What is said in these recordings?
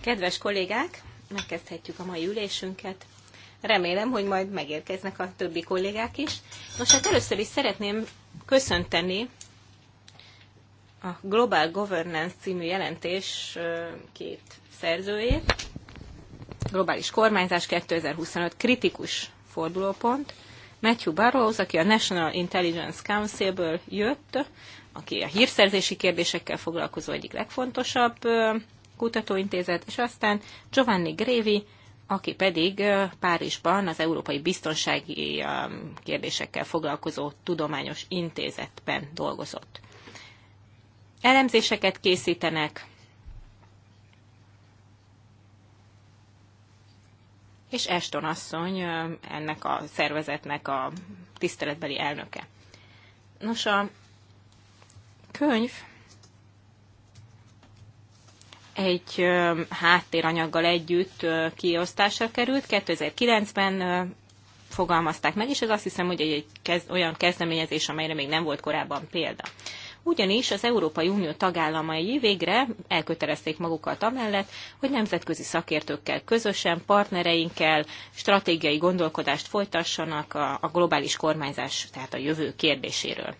Kedves kollégák, megkezdhetjük a mai ülésünket. Remélem, hogy majd megérkeznek a többi kollégák is. Most hát először is szeretném köszönteni a Global Governance című jelentés két szerzőjét. Globális kormányzás 2025 kritikus fordulópont. Matthew Barrows, aki a National Intelligence Council-ből jött, aki a hírszerzési kérdésekkel foglalkozó egyik legfontosabb kutatóintézet, és aztán Giovanni Grévi, aki pedig Párizsban az Európai Biztonsági Kérdésekkel foglalkozó tudományos intézetben dolgozott. Elemzéseket készítenek, és Eston asszony ennek a szervezetnek a tiszteletbeli elnöke. Nos, a könyv egy háttéranyaggal együtt kiosztásra került. 2009-ben fogalmazták meg, és ez azt hiszem, hogy egy kez, olyan kezdeményezés, amelyre még nem volt korábban példa. Ugyanis az Európai Unió tagállamai végre elkötelezték magukat amellett, hogy nemzetközi szakértőkkel közösen, partnereinkkel stratégiai gondolkodást folytassanak a, a globális kormányzás, tehát a jövő kérdéséről.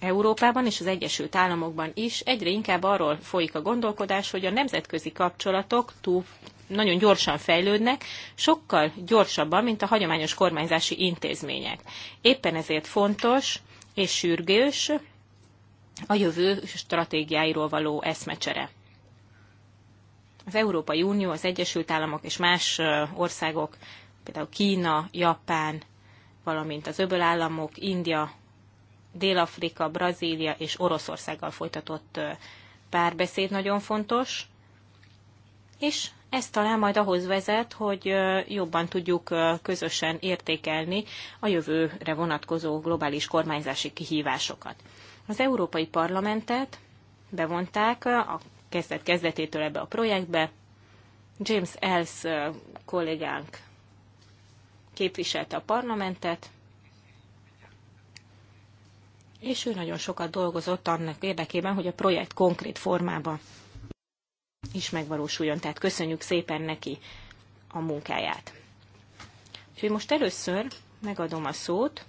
Európában és az Egyesült Államokban is egyre inkább arról folyik a gondolkodás, hogy a nemzetközi kapcsolatok túl nagyon gyorsan fejlődnek, sokkal gyorsabban, mint a hagyományos kormányzási intézmények. Éppen ezért fontos és sürgős a jövő stratégiáiról való eszmecsere. Az Európai Unió, az Egyesült Államok és más országok, például Kína, Japán, valamint az öbölállamok, India, Dél-Afrika, Brazília és Oroszországgal folytatott párbeszéd nagyon fontos, és ez talán majd ahhoz vezet, hogy jobban tudjuk közösen értékelni a jövőre vonatkozó globális kormányzási kihívásokat. Az Európai Parlamentet bevonták a kezdet kezdetétől ebbe a projektbe. James Els kollégánk képviselte a parlamentet, és ő nagyon sokat dolgozott annak érdekében, hogy a projekt konkrét formában is megvalósuljon. Tehát köszönjük szépen neki a munkáját. Úgyhogy most először megadom a szót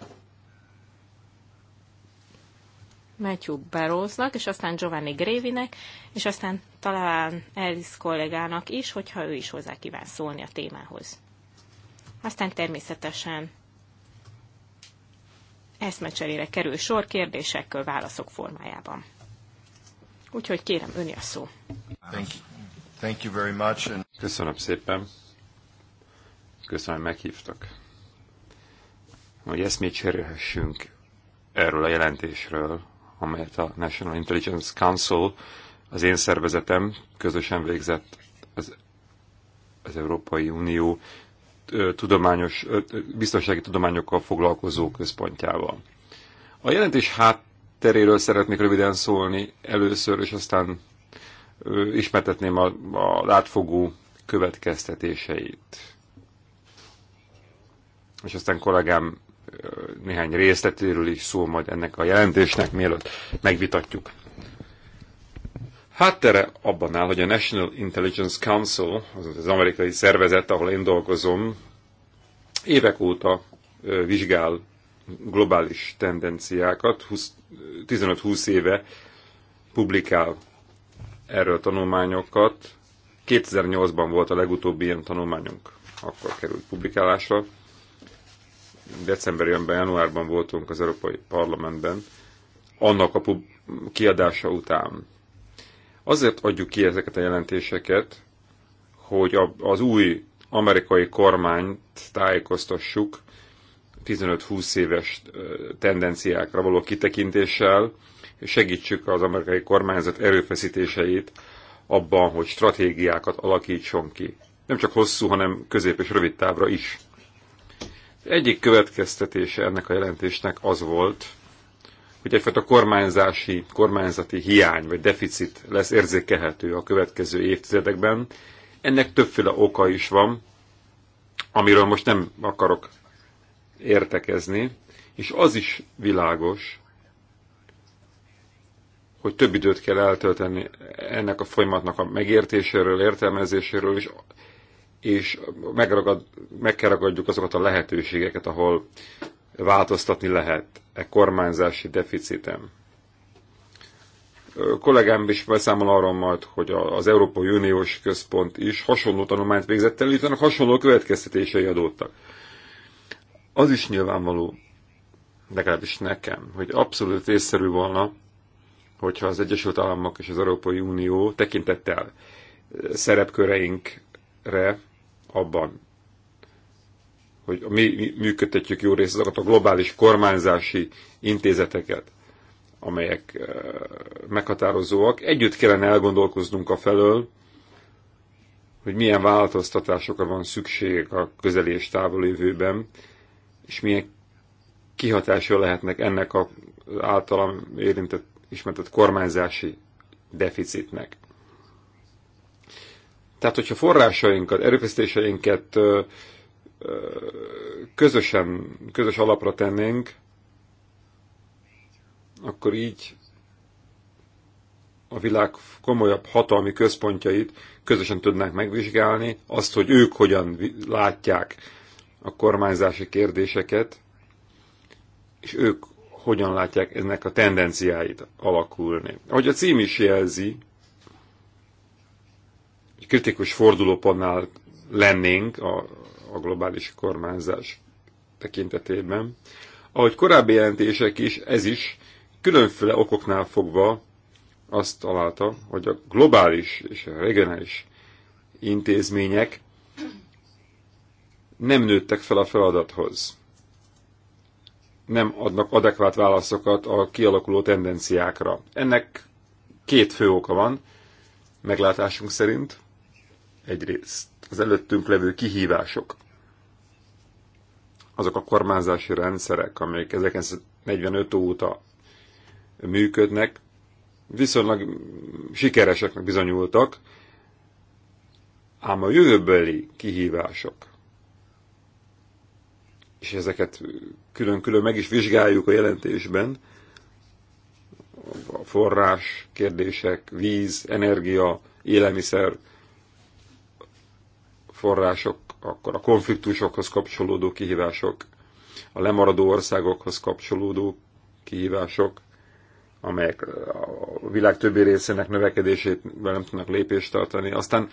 Matthew Barrowsnak, és aztán Giovanni Grévinek, és aztán talán Ellis kollégának is, hogyha ő is hozzá kíván szólni a témához. Aztán természetesen eszmecserére kerül sor kérdésekkel válaszok formájában. Úgyhogy kérem, öni a szó. Thank you. Thank you very much. And... Köszönöm szépen. Köszönöm, hogy meghívtak. Hogy eszmét cserélhessünk erről a jelentésről, amelyet a National Intelligence Council, az én szervezetem közösen végzett az, az Európai Unió tudományos, biztonsági tudományokkal foglalkozó központjával. A jelentés hátteréről szeretnék röviden szólni először, és aztán ismertetném a, a látfogó következtetéseit. És aztán kollégám néhány részletéről is szól majd ennek a jelentésnek, mielőtt megvitatjuk Háttere abban áll, hogy a National Intelligence Council, az, az amerikai szervezet, ahol én dolgozom, évek óta vizsgál globális tendenciákat, 15-20 éve publikál erről tanulmányokat. 2008-ban volt a legutóbbi ilyen tanulmányunk, akkor került publikálásra. Decemberben, januárban voltunk az Európai Parlamentben, annak a kiadása után Azért adjuk ki ezeket a jelentéseket, hogy az új amerikai kormányt tájékoztassuk 15-20 éves tendenciákra való kitekintéssel, és segítsük az amerikai kormányzat erőfeszítéseit abban, hogy stratégiákat alakítson ki. Nem csak hosszú, hanem közép és rövid távra is. Egyik következtetése ennek a jelentésnek az volt, hogy egyfajta kormányzási, kormányzati hiány vagy deficit lesz érzékelhető a következő évtizedekben. Ennek többféle oka is van, amiről most nem akarok értekezni, és az is világos, hogy több időt kell eltölteni ennek a folyamatnak a megértéséről, értelmezéséről, és, és megragad, meg kell ragadjuk azokat a lehetőségeket, ahol változtatni lehet e kormányzási deficitem. A kollégám is beszámol arról majd, hogy az Európai Uniós Központ is hasonló tanulmányt végzett el, utána hasonló következtetései adódtak. Az is nyilvánvaló, legalábbis nekem, hogy abszolút észszerű volna, hogyha az Egyesült Államok és az Európai Unió tekintettel szerepköreinkre abban, hogy mi működtetjük jó részt azokat a globális kormányzási intézeteket, amelyek eh, meghatározóak. Együtt kellene elgondolkoznunk a felől, hogy milyen változtatásokra van szükség a közeli és távol jövőben, és milyen kihatásra lehetnek ennek az általam érintett, ismertett kormányzási deficitnek. Tehát, hogyha forrásainkat, erőfeszítéseinket eh, közösen, közös alapra tennénk, akkor így a világ komolyabb hatalmi központjait közösen tudnánk megvizsgálni, azt, hogy ők hogyan látják a kormányzási kérdéseket, és ők hogyan látják ennek a tendenciáit alakulni. Ahogy a cím is jelzi, egy kritikus fordulópontnál lennénk a a globális kormányzás tekintetében. Ahogy korábbi jelentések is, ez is különféle okoknál fogva azt találta, hogy a globális és a regionális intézmények nem nőttek fel a feladathoz. Nem adnak adekvát válaszokat a kialakuló tendenciákra. Ennek két fő oka van, meglátásunk szerint. Egyrészt az előttünk levő kihívások, azok a kormányzási rendszerek, amelyek 1945 óta működnek, viszonylag sikereseknek bizonyultak, ám a jövőbeli kihívások, és ezeket külön-külön meg is vizsgáljuk a jelentésben, a forrás kérdések, víz, energia, élelmiszer, források, akkor a konfliktusokhoz kapcsolódó kihívások, a lemaradó országokhoz kapcsolódó kihívások, amelyek a világ többi részének növekedését nem tudnak lépést tartani. Aztán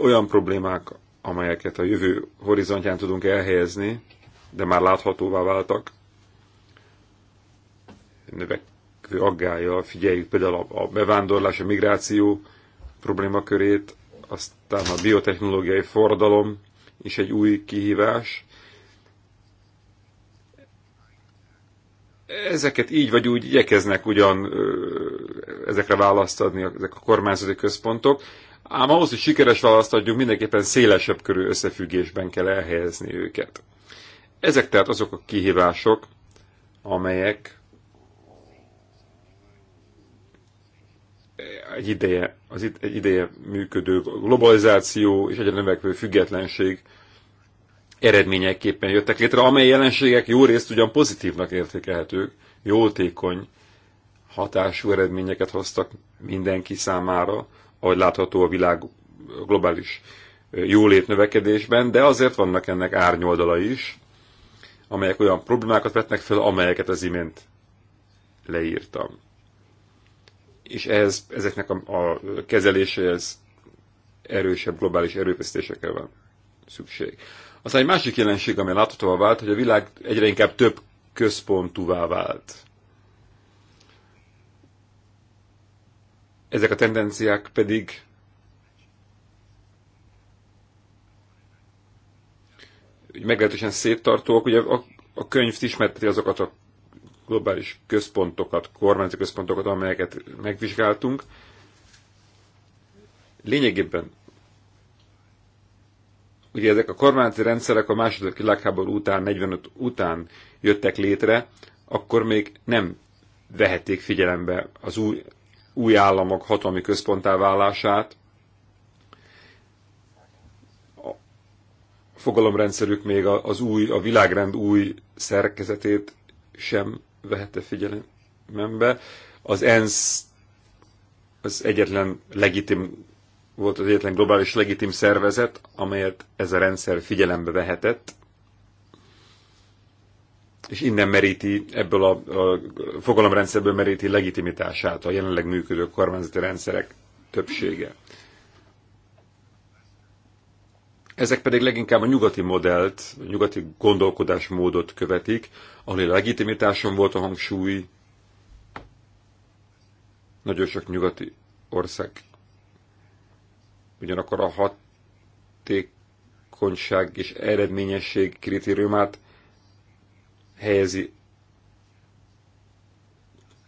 olyan problémák, amelyeket a jövő horizontján tudunk elhelyezni, de már láthatóvá váltak, növekvő aggája, figyeljük például a bevándorlás, a migráció problémakörét, aztán a biotechnológiai forradalom is egy új kihívás. Ezeket így vagy úgy igyekeznek ugyan ezekre választ adni ezek a kormányzati központok, ám ahhoz, hogy sikeres választ adjunk, mindenképpen szélesebb körű összefüggésben kell elhelyezni őket. Ezek tehát azok a kihívások, amelyek egy ideje, az itt egy ideje működő globalizáció és egyre növekvő függetlenség eredményeképpen jöttek létre, amely jelenségek jó részt ugyan pozitívnak értékelhetők, jótékony hatású eredményeket hoztak mindenki számára, ahogy látható a világ globális jólét növekedésben, de azért vannak ennek árnyoldala is, amelyek olyan problémákat vetnek fel, amelyeket az imént leírtam és ehhez, ezeknek a, a kezeléséhez erősebb globális erőfeszítésekre van szükség. Aztán egy másik jelenség, amely láthatóvá vált, hogy a világ egyre inkább több központúvá vált. Ezek a tendenciák pedig meglehetősen széttartóak. Ugye a, a könyv ismerteti azokat a globális központokat, kormányzati központokat, amelyeket megvizsgáltunk, lényegében ugye ezek a kormányzati rendszerek a második világháború után, 45 után jöttek létre, akkor még nem vehették figyelembe az új, új államok hatalmi központtá válását, a fogalomrendszerük még az új, a világrend új szerkezetét sem vehette figyelembe. Az ENSZ az egyetlen legitim volt az egyetlen globális legitim szervezet, amelyet ez a rendszer figyelembe vehetett, és innen meríti, ebből a, a fogalomrendszerből meríti legitimitását a jelenleg működő kormányzati rendszerek többsége ezek pedig leginkább a nyugati modellt, a nyugati gondolkodásmódot követik, ahol a legitimitáson volt a hangsúly. Nagyon sok nyugati ország ugyanakkor a hatékonyság és eredményesség kritériumát helyezi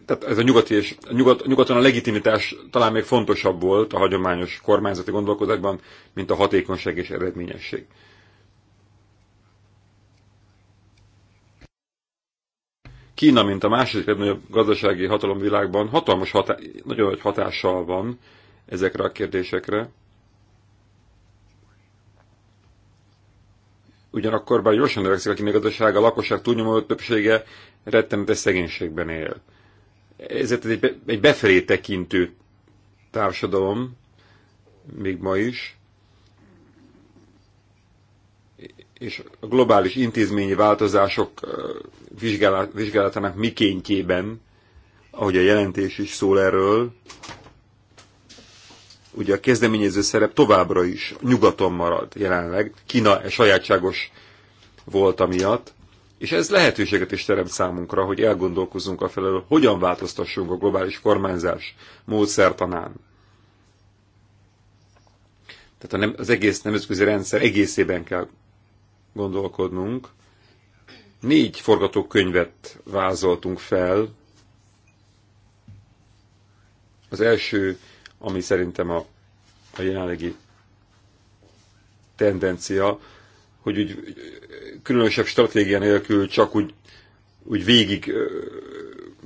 tehát ez a nyugati és a nyugat, a nyugaton a legitimitás talán még fontosabb volt a hagyományos kormányzati gondolkodásban, mint a hatékonyság és eredményesség. Kína, mint a második legnagyobb gazdasági hatalom világban, hatalmas hatá nagyon nagy hatással van ezekre a kérdésekre. Ugyanakkor bár gyorsan növekszik a kínai gazdaság, a lakosság túlnyomó többsége rettenetes szegénységben él ez egy, egy befelé tekintő társadalom, még ma is, és a globális intézményi változások vizsgálatának mikéntjében, ahogy a jelentés is szól erről, ugye a kezdeményező szerep továbbra is nyugaton marad jelenleg. Kína sajátságos volt amiatt, és ez lehetőséget is teremt számunkra, hogy elgondolkozzunk a felelő, hogyan változtassunk a globális kormányzás módszertanán. Tehát az egész nemzetközi rendszer egészében kell gondolkodnunk. Négy forgatókönyvet vázoltunk fel. Az első, ami szerintem a, a jelenlegi tendencia, hogy úgy különösebb stratégia nélkül csak úgy, úgy végig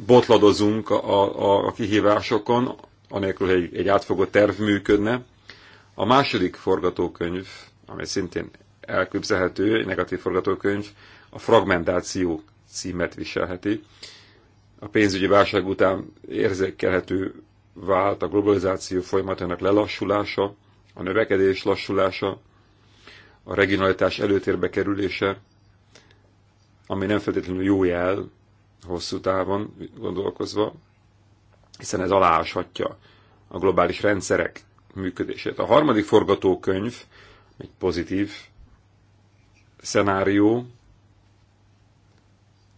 botladozunk a, a, a kihívásokon, anélkül, hogy egy, egy átfogó terv működne. A második forgatókönyv, amely szintén elképzelhető, egy negatív forgatókönyv, a fragmentáció címet viselheti. A pénzügyi válság után érzékelhető vált a globalizáció folyamatának lelassulása, a növekedés lassulása, a regionalitás előtérbe kerülése, ami nem feltétlenül jó jel hosszú távon gondolkozva, hiszen ez aláshatja a globális rendszerek működését. A harmadik forgatókönyv egy pozitív szenárió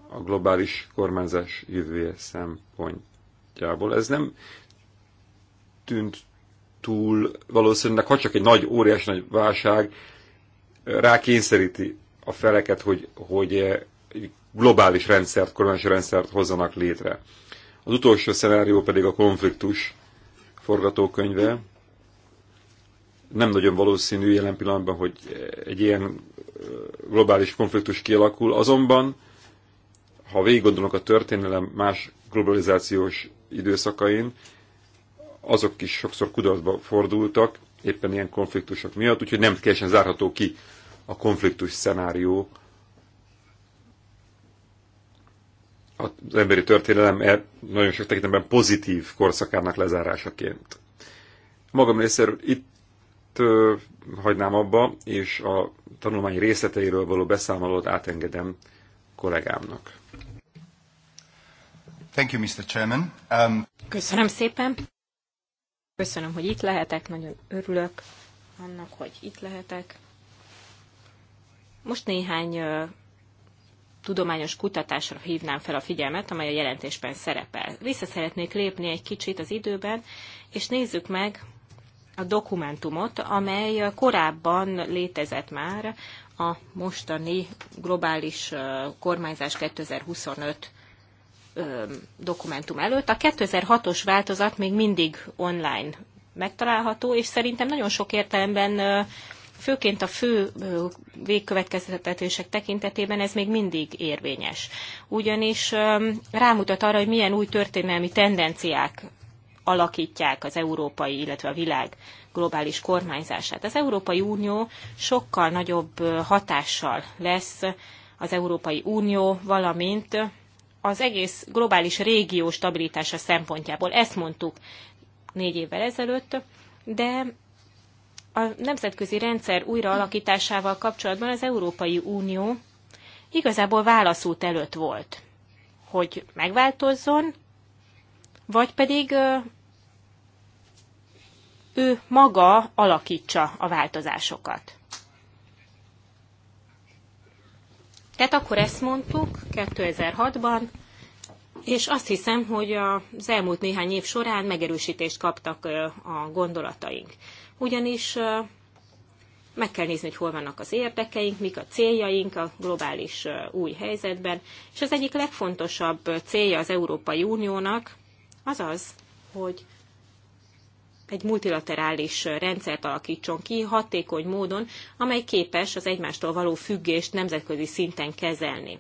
a globális kormányzás jövője szempontjából. Ez nem tűnt túl valószínűleg, ha csak egy nagy, óriási nagy válság rákényszeríti a feleket, hogy, hogy eh, globális rendszert, koronási rendszert hozzanak létre. Az utolsó szenárió pedig a konfliktus forgatókönyve. Nem nagyon valószínű jelen pillanatban, hogy egy ilyen eh, globális konfliktus kialakul, azonban ha végig gondolok a történelem más globalizációs időszakain, azok is sokszor kudarcba fordultak, éppen ilyen konfliktusok miatt, úgyhogy nem teljesen zárható ki a konfliktus szenárió az emberi történelem e nagyon sok tekintetben pozitív korszakának lezárásaként. Magam részéről itt ö, hagynám abba, és a tanulmány részleteiről való beszámolót átengedem kollégámnak. Thank you, Mr. Chairman. Um... Köszönöm szépen. Köszönöm, hogy itt lehetek, nagyon örülök annak, hogy itt lehetek. Most néhány tudományos kutatásra hívnám fel a figyelmet, amely a jelentésben szerepel. Vissza szeretnék lépni egy kicsit az időben, és nézzük meg a dokumentumot, amely korábban létezett már a mostani globális kormányzás 2025 dokumentum előtt. A 2006-os változat még mindig online megtalálható, és szerintem nagyon sok értelemben főként a fő végkövetkeztetések tekintetében ez még mindig érvényes. Ugyanis rámutat arra, hogy milyen új történelmi tendenciák alakítják az európai, illetve a világ globális kormányzását. Az Európai Unió sokkal nagyobb hatással lesz az Európai Unió, valamint az egész globális régió stabilitása szempontjából. Ezt mondtuk négy évvel ezelőtt, de a nemzetközi rendszer újraalakításával kapcsolatban az Európai Unió igazából válaszút előtt volt, hogy megváltozzon, vagy pedig ő maga alakítsa a változásokat. Tehát akkor ezt mondtuk 2006-ban, és azt hiszem, hogy az elmúlt néhány év során megerősítést kaptak a gondolataink ugyanis meg kell nézni, hogy hol vannak az érdekeink, mik a céljaink a globális új helyzetben. És az egyik legfontosabb célja az Európai Uniónak az az, hogy egy multilaterális rendszert alakítson ki hatékony módon, amely képes az egymástól való függést nemzetközi szinten kezelni.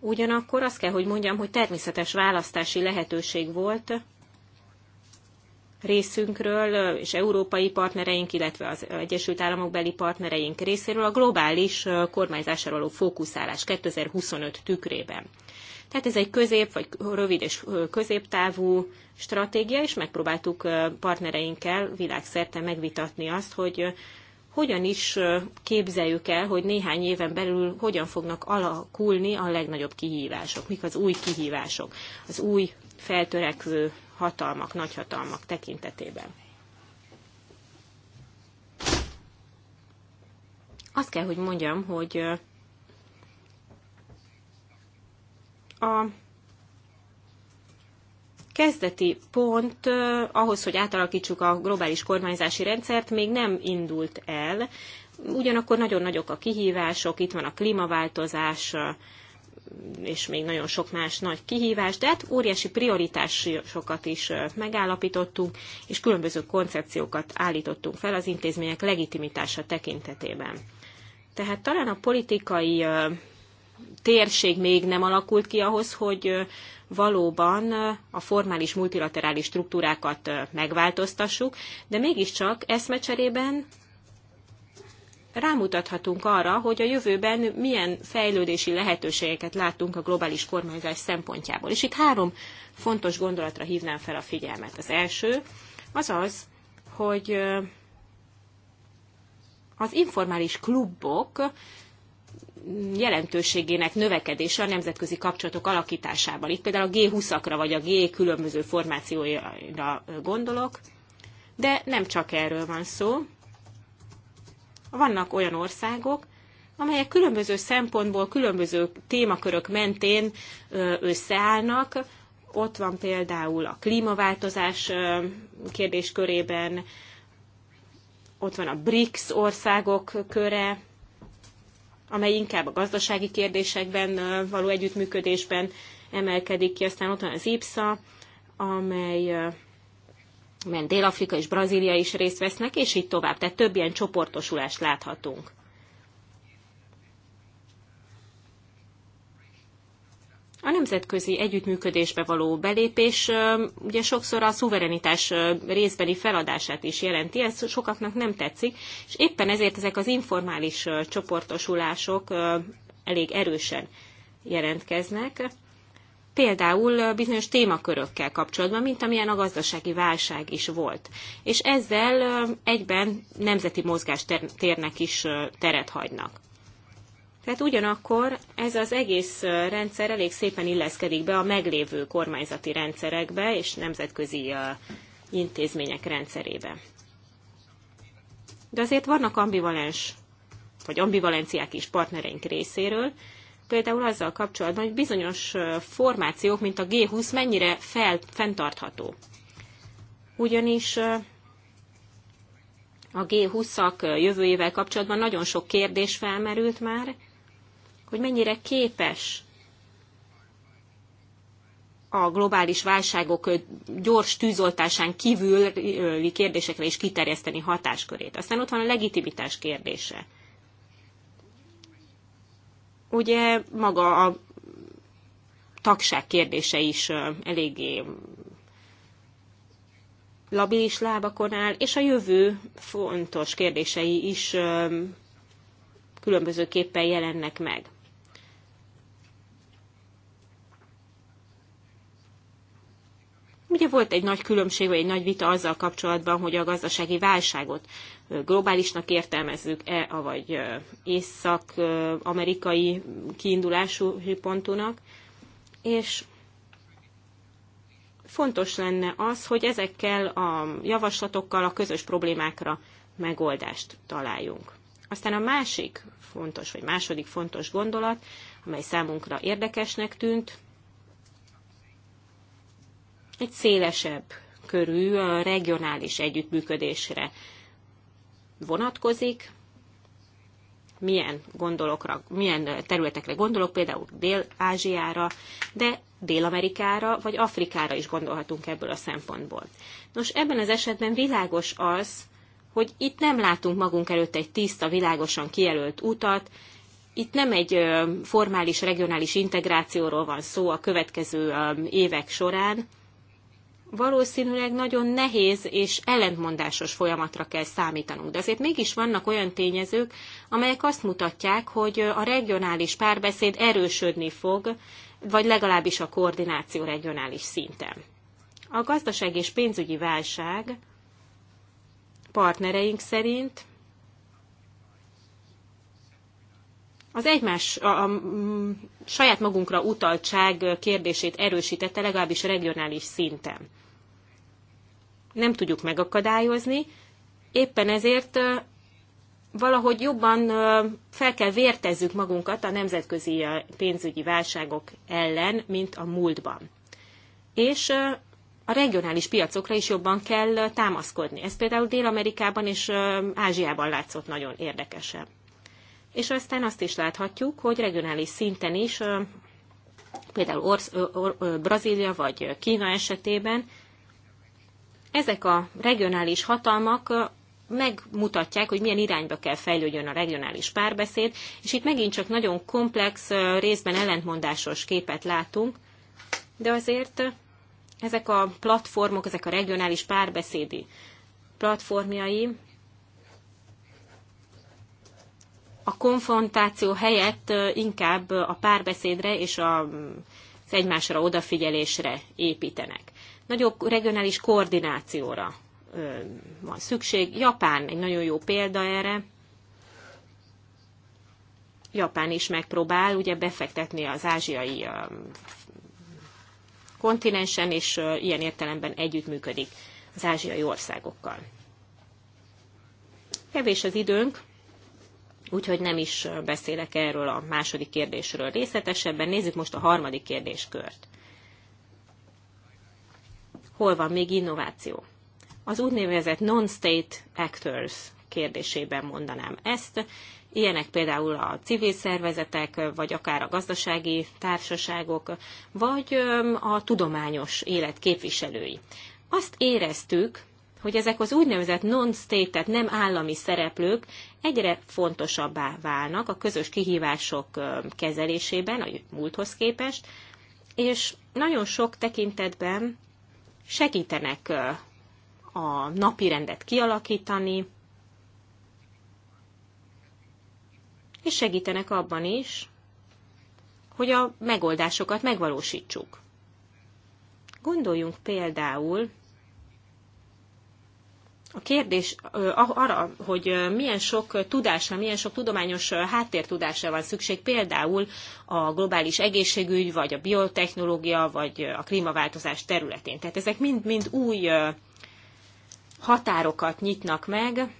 Ugyanakkor azt kell, hogy mondjam, hogy természetes választási lehetőség volt részünkről és európai partnereink, illetve az Egyesült Államok beli partnereink részéről a globális kormányzásra való fókuszálás 2025 tükrében. Tehát ez egy közép, vagy rövid és középtávú stratégia, és megpróbáltuk partnereinkkel világszerte megvitatni azt, hogy hogyan is képzeljük el, hogy néhány éven belül hogyan fognak alakulni a legnagyobb kihívások, mik az új kihívások, az új feltörekvő hatalmak, nagyhatalmak tekintetében. Azt kell, hogy mondjam, hogy a kezdeti pont ahhoz, hogy átalakítsuk a globális kormányzási rendszert, még nem indult el. Ugyanakkor nagyon nagyok a kihívások, itt van a klímaváltozás, és még nagyon sok más nagy kihívás, de hát óriási prioritásokat is megállapítottunk, és különböző koncepciókat állítottunk fel az intézmények legitimitása tekintetében. Tehát talán a politikai térség még nem alakult ki ahhoz, hogy valóban a formális multilaterális struktúrákat megváltoztassuk, de mégiscsak eszmecserében rámutathatunk arra, hogy a jövőben milyen fejlődési lehetőségeket látunk a globális kormányzás szempontjából. És itt három fontos gondolatra hívnám fel a figyelmet. Az első az az, hogy az informális klubok jelentőségének növekedése a nemzetközi kapcsolatok alakításában. Itt például a G20-akra vagy a G különböző formációira gondolok, de nem csak erről van szó, vannak olyan országok, amelyek különböző szempontból, különböző témakörök mentén összeállnak. Ott van például a klímaváltozás kérdéskörében, ott van a BRICS országok köre, amely inkább a gazdasági kérdésekben való együttműködésben emelkedik ki. Aztán ott van az IPSA, amely amelyen Dél-Afrika és Brazília is részt vesznek, és így tovább. Tehát több ilyen csoportosulást láthatunk. A nemzetközi együttműködésbe való belépés ugye sokszor a szuverenitás részbeli feladását is jelenti, ez sokaknak nem tetszik, és éppen ezért ezek az informális csoportosulások elég erősen jelentkeznek például bizonyos témakörökkel kapcsolatban, mint amilyen a gazdasági válság is volt. És ezzel egyben nemzeti mozgástérnek is teret hagynak. Tehát ugyanakkor ez az egész rendszer elég szépen illeszkedik be a meglévő kormányzati rendszerekbe és nemzetközi intézmények rendszerébe. De azért vannak ambivalens, vagy ambivalenciák is partnereink részéről, például azzal kapcsolatban, hogy bizonyos formációk, mint a G20 mennyire fel, fenntartható. Ugyanis a G20-ak évvel kapcsolatban nagyon sok kérdés felmerült már, hogy mennyire képes a globális válságok gyors tűzoltásán kívüli kérdésekre is kiterjeszteni hatáskörét. Aztán ott van a legitimitás kérdése ugye maga a tagság kérdése is eléggé labilis lábakon áll, és a jövő fontos kérdései is különbözőképpen jelennek meg. Ugye volt egy nagy különbség, vagy egy nagy vita azzal kapcsolatban, hogy a gazdasági válságot globálisnak értelmezzük-e, avagy észak-amerikai kiindulású pontunak, és fontos lenne az, hogy ezekkel a javaslatokkal a közös problémákra megoldást találjunk. Aztán a másik fontos, vagy második fontos gondolat, amely számunkra érdekesnek tűnt, egy szélesebb körű regionális együttműködésre vonatkozik, milyen, gondolokra, milyen területekre gondolok, például Dél-Ázsiára, de Dél-Amerikára vagy Afrikára is gondolhatunk ebből a szempontból. Nos, ebben az esetben világos az, hogy itt nem látunk magunk előtt egy tiszta, világosan kijelölt utat, itt nem egy formális regionális integrációról van szó a következő évek során, valószínűleg nagyon nehéz és ellentmondásos folyamatra kell számítanunk. De azért mégis vannak olyan tényezők, amelyek azt mutatják, hogy a regionális párbeszéd erősödni fog, vagy legalábbis a koordináció regionális szinten. A gazdaság és pénzügyi válság partnereink szerint az egymás, a, a mm, saját magunkra utaltság kérdését erősítette legalábbis regionális szinten. Nem tudjuk megakadályozni, éppen ezért valahogy jobban fel kell vértezzük magunkat a nemzetközi pénzügyi válságok ellen, mint a múltban. És a regionális piacokra is jobban kell támaszkodni. Ez például Dél-Amerikában és Ázsiában látszott nagyon érdekesen. És aztán azt is láthatjuk, hogy regionális szinten is, például Orsz, Or, Brazília vagy Kína esetében, ezek a regionális hatalmak megmutatják, hogy milyen irányba kell fejlődjön a regionális párbeszéd, és itt megint csak nagyon komplex, részben ellentmondásos képet látunk, de azért ezek a platformok, ezek a regionális párbeszédi platformjai a konfrontáció helyett inkább a párbeszédre és a, mm, az egymásra odafigyelésre építenek. Nagyobb regionális koordinációra van szükség. Japán egy nagyon jó példa erre. Japán is megpróbál ugye befektetni az ázsiai kontinensen, és ilyen értelemben együttműködik az ázsiai országokkal. Kevés az időnk, Úgyhogy nem is beszélek erről a második kérdésről részletesebben. Nézzük most a harmadik kérdéskört. Hol van még innováció? Az úgynevezett non-state actors kérdésében mondanám ezt. Ilyenek például a civil szervezetek, vagy akár a gazdasági társaságok, vagy a tudományos élet képviselői. Azt éreztük, hogy ezek az úgynevezett non-state, tehát nem állami szereplők egyre fontosabbá válnak a közös kihívások kezelésében, a múlthoz képest, és nagyon sok tekintetben segítenek a napi rendet kialakítani, és segítenek abban is, hogy a megoldásokat megvalósítsuk. Gondoljunk például a kérdés arra, hogy milyen sok tudásra, milyen sok tudományos háttértudásra van szükség, például a globális egészségügy, vagy a biotechnológia, vagy a klímaváltozás területén. Tehát ezek mind-mind új határokat nyitnak meg,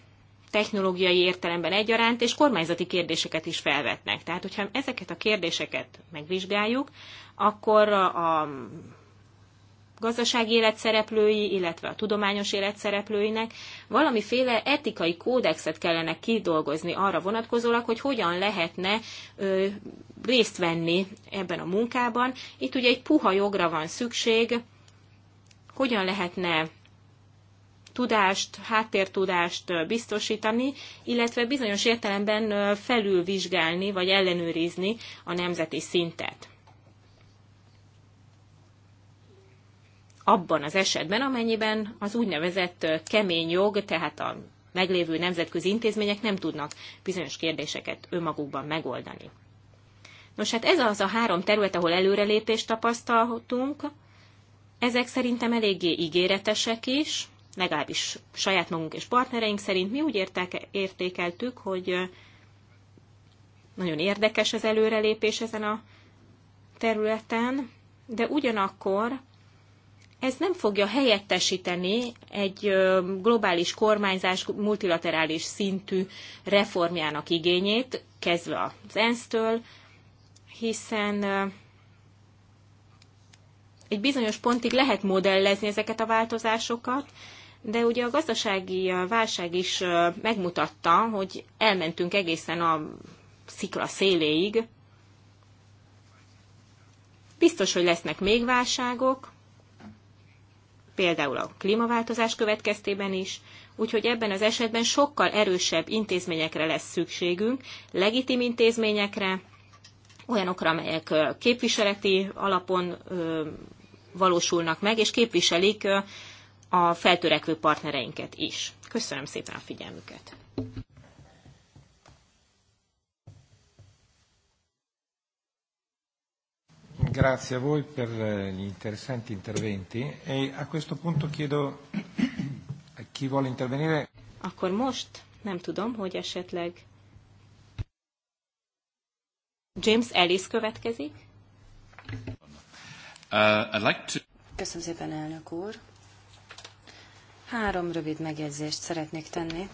technológiai értelemben egyaránt, és kormányzati kérdéseket is felvetnek. Tehát, hogyha ezeket a kérdéseket megvizsgáljuk, akkor a gazdasági élet szereplői, illetve a tudományos élet szereplőinek valamiféle etikai kódexet kellene kidolgozni arra vonatkozólag, hogy hogyan lehetne ö, részt venni ebben a munkában. Itt ugye egy puha jogra van szükség, hogyan lehetne tudást, háttértudást biztosítani, illetve bizonyos értelemben felülvizsgálni vagy ellenőrizni a nemzeti szintet. abban az esetben, amennyiben az úgynevezett kemény jog, tehát a meglévő nemzetközi intézmények nem tudnak bizonyos kérdéseket önmagukban megoldani. Nos, hát ez az a három terület, ahol előrelépést tapasztalhatunk. Ezek szerintem eléggé ígéretesek is, legalábbis saját magunk és partnereink szerint mi úgy értékeltük, hogy nagyon érdekes az előrelépés ezen a területen, de ugyanakkor ez nem fogja helyettesíteni egy globális kormányzás multilaterális szintű reformjának igényét, kezdve az ENSZ-től, hiszen egy bizonyos pontig lehet modellezni ezeket a változásokat, de ugye a gazdasági válság is megmutatta, hogy elmentünk egészen a szikla széléig. Biztos, hogy lesznek még válságok, például a klímaváltozás következtében is, úgyhogy ebben az esetben sokkal erősebb intézményekre lesz szükségünk, legitim intézményekre, olyanokra, amelyek képviseleti alapon valósulnak meg, és képviselik a feltörekvő partnereinket is. Köszönöm szépen a figyelmüket! Grazie a voi per eh, gli interessanti interventi e a questo punto chiedo a chi vuole intervenire. Akkor most nem tudom, hogy esetleg James Ellis következik. Uh, I'd like to... Köszönöm szépen, elnök úr. Három rövid megjegyzést szeretnék tenni.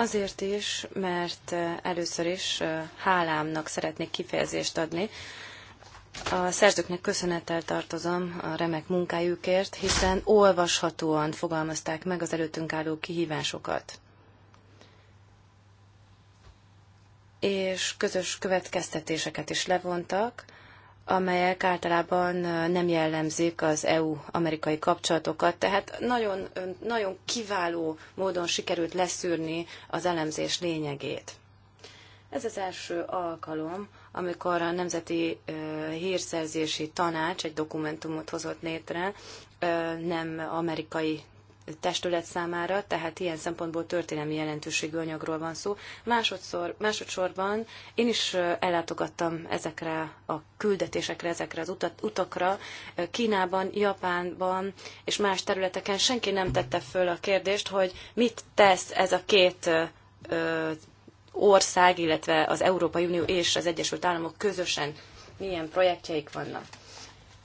Azért is, mert eh, először is eh, hálámnak szeretnék kifejezést adni. A szerzőknek köszönettel tartozom a remek munkájukért, hiszen olvashatóan fogalmazták meg az előttünk álló kihívásokat. És közös következtetéseket is levontak, amelyek általában nem jellemzik az EU-amerikai kapcsolatokat. Tehát nagyon, nagyon kiváló módon sikerült leszűrni az elemzés lényegét. Ez az első alkalom, amikor a Nemzeti Hírszerzési Tanács egy dokumentumot hozott létre, nem amerikai testület számára, tehát ilyen szempontból történelmi jelentőségű anyagról van szó. Másodszor, másodszorban én is ellátogattam ezekre a küldetésekre, ezekre az utat, utakra. Kínában, Japánban és más területeken senki nem tette föl a kérdést, hogy mit tesz ez a két ország, illetve az Európai Unió és az Egyesült Államok közösen milyen projektjeik vannak.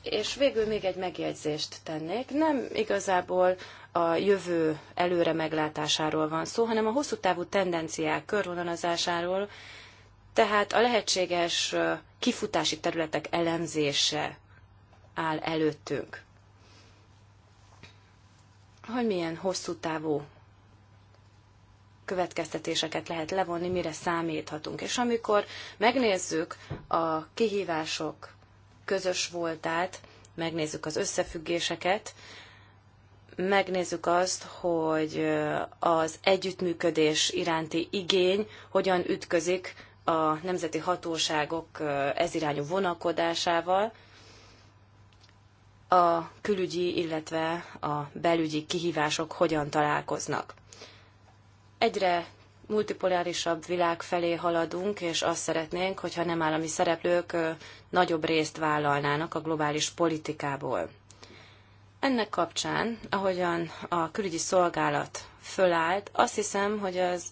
És végül még egy megjegyzést tennék. Nem igazából a jövő előre meglátásáról van szó, hanem a hosszú távú tendenciák körvonalazásáról, tehát a lehetséges kifutási területek elemzése áll előttünk. Hogy milyen hosszú távú következtetéseket lehet levonni, mire számíthatunk. És amikor megnézzük a kihívások közös voltát, megnézzük az összefüggéseket, megnézzük azt, hogy az együttműködés iránti igény hogyan ütközik a nemzeti hatóságok ezirányú vonakodásával, a külügyi, illetve a belügyi kihívások hogyan találkoznak. Egyre multipolárisabb világ felé haladunk, és azt szeretnénk, hogyha nem állami szereplők nagyobb részt vállalnának a globális politikából. Ennek kapcsán, ahogyan a külügyi szolgálat fölállt, azt hiszem, hogy az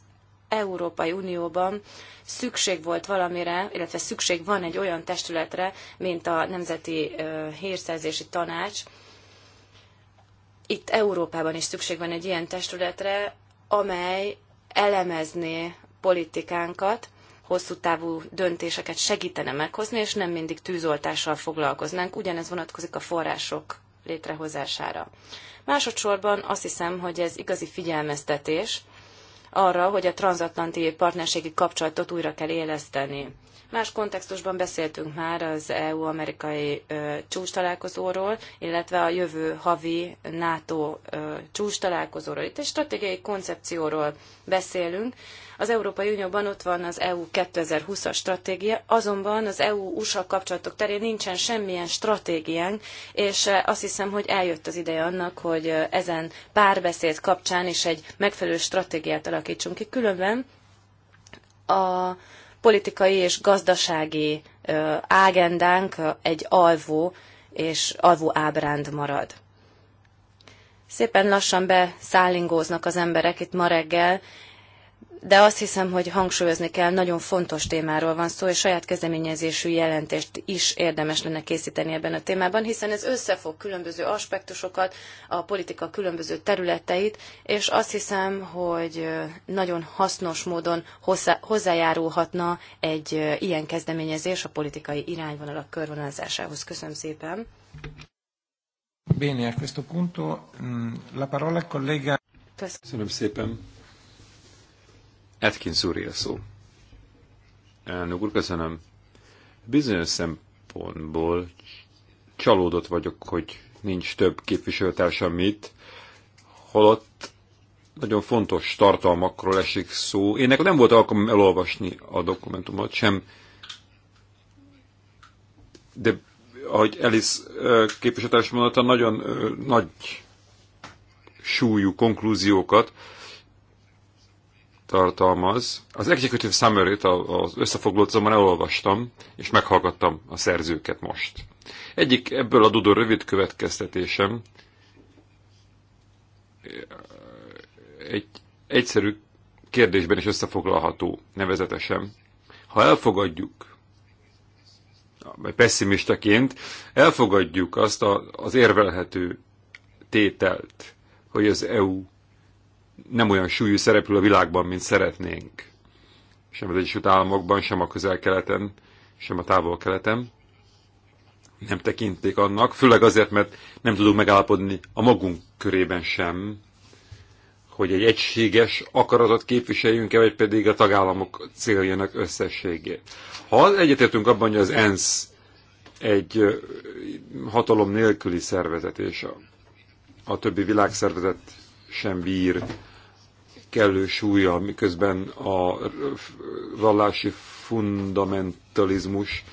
Európai Unióban szükség volt valamire, illetve szükség van egy olyan testületre, mint a Nemzeti Hírszerzési Tanács. Itt Európában is szükség van egy ilyen testületre, amely elemezné politikánkat, hosszú távú döntéseket segítene meghozni, és nem mindig tűzoltással foglalkoznánk. Ugyanez vonatkozik a források létrehozására. Másodszorban azt hiszem, hogy ez igazi figyelmeztetés arra, hogy a transatlanti partnerségi kapcsolatot újra kell éleszteni. Más kontextusban beszéltünk már az EU-amerikai csúcs találkozóról, illetve a jövő havi NATO csúcs találkozóról. Itt egy stratégiai koncepcióról beszélünk, az Európai Unióban ott van az EU 2020-as stratégia, azonban az EU-USA kapcsolatok terén nincsen semmilyen stratégiánk, és eh, azt hiszem, hogy eljött az ideje annak, hogy eh, ezen párbeszéd kapcsán is egy megfelelő stratégiát alakítsunk ki. Különben a politikai és gazdasági eh, ágendánk egy alvó és alvó ábránd marad. Szépen lassan beszállingóznak az emberek itt ma reggel, de azt hiszem, hogy hangsúlyozni kell, nagyon fontos témáról van szó, és saját kezdeményezésű jelentést is érdemes lenne készíteni ebben a témában, hiszen ez összefog különböző aspektusokat, a politika különböző területeit, és azt hiszem, hogy nagyon hasznos módon hozzájárulhatna egy ilyen kezdeményezés a politikai irányvonalak körvonalazásához. Köszönöm szépen. Bene, a questo punto mm, la parola collega. Köszönöm szépen. Atkins úr a szó. Elnök úr, köszönöm. Bizonyos szempontból csalódott vagyok, hogy nincs több képviselőtársam itt, holott nagyon fontos tartalmakról esik szó. Énnek nem volt alkalom elolvasni a dokumentumot sem, de ahogy Elis képviselőtárs mondta, nagyon nagy súlyú konklúziókat tartalmaz. Az Executive summary az összefoglót azonban elolvastam, és meghallgattam a szerzőket most. Egyik ebből adódó rövid következtetésem egy egyszerű kérdésben is összefoglalható, nevezetesen. Ha elfogadjuk, pessimistaként, elfogadjuk azt az érvelhető tételt, hogy az EU nem olyan súlyú szereplő a világban, mint szeretnénk. Sem az Egyesült Államokban, sem a közel-keleten, sem a távol-keleten. Nem tekintik annak, főleg azért, mert nem tudunk megállapodni a magunk körében sem, hogy egy egységes akaratot képviseljünk-e, vagy pedig a tagállamok céljának összességét. Ha egyetértünk abban, hogy az ENSZ egy hatalom nélküli szervezet, és a, a többi világszervezet sem bír kellő súlya, miközben a vallási fundamentalizmus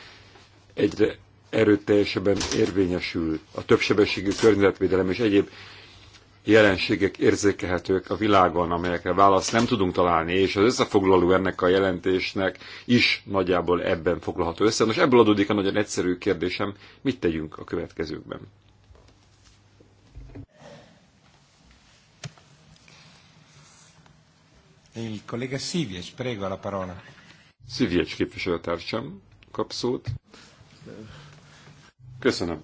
egyre erőteljesebben érvényesül. A többsebességű környezetvédelem és egyéb jelenségek érzékelhetők a világon, amelyekre választ nem tudunk találni, és az összefoglaló ennek a jelentésnek is nagyjából ebben foglalható össze. Most ebből adódik a nagyon egyszerű kérdésem, mit tegyünk a következőkben. Il kollega Szívjegy, prego parola. képviselőtársam kap szót. Köszönöm.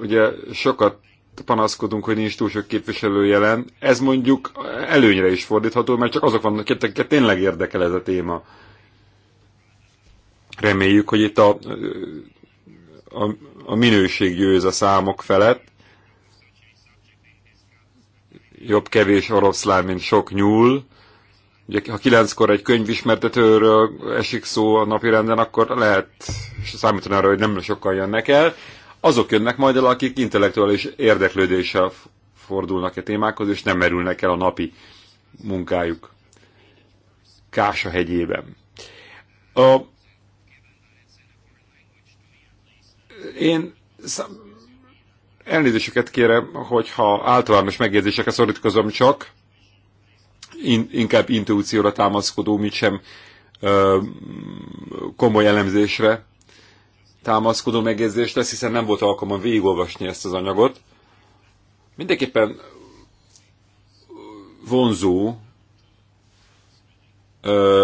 Ugye sokat panaszkodunk, hogy nincs túl sok képviselő jelen. Ez mondjuk előnyre is fordítható, mert csak azok vannak, akiket tényleg érdekel ez a téma. Reméljük, hogy itt a, a, a minőség győz a számok felett, jobb kevés oroszlán, mint sok nyúl. Ugye, ha kilenckor egy könyvismertetőről esik szó a napi renden, akkor lehet számítani arra, hogy nem sokan jönnek el. Azok jönnek majd el, akik intellektuális érdeklődéssel fordulnak a e témákhoz, és nem merülnek el a napi munkájuk Kása hegyében. A, én Elnézéseket kérem, hogyha általános megjegyzésekre szorítkozom csak, in, inkább intuícióra támaszkodó, mint sem ö, komoly elemzésre támaszkodó megjegyzést lesz, hiszen nem volt alkalom végigolvasni ezt az anyagot. Mindenképpen vonzó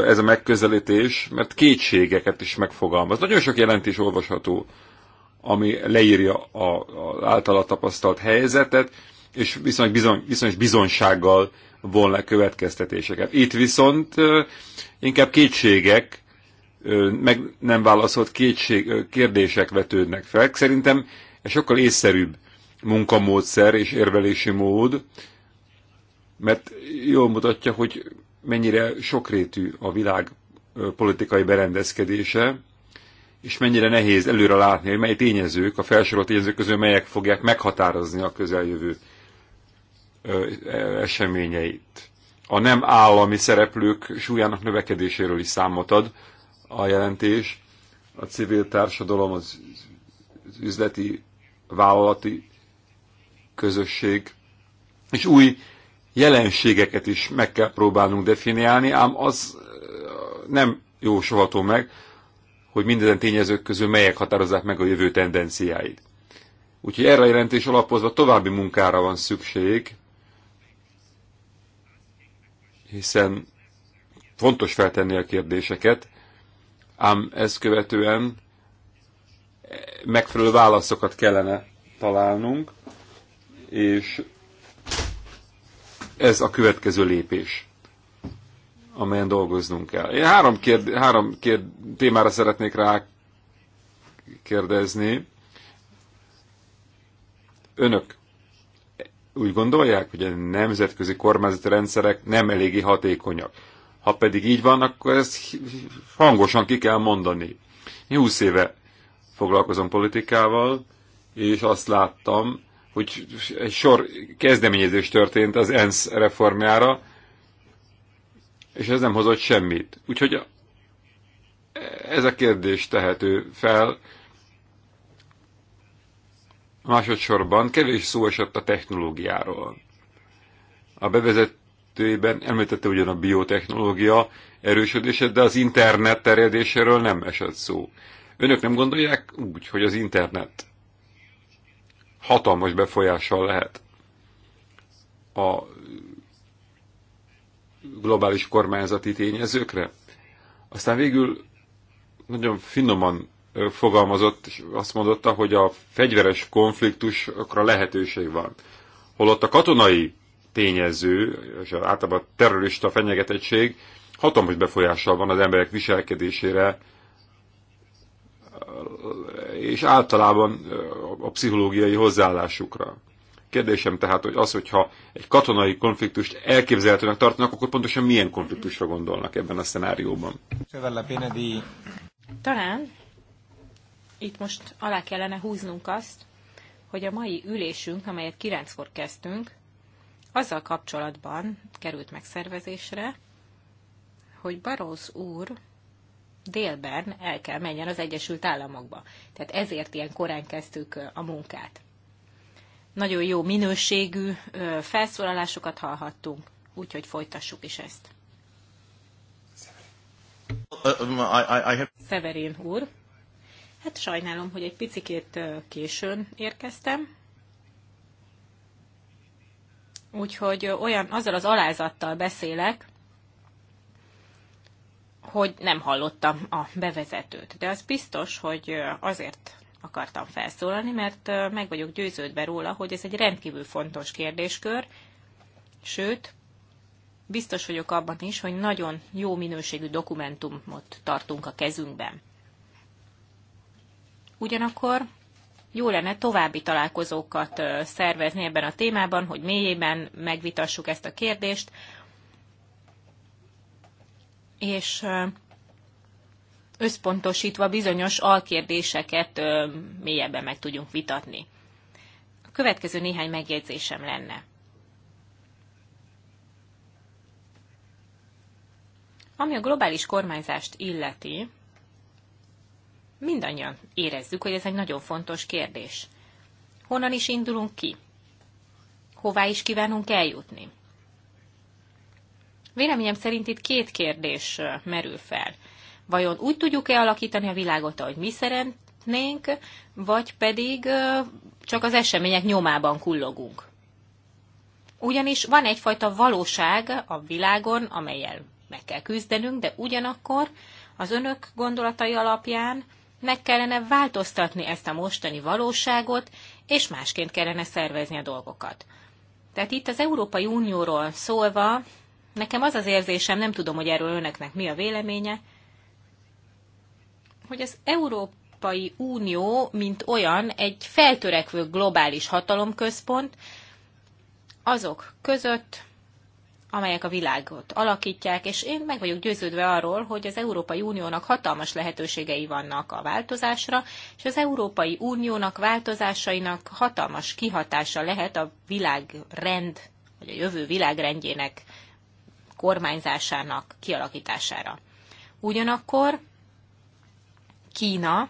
ez a megközelítés, mert kétségeket is megfogalmaz. Nagyon sok jelentés olvasható ami leírja az általa tapasztalt helyzetet, és viszonylag bizony, bizonyos bizonsággal von le következtetéseket. Itt viszont inkább kétségek, meg nem válaszolt kétség, kérdések vetődnek fel. Szerintem ez sokkal észszerűbb munkamódszer és érvelési mód, mert jól mutatja, hogy mennyire sokrétű a világ politikai berendezkedése, és mennyire nehéz előre látni, hogy mely tényezők, a felsorolt tényezők közül melyek fogják meghatározni a közeljövő eseményeit. A nem állami szereplők súlyának növekedéséről is számot ad a jelentés. A civil társadalom, az üzleti, vállalati közösség, és új jelenségeket is meg kell próbálnunk definiálni, ám az nem jósolható meg, hogy mindezen tényezők közül melyek határozzák meg a jövő tendenciáit. Úgyhogy erre a jelentés alapozva további munkára van szükség, hiszen fontos feltenni a kérdéseket, ám ezt követően megfelelő válaszokat kellene találnunk, és ez a következő lépés amelyen dolgoznunk kell. Én három, kérd, három kérd, témára szeretnék rá kérdezni. Önök úgy gondolják, hogy a nemzetközi kormányzati rendszerek nem eléggé hatékonyak. Ha pedig így van, akkor ezt hangosan ki kell mondani. Én 20 éve foglalkozom politikával, és azt láttam, hogy egy sor kezdeményezés történt az ENSZ reformjára, és ez nem hozott semmit. Úgyhogy ez a kérdés tehető fel. Másodszorban kevés szó esett a technológiáról. A bevezetőjében említette ugyan a biotechnológia erősödését, de az internet terjedéséről nem esett szó. Önök nem gondolják úgy, hogy az internet hatalmas befolyással lehet a globális kormányzati tényezőkre. Aztán végül nagyon finoman fogalmazott, és azt mondotta, hogy a fegyveres konfliktusokra lehetőség van. Holott a katonai tényező, és általában a terrorista fenyegetettség hatalmas befolyással van az emberek viselkedésére, és általában a pszichológiai hozzáállásukra. Kérdésem tehát, hogy az, hogyha egy katonai konfliktust elképzelhetőnek tartanak, akkor pontosan milyen konfliktusra gondolnak ebben a szenárióban? Talán itt most alá kellene húznunk azt, hogy a mai ülésünk, amelyet kilenckor kezdtünk, azzal kapcsolatban került megszervezésre, hogy Baróz úr délben el kell menjen az Egyesült Államokba. Tehát ezért ilyen korán kezdtük a munkát. Nagyon jó minőségű felszólalásokat hallhattunk, úgyhogy folytassuk is ezt. Uh, um, Severin úr, hát sajnálom, hogy egy picikét későn érkeztem, úgyhogy olyan, azzal az alázattal beszélek, hogy nem hallottam a bevezetőt. De az biztos, hogy azért akartam felszólalni, mert meg vagyok győződve róla, hogy ez egy rendkívül fontos kérdéskör, sőt, biztos vagyok abban is, hogy nagyon jó minőségű dokumentumot tartunk a kezünkben. Ugyanakkor jó lenne további találkozókat szervezni ebben a témában, hogy mélyében megvitassuk ezt a kérdést, és összpontosítva bizonyos alkérdéseket mélyebben meg tudjunk vitatni. A következő néhány megjegyzésem lenne. Ami a globális kormányzást illeti, mindannyian érezzük, hogy ez egy nagyon fontos kérdés. Honnan is indulunk ki? Hová is kívánunk eljutni? Véleményem szerint itt két kérdés merül fel. Vajon úgy tudjuk-e alakítani a világot, ahogy mi szeretnénk, vagy pedig csak az események nyomában kullogunk? Ugyanis van egyfajta valóság a világon, amelyel meg kell küzdenünk, de ugyanakkor az önök gondolatai alapján meg kellene változtatni ezt a mostani valóságot, és másként kellene szervezni a dolgokat. Tehát itt az Európai Unióról szólva, nekem az az érzésem, nem tudom, hogy erről önöknek mi a véleménye, hogy az Európai Unió, mint olyan, egy feltörekvő globális hatalomközpont azok között, amelyek a világot alakítják, és én meg vagyok győződve arról, hogy az Európai Uniónak hatalmas lehetőségei vannak a változásra, és az Európai Uniónak változásainak hatalmas kihatása lehet a világrend, vagy a jövő világrendjének kormányzásának kialakítására. Ugyanakkor Kína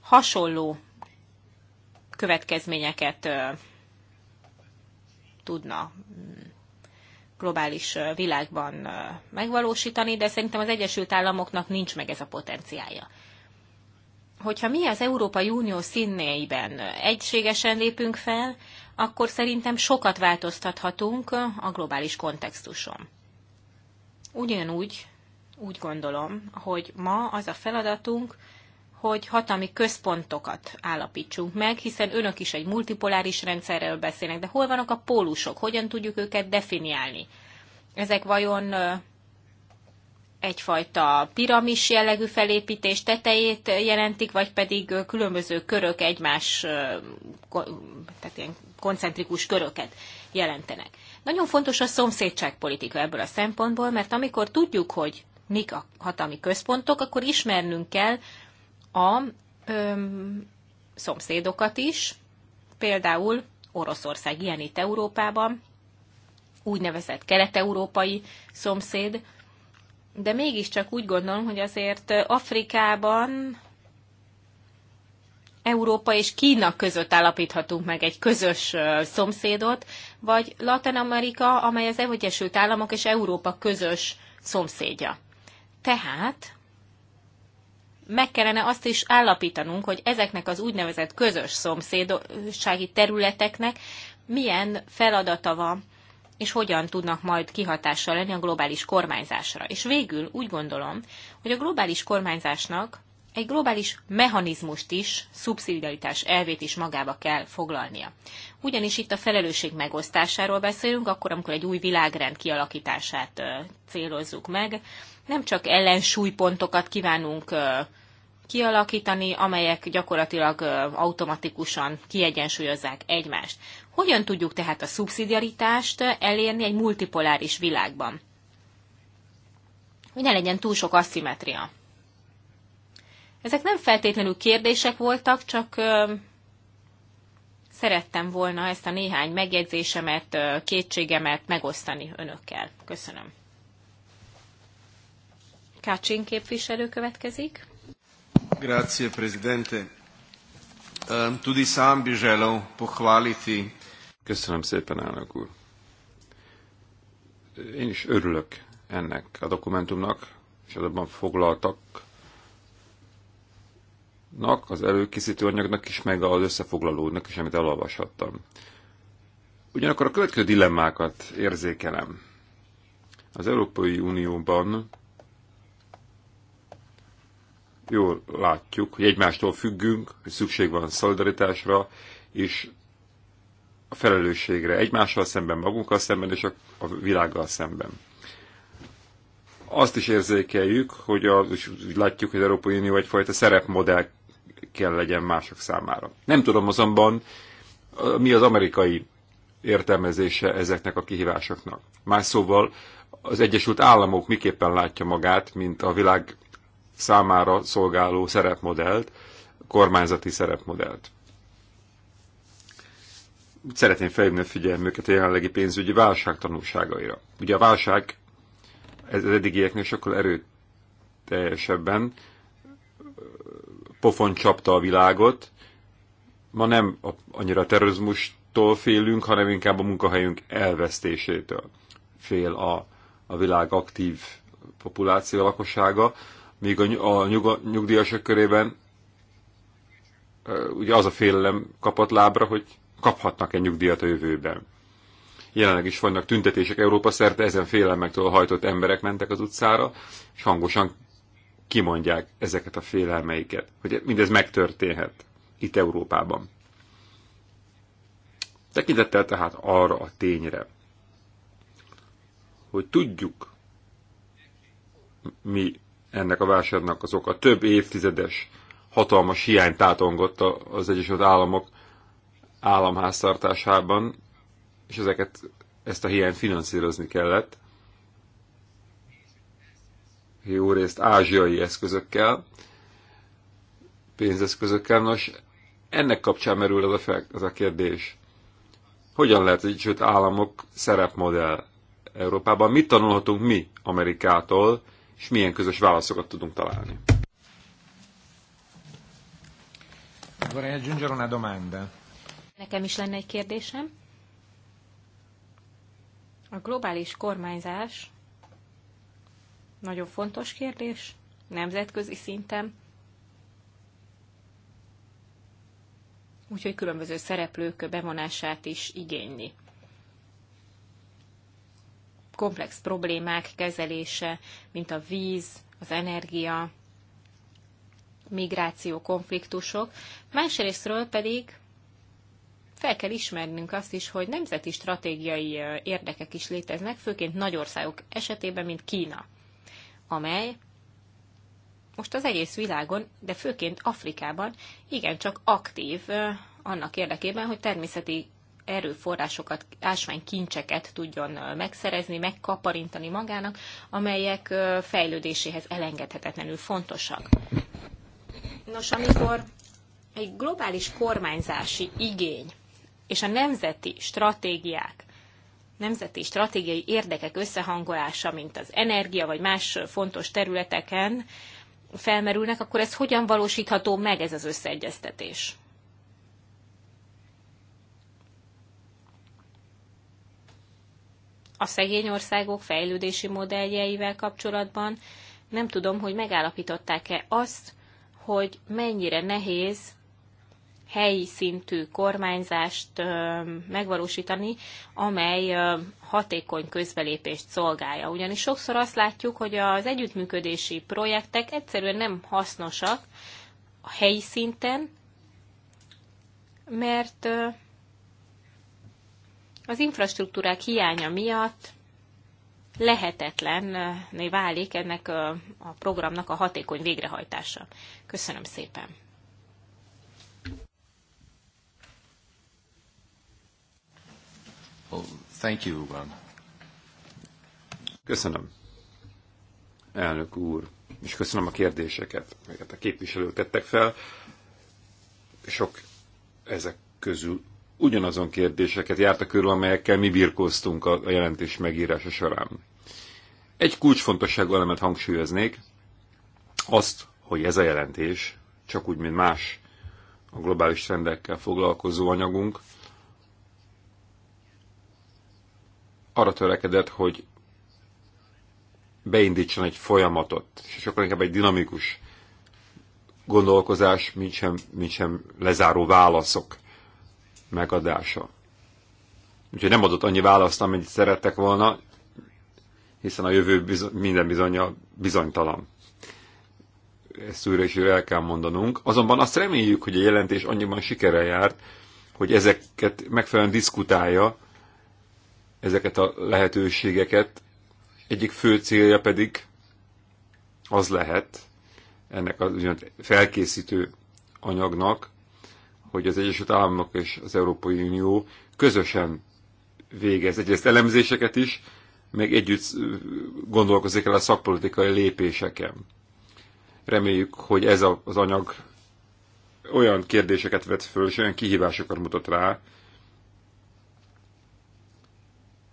hasonló következményeket tudna mm, globális világban megvalósítani, de szerintem az Egyesült Államoknak nincs meg ez a potenciálja. Hogyha mi az Európai Unió színnéiben egységesen lépünk fel, akkor szerintem sokat változtathatunk a globális kontextuson. Ugyanúgy, úgy gondolom, hogy ma az a feladatunk, hogy hatalmi központokat állapítsunk meg, hiszen önök is egy multipoláris rendszerről beszélnek, de hol vannak a pólusok, hogyan tudjuk őket definiálni? Ezek vajon egyfajta piramis jellegű felépítés tetejét jelentik, vagy pedig különböző körök egymás, tehát ilyen koncentrikus köröket jelentenek. Nagyon fontos a szomszédságpolitika ebből a szempontból, mert amikor tudjuk, hogy mik a hatalmi központok, akkor ismernünk kell a ö, szomszédokat is, például Oroszország ilyen itt Európában, úgynevezett kelet-európai szomszéd, de mégiscsak úgy gondolom, hogy azért Afrikában Európa és Kína között állapíthatunk meg egy közös szomszédot, vagy Latin Amerika, amely az Egyesült Államok és Európa közös szomszédja. Tehát meg kellene azt is állapítanunk, hogy ezeknek az úgynevezett közös szomszédsági területeknek milyen feladata van, és hogyan tudnak majd kihatással lenni a globális kormányzásra. És végül úgy gondolom, hogy a globális kormányzásnak egy globális mechanizmust is, szubszidiaritás elvét is magába kell foglalnia. Ugyanis itt a felelősség megosztásáról beszélünk, akkor, amikor egy új világrend kialakítását célozzuk meg, nem csak ellensúlypontokat kívánunk kialakítani, amelyek gyakorlatilag automatikusan kiegyensúlyozzák egymást. Hogyan tudjuk tehát a szubszidiaritást elérni egy multipoláris világban? Hogy ne legyen túl sok aszimetria. Ezek nem feltétlenül kérdések voltak, csak szerettem volna ezt a néhány megjegyzésemet, kétségemet megosztani önökkel. Köszönöm. Kácsin képviselő következik. Grazie, Presidente. Ehm, tudi sám bi želel pochváliti. Köszönöm szépen, elnök úr. Én is örülök ennek a dokumentumnak, és azonban foglaltaknak, az előkészítő anyagnak is, meg az összefoglalónak is, amit elolvashattam. Ugyanakkor a következő dilemmákat érzékelem. Az Európai Unióban jól látjuk, hogy egymástól függünk, hogy szükség van szolidaritásra és a felelősségre egymással szemben, magunkkal szemben és a világgal szemben. Azt is érzékeljük, hogy a, úgy látjuk, hogy az Európai Unió egyfajta szerepmodell kell legyen mások számára. Nem tudom azonban, mi az amerikai értelmezése ezeknek a kihívásoknak. Más szóval az Egyesült Államok miképpen látja magát, mint a világ számára szolgáló szerepmodellt, kormányzati szerepmodellt. Szeretném felhívni a figyelmüket a jelenlegi pénzügyi válság tanulságaira. Ugye a válság ez az eddigieknél sokkal erőteljesebben pofon csapta a világot. Ma nem annyira a terrorizmustól félünk, hanem inkább a munkahelyünk elvesztésétől fél a, a világ aktív populáció lakossága míg a, a nyug, nyugdíjasok körében ugye az a félelem kapott lábra, hogy kaphatnak egy nyugdíjat a jövőben. Jelenleg is vannak tüntetések Európa szerte, ezen félelmektől hajtott emberek mentek az utcára, és hangosan kimondják ezeket a félelmeiket, hogy mindez megtörténhet itt Európában. Tekintettel tehát arra a tényre, hogy tudjuk mi ennek a válságnak az oka. Több évtizedes hatalmas hiányt átongott az Egyesült Államok államháztartásában, és ezeket, ezt a hiányt finanszírozni kellett. Jó részt ázsiai eszközökkel, pénzeszközökkel. Nos, ennek kapcsán merül az a, fel, az a kérdés. Hogyan lehet az Egyesült Államok szerepmodell Európában? Mit tanulhatunk mi Amerikától, és milyen közös válaszokat tudunk találni. Nekem is lenne egy kérdésem. A globális kormányzás nagyon fontos kérdés nemzetközi szinten, úgyhogy különböző szereplők bevonását is igényli komplex problémák kezelése, mint a víz, az energia, migráció, konfliktusok. Másrésztről pedig fel kell ismernünk azt is, hogy nemzeti stratégiai érdekek is léteznek, főként nagy országok esetében, mint Kína, amely most az egész világon, de főként Afrikában igencsak aktív annak érdekében, hogy természeti erőforrásokat, ásványkincseket tudjon megszerezni, megkaparintani magának, amelyek fejlődéséhez elengedhetetlenül fontosak. Nos, amikor egy globális kormányzási igény és a nemzeti stratégiák, nemzeti stratégiai érdekek összehangolása, mint az energia vagy más fontos területeken felmerülnek, akkor ez hogyan valósítható meg ez az összeegyeztetés? a szegény országok fejlődési modelljeivel kapcsolatban. Nem tudom, hogy megállapították-e azt, hogy mennyire nehéz helyi szintű kormányzást megvalósítani, amely hatékony közbelépést szolgálja. Ugyanis sokszor azt látjuk, hogy az együttműködési projektek egyszerűen nem hasznosak a helyi szinten, mert az infrastruktúrák hiánya miatt lehetetlenné válik ennek a, programnak a hatékony végrehajtása. Köszönöm szépen! Oh, thank you. Köszönöm, elnök úr, és köszönöm a kérdéseket, melyeket a képviselők tettek fel. Sok ezek közül ugyanazon kérdéseket jártak körül, amelyekkel mi birkóztunk a jelentés megírása során. Egy kulcsfontosságú elemet hangsúlyoznék, azt, hogy ez a jelentés, csak úgy, mint más a globális trendekkel foglalkozó anyagunk, arra törekedett, hogy beindítson egy folyamatot, és sokkal inkább egy dinamikus gondolkozás, mint sem, mint sem lezáró válaszok megadása. Úgyhogy nem adott annyi választ, amennyit szerettek volna, hiszen a jövő bizony, minden bizonyja bizonytalan. Ezt újra és újra el kell mondanunk. Azonban azt reméljük, hogy a jelentés annyiban sikere járt, hogy ezeket megfelelően diskutálja, ezeket a lehetőségeket. Egyik fő célja pedig az lehet ennek a felkészítő anyagnak, hogy az Egyesült Államok és az Európai Unió közösen végez egyrészt elemzéseket is, meg együtt gondolkozik el a szakpolitikai lépéseken. Reméljük, hogy ez az anyag olyan kérdéseket vet föl, és olyan kihívásokat mutat rá,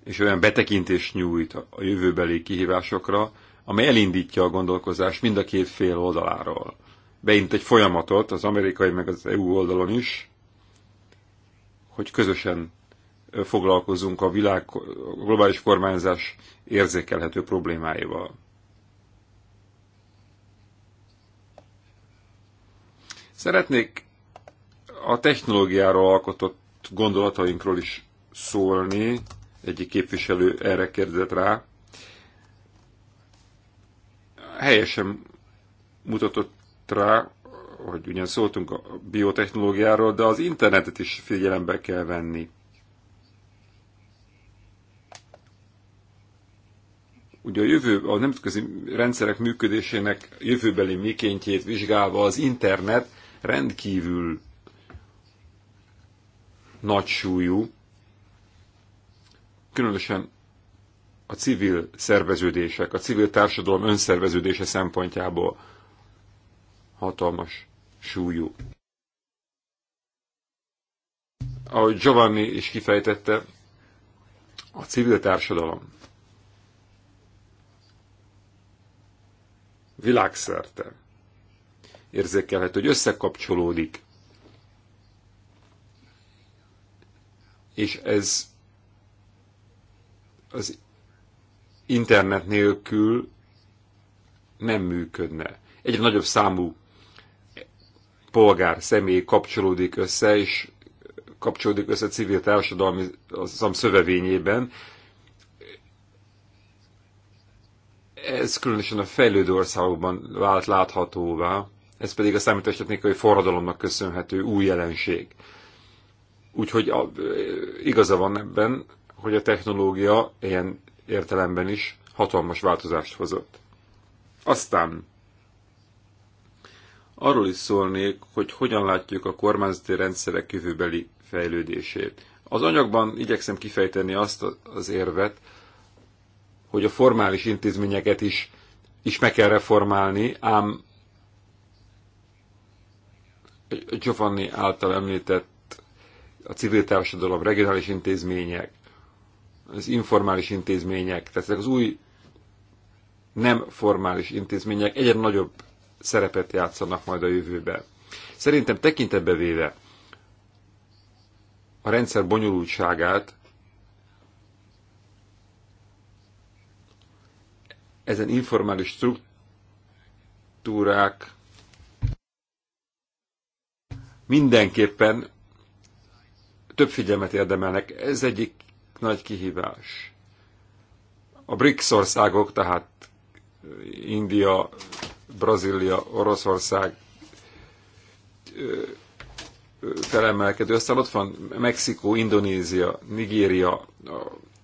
és olyan betekintést nyújt a jövőbeli kihívásokra, amely elindítja a gondolkozást mind a két fél oldaláról beint egy folyamatot az amerikai meg az EU oldalon is, hogy közösen foglalkozunk a világ a globális kormányzás érzékelhető problémáival. Szeretnék a technológiáról alkotott gondolatainkról is szólni. Egyik képviselő erre kérdezett rá. Helyesen mutatott rá, hogy ugyan szóltunk a biotechnológiáról, de az internetet is figyelembe kell venni. Ugye a jövő, a nemzetközi rendszerek működésének jövőbeli mikéntjét vizsgálva az internet rendkívül nagy súlyú, különösen a civil szerveződések, a civil társadalom önszerveződése szempontjából hatalmas súlyú. Ahogy Giovanni is kifejtette, a civil társadalom világszerte érzékelhető, hogy összekapcsolódik. És ez az internet nélkül nem működne. Egyre nagyobb számú polgár, személy kapcsolódik össze, és kapcsolódik össze civil társadalmi szám szövevényében. Ez különösen a fejlődő országokban vált láthatóvá, ez pedig a számítástechnikai forradalomnak köszönhető új jelenség. Úgyhogy a, igaza van ebben, hogy a technológia ilyen értelemben is hatalmas változást hozott. Aztán arról is szólnék, hogy hogyan látjuk a kormányzati rendszerek jövőbeli fejlődését. Az anyagban igyekszem kifejteni azt az érvet, hogy a formális intézményeket is, is meg kell reformálni, ám Giovanni által említett a civil társadalom, regionális intézmények, az informális intézmények, tehát ezek az új nem formális intézmények egyre nagyobb szerepet játszanak majd a jövőben. Szerintem tekintetbe véve a rendszer bonyolultságát, ezen informális struktúrák mindenképpen több figyelmet érdemelnek. Ez egyik nagy kihívás. A BRICS országok, tehát India, Brazília, Oroszország felemelkedő aztán ott van Mexikó, Indonézia, Nigéria,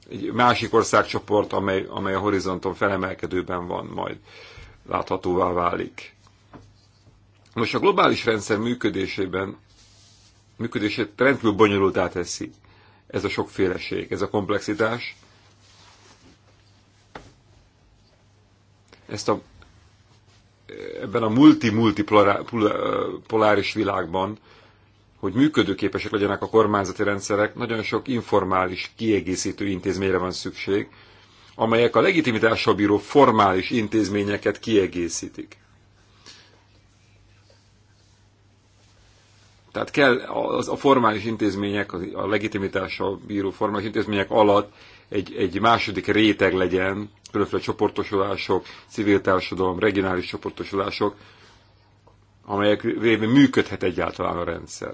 egy másik országcsoport, amely, amely a horizonton felemelkedőben van, majd láthatóvá válik. Most a globális rendszer működésében működését rendkívül bonyolultá teszi ez a sokféleség, ez a komplexitás. Ezt a ebben a multi-multipoláris világban, hogy működőképesek legyenek a kormányzati rendszerek, nagyon sok informális, kiegészítő intézményre van szükség, amelyek a legitimitással bíró formális intézményeket kiegészítik. Tehát kell az, a formális intézmények, a legitimitással bíró formális intézmények alatt egy, egy második réteg legyen, különféle csoportosulások, civil társadalom, regionális csoportosulások, amelyek révén működhet egyáltalán a rendszer.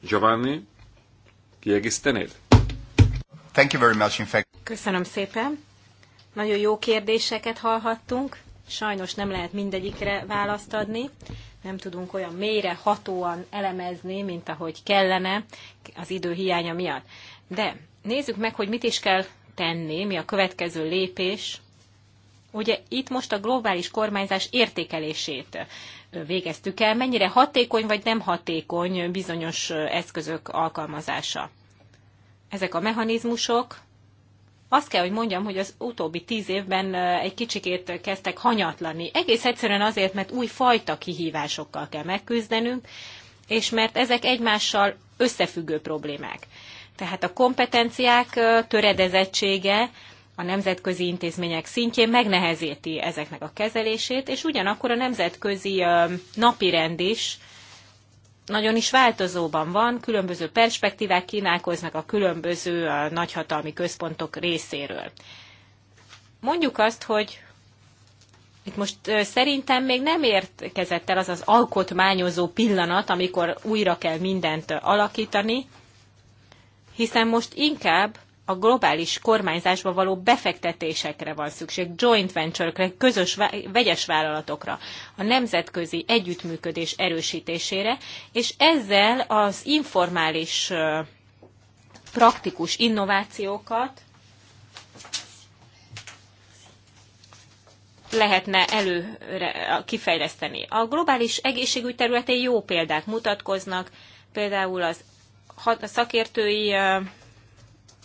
Giovanni, kiegészítenéd? Thank you very much, in fact. Köszönöm szépen. Nagyon jó kérdéseket hallhattunk. Sajnos nem lehet mindegyikre választ adni, nem tudunk olyan mélyre hatóan elemezni, mint ahogy kellene az idő hiánya miatt. De nézzük meg, hogy mit is kell tenni, mi a következő lépés. Ugye itt most a globális kormányzás értékelését végeztük el, mennyire hatékony vagy nem hatékony bizonyos eszközök alkalmazása. Ezek a mechanizmusok azt kell, hogy mondjam, hogy az utóbbi tíz évben egy kicsikét kezdtek hanyatlani. Egész egyszerűen azért, mert új fajta kihívásokkal kell megküzdenünk, és mert ezek egymással összefüggő problémák. Tehát a kompetenciák töredezettsége a nemzetközi intézmények szintjén megnehezíti ezeknek a kezelését, és ugyanakkor a nemzetközi napirend is nagyon is változóban van, különböző perspektívák kínálkoznak a különböző nagyhatalmi központok részéről. Mondjuk azt, hogy itt most szerintem még nem érkezett el az az alkotmányozó pillanat, amikor újra kell mindent alakítani, hiszen most inkább a globális kormányzásba való befektetésekre van szükség, joint venture-ökre, közös vegyes vállalatokra, a nemzetközi együttműködés erősítésére, és ezzel az informális praktikus innovációkat lehetne előre kifejleszteni. A globális egészségügy területén jó példák mutatkoznak, például az szakértői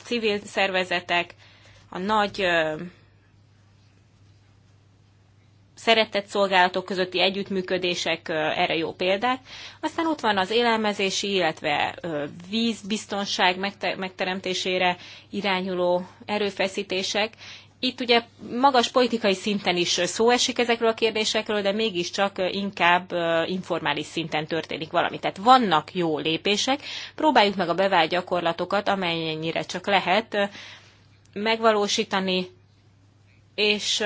civil szervezetek, a nagy szeretett szolgálatok közötti együttműködések erre jó példák. Aztán ott van az élelmezési, illetve vízbiztonság megteremtésére irányuló erőfeszítések, itt ugye magas politikai szinten is szó esik ezekről a kérdésekről, de mégiscsak inkább informális szinten történik valami. Tehát vannak jó lépések, próbáljuk meg a bevált gyakorlatokat, amennyire csak lehet megvalósítani, és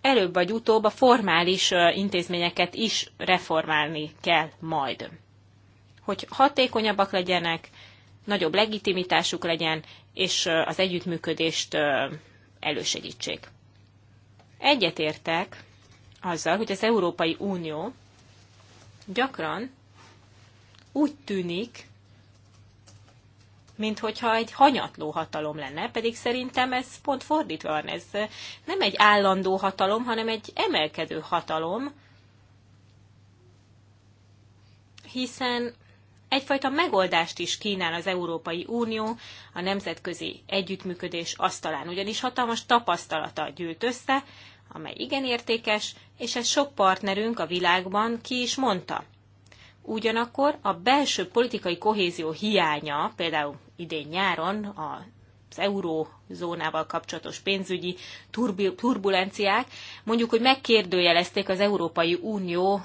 előbb vagy utóbb a formális intézményeket is reformálni kell majd. Hogy hatékonyabbak legyenek, nagyobb legitimitásuk legyen, és az együttműködést elősegítsék. Egyetértek azzal, hogy az Európai Unió gyakran úgy tűnik, minthogyha egy hanyatló hatalom lenne, pedig szerintem ez pont fordítva van. Ez nem egy állandó hatalom, hanem egy emelkedő hatalom, hiszen egyfajta megoldást is kínál az Európai Unió a nemzetközi együttműködés asztalán, ugyanis hatalmas tapasztalata gyűlt össze, amely igen értékes, és ez sok partnerünk a világban ki is mondta. Ugyanakkor a belső politikai kohézió hiánya, például idén nyáron a az eurózónával kapcsolatos pénzügyi turbulenciák, mondjuk, hogy megkérdőjelezték az Európai Unió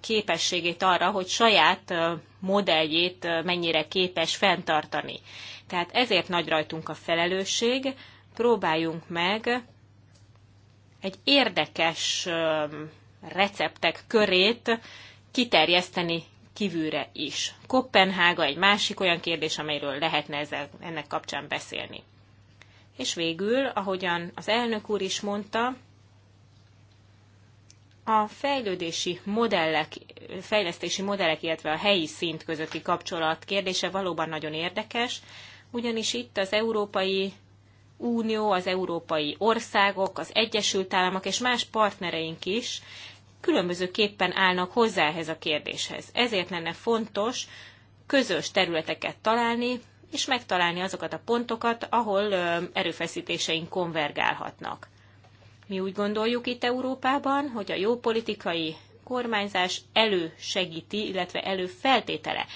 képességét arra, hogy saját modelljét mennyire képes fenntartani. Tehát ezért nagy rajtunk a felelősség, próbáljunk meg egy érdekes receptek körét kiterjeszteni kívülre is. Kopenhága egy másik olyan kérdés, amelyről lehetne ezzel, ennek kapcsán beszélni. És végül, ahogyan az elnök úr is mondta, a fejlődési modellek, fejlesztési modellek, illetve a helyi szint közötti kapcsolat kérdése valóban nagyon érdekes, ugyanis itt az Európai Unió, az európai országok, az Egyesült Államok és más partnereink is különbözőképpen állnak hozzá ehhez a kérdéshez. Ezért lenne fontos közös területeket találni, és megtalálni azokat a pontokat, ahol erőfeszítéseink konvergálhatnak. Mi úgy gondoljuk itt Európában, hogy a jó politikai kormányzás elősegíti, illetve előfeltétele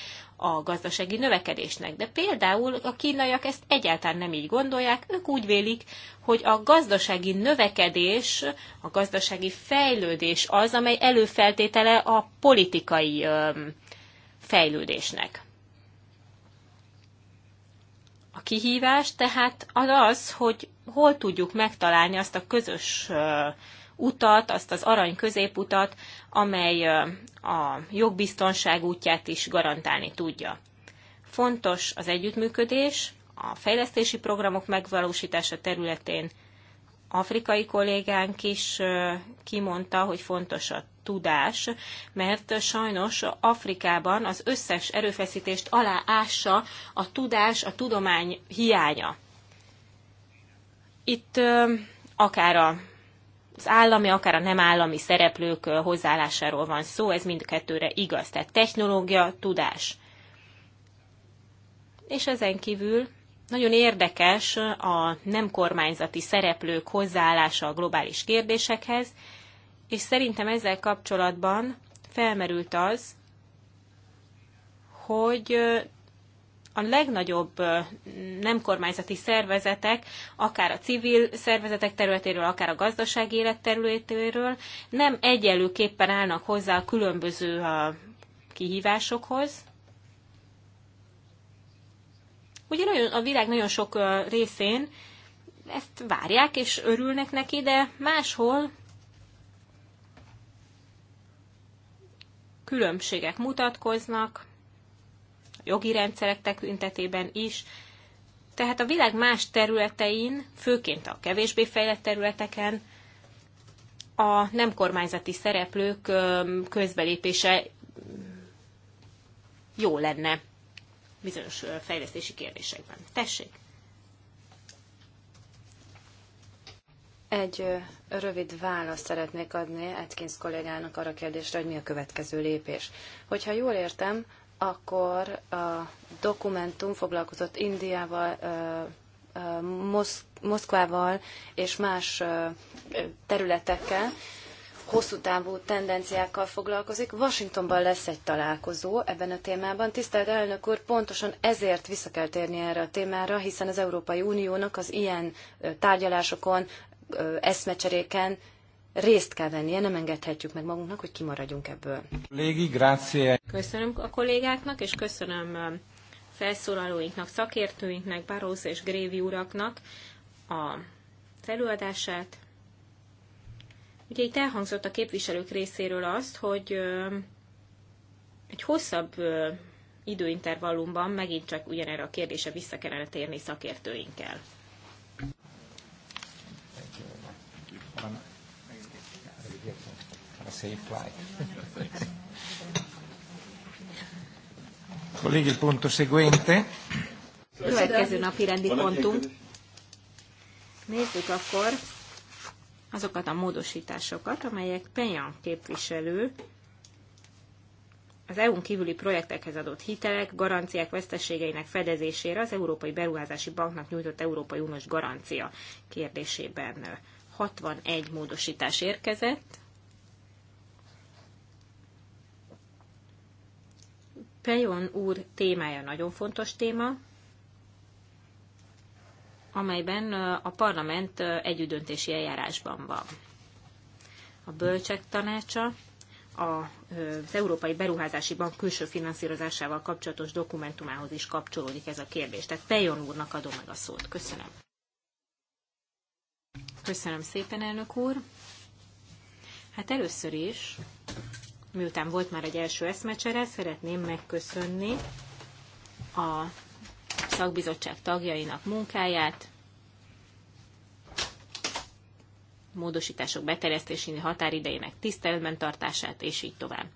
a gazdasági növekedésnek. De például a kínaiak ezt egyáltalán nem így gondolják, ők úgy vélik, hogy a gazdasági növekedés, a gazdasági fejlődés az, amely előfeltétele a politikai fejlődésnek. A kihívás tehát az az, hogy hol tudjuk megtalálni azt a közös utat, azt az arany középutat, amely a jogbiztonság útját is garantálni tudja. Fontos az együttműködés a fejlesztési programok megvalósítása területén. Afrikai kollégánk is kimondta, hogy fontos a tudás, mert sajnos Afrikában az összes erőfeszítést aláássa a tudás, a tudomány hiánya. Itt akár a az állami, akár a nem állami szereplők hozzáállásáról van szó, ez mindkettőre igaz. Tehát technológia, tudás. És ezen kívül nagyon érdekes a nem kormányzati szereplők hozzáállása a globális kérdésekhez, és szerintem ezzel kapcsolatban felmerült az, hogy a legnagyobb nem kormányzati szervezetek, akár a civil szervezetek területéről, akár a gazdasági élet területéről nem egyenlőképpen állnak hozzá a különböző kihívásokhoz. Ugye a világ nagyon sok részén ezt várják és örülnek neki, de máshol különbségek mutatkoznak, jogi rendszerek tekintetében is. Tehát a világ más területein, főként a kevésbé fejlett területeken, a nem kormányzati szereplők közbelépése jó lenne bizonyos fejlesztési kérdésekben. Tessék! Egy rövid választ szeretnék adni Atkins kollégának arra kérdésre, hogy mi a következő lépés. Hogyha jól értem, akkor a dokumentum foglalkozott Indiával, Moszkvával és más területekkel, hosszú távú tendenciákkal foglalkozik. Washingtonban lesz egy találkozó ebben a témában. Tisztelt elnök úr, pontosan ezért vissza kell térni erre a témára, hiszen az Európai Uniónak az ilyen tárgyalásokon, eszmecseréken részt kell vennie, nem engedhetjük meg magunknak, hogy kimaradjunk ebből. Légi, grazie. Köszönöm a kollégáknak, és köszönöm felszólalóinknak, szakértőinknek, Barósz és Grévi uraknak a előadását. Ugye itt elhangzott a képviselők részéről azt, hogy egy hosszabb időintervallumban megint csak ugyanerre a kérdése vissza kellene térni szakértőinkkel. safe flight. Colleghi, il punto seguente. Következő napi rendi pontunk. Nézzük akkor azokat a módosításokat, amelyek Penyan képviselő az EU-n kívüli projektekhez adott hitelek, garanciák veszteségeinek fedezésére az Európai Beruházási Banknak nyújtott Európai Uniós garancia kérdésében 61 módosítás érkezett. Pejon úr témája nagyon fontos téma, amelyben a parlament együttdöntési eljárásban van. A bölcsek tanácsa az Európai Beruházási Bank külső finanszírozásával kapcsolatos dokumentumához is kapcsolódik ez a kérdés. Tehát Pejon úrnak adom meg a szót. Köszönöm. Köszönöm szépen, elnök úr. Hát először is miután volt már egy első eszmecsere, szeretném megköszönni a szakbizottság tagjainak munkáját, módosítások beterjesztésének határidejének tiszteletben tartását, és így tovább.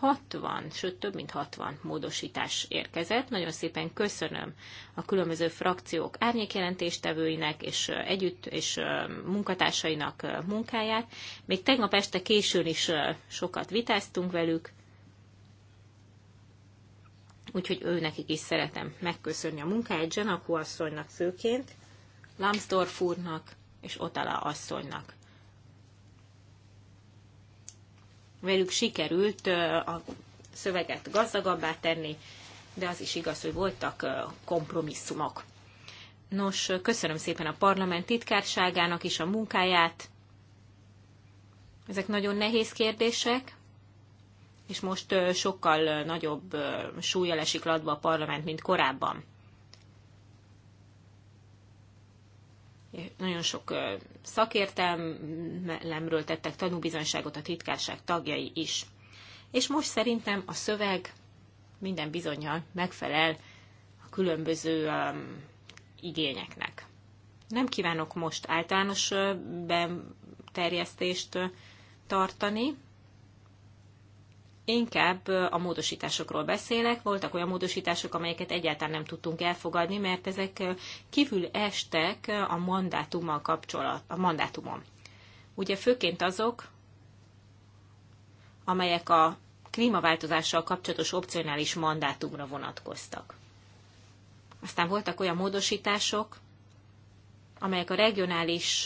60, sőt több mint 60 módosítás érkezett. Nagyon szépen köszönöm a különböző frakciók árnyékjelentéstevőinek és együtt és munkatársainak munkáját. Még tegnap este későn is sokat vitáztunk velük, úgyhogy ő nekik is szeretem megköszönni a munkáját, Zsenakó asszonynak főként, Lambsdorff úrnak és Otala asszonynak. velük sikerült a szöveget gazdagabbá tenni, de az is igaz, hogy voltak kompromisszumok. Nos, köszönöm szépen a parlament titkárságának is a munkáját. Ezek nagyon nehéz kérdések, és most sokkal nagyobb súlya esik latba a parlament, mint korábban. nagyon sok szakértelmemről tettek tanúbizonyságot a titkárság tagjai is. És most szerintem a szöveg minden bizonyal megfelel a különböző um, igényeknek. Nem kívánok most általános uh, terjesztést tartani, inkább a módosításokról beszélek. Voltak olyan módosítások, amelyeket egyáltalán nem tudtunk elfogadni, mert ezek kívül estek a mandátummal kapcsolat, a mandátumon. Ugye főként azok, amelyek a klímaváltozással kapcsolatos opcionális mandátumra vonatkoztak. Aztán voltak olyan módosítások, amelyek a regionális,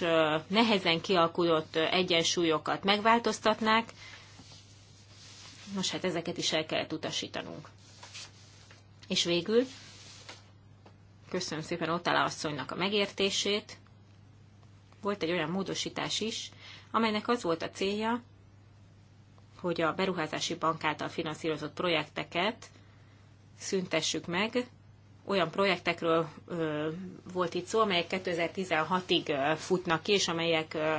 nehezen kialakulott egyensúlyokat megváltoztatnák, Nos, hát ezeket is el kellett utasítanunk. És végül köszönöm szépen Otala asszonynak a megértését. Volt egy olyan módosítás is, amelynek az volt a célja, hogy a beruházási bank által finanszírozott projekteket szüntessük meg. Olyan projektekről ö, volt itt szó, amelyek 2016-ig futnak ki, és amelyek ö,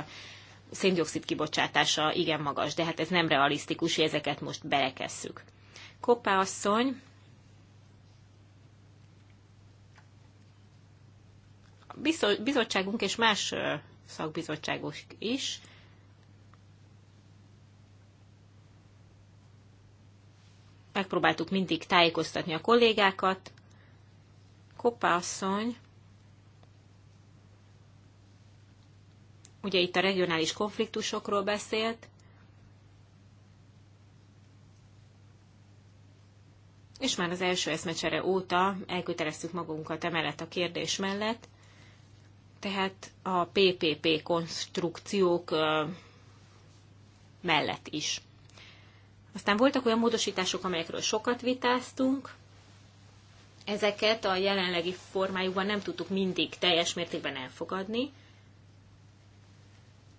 széndiokszid kibocsátása igen magas, de hát ez nem realisztikus, hogy ezeket most belekesszük. Koppá asszony bizottságunk és más szakbizottságok is megpróbáltuk mindig tájékoztatni a kollégákat. Koppá asszony ugye itt a regionális konfliktusokról beszélt, és már az első eszmecsere óta elköteleztük magunkat emellett a kérdés mellett, tehát a PPP konstrukciók mellett is. Aztán voltak olyan módosítások, amelyekről sokat vitáztunk, ezeket a jelenlegi formájukban nem tudtuk mindig teljes mértékben elfogadni,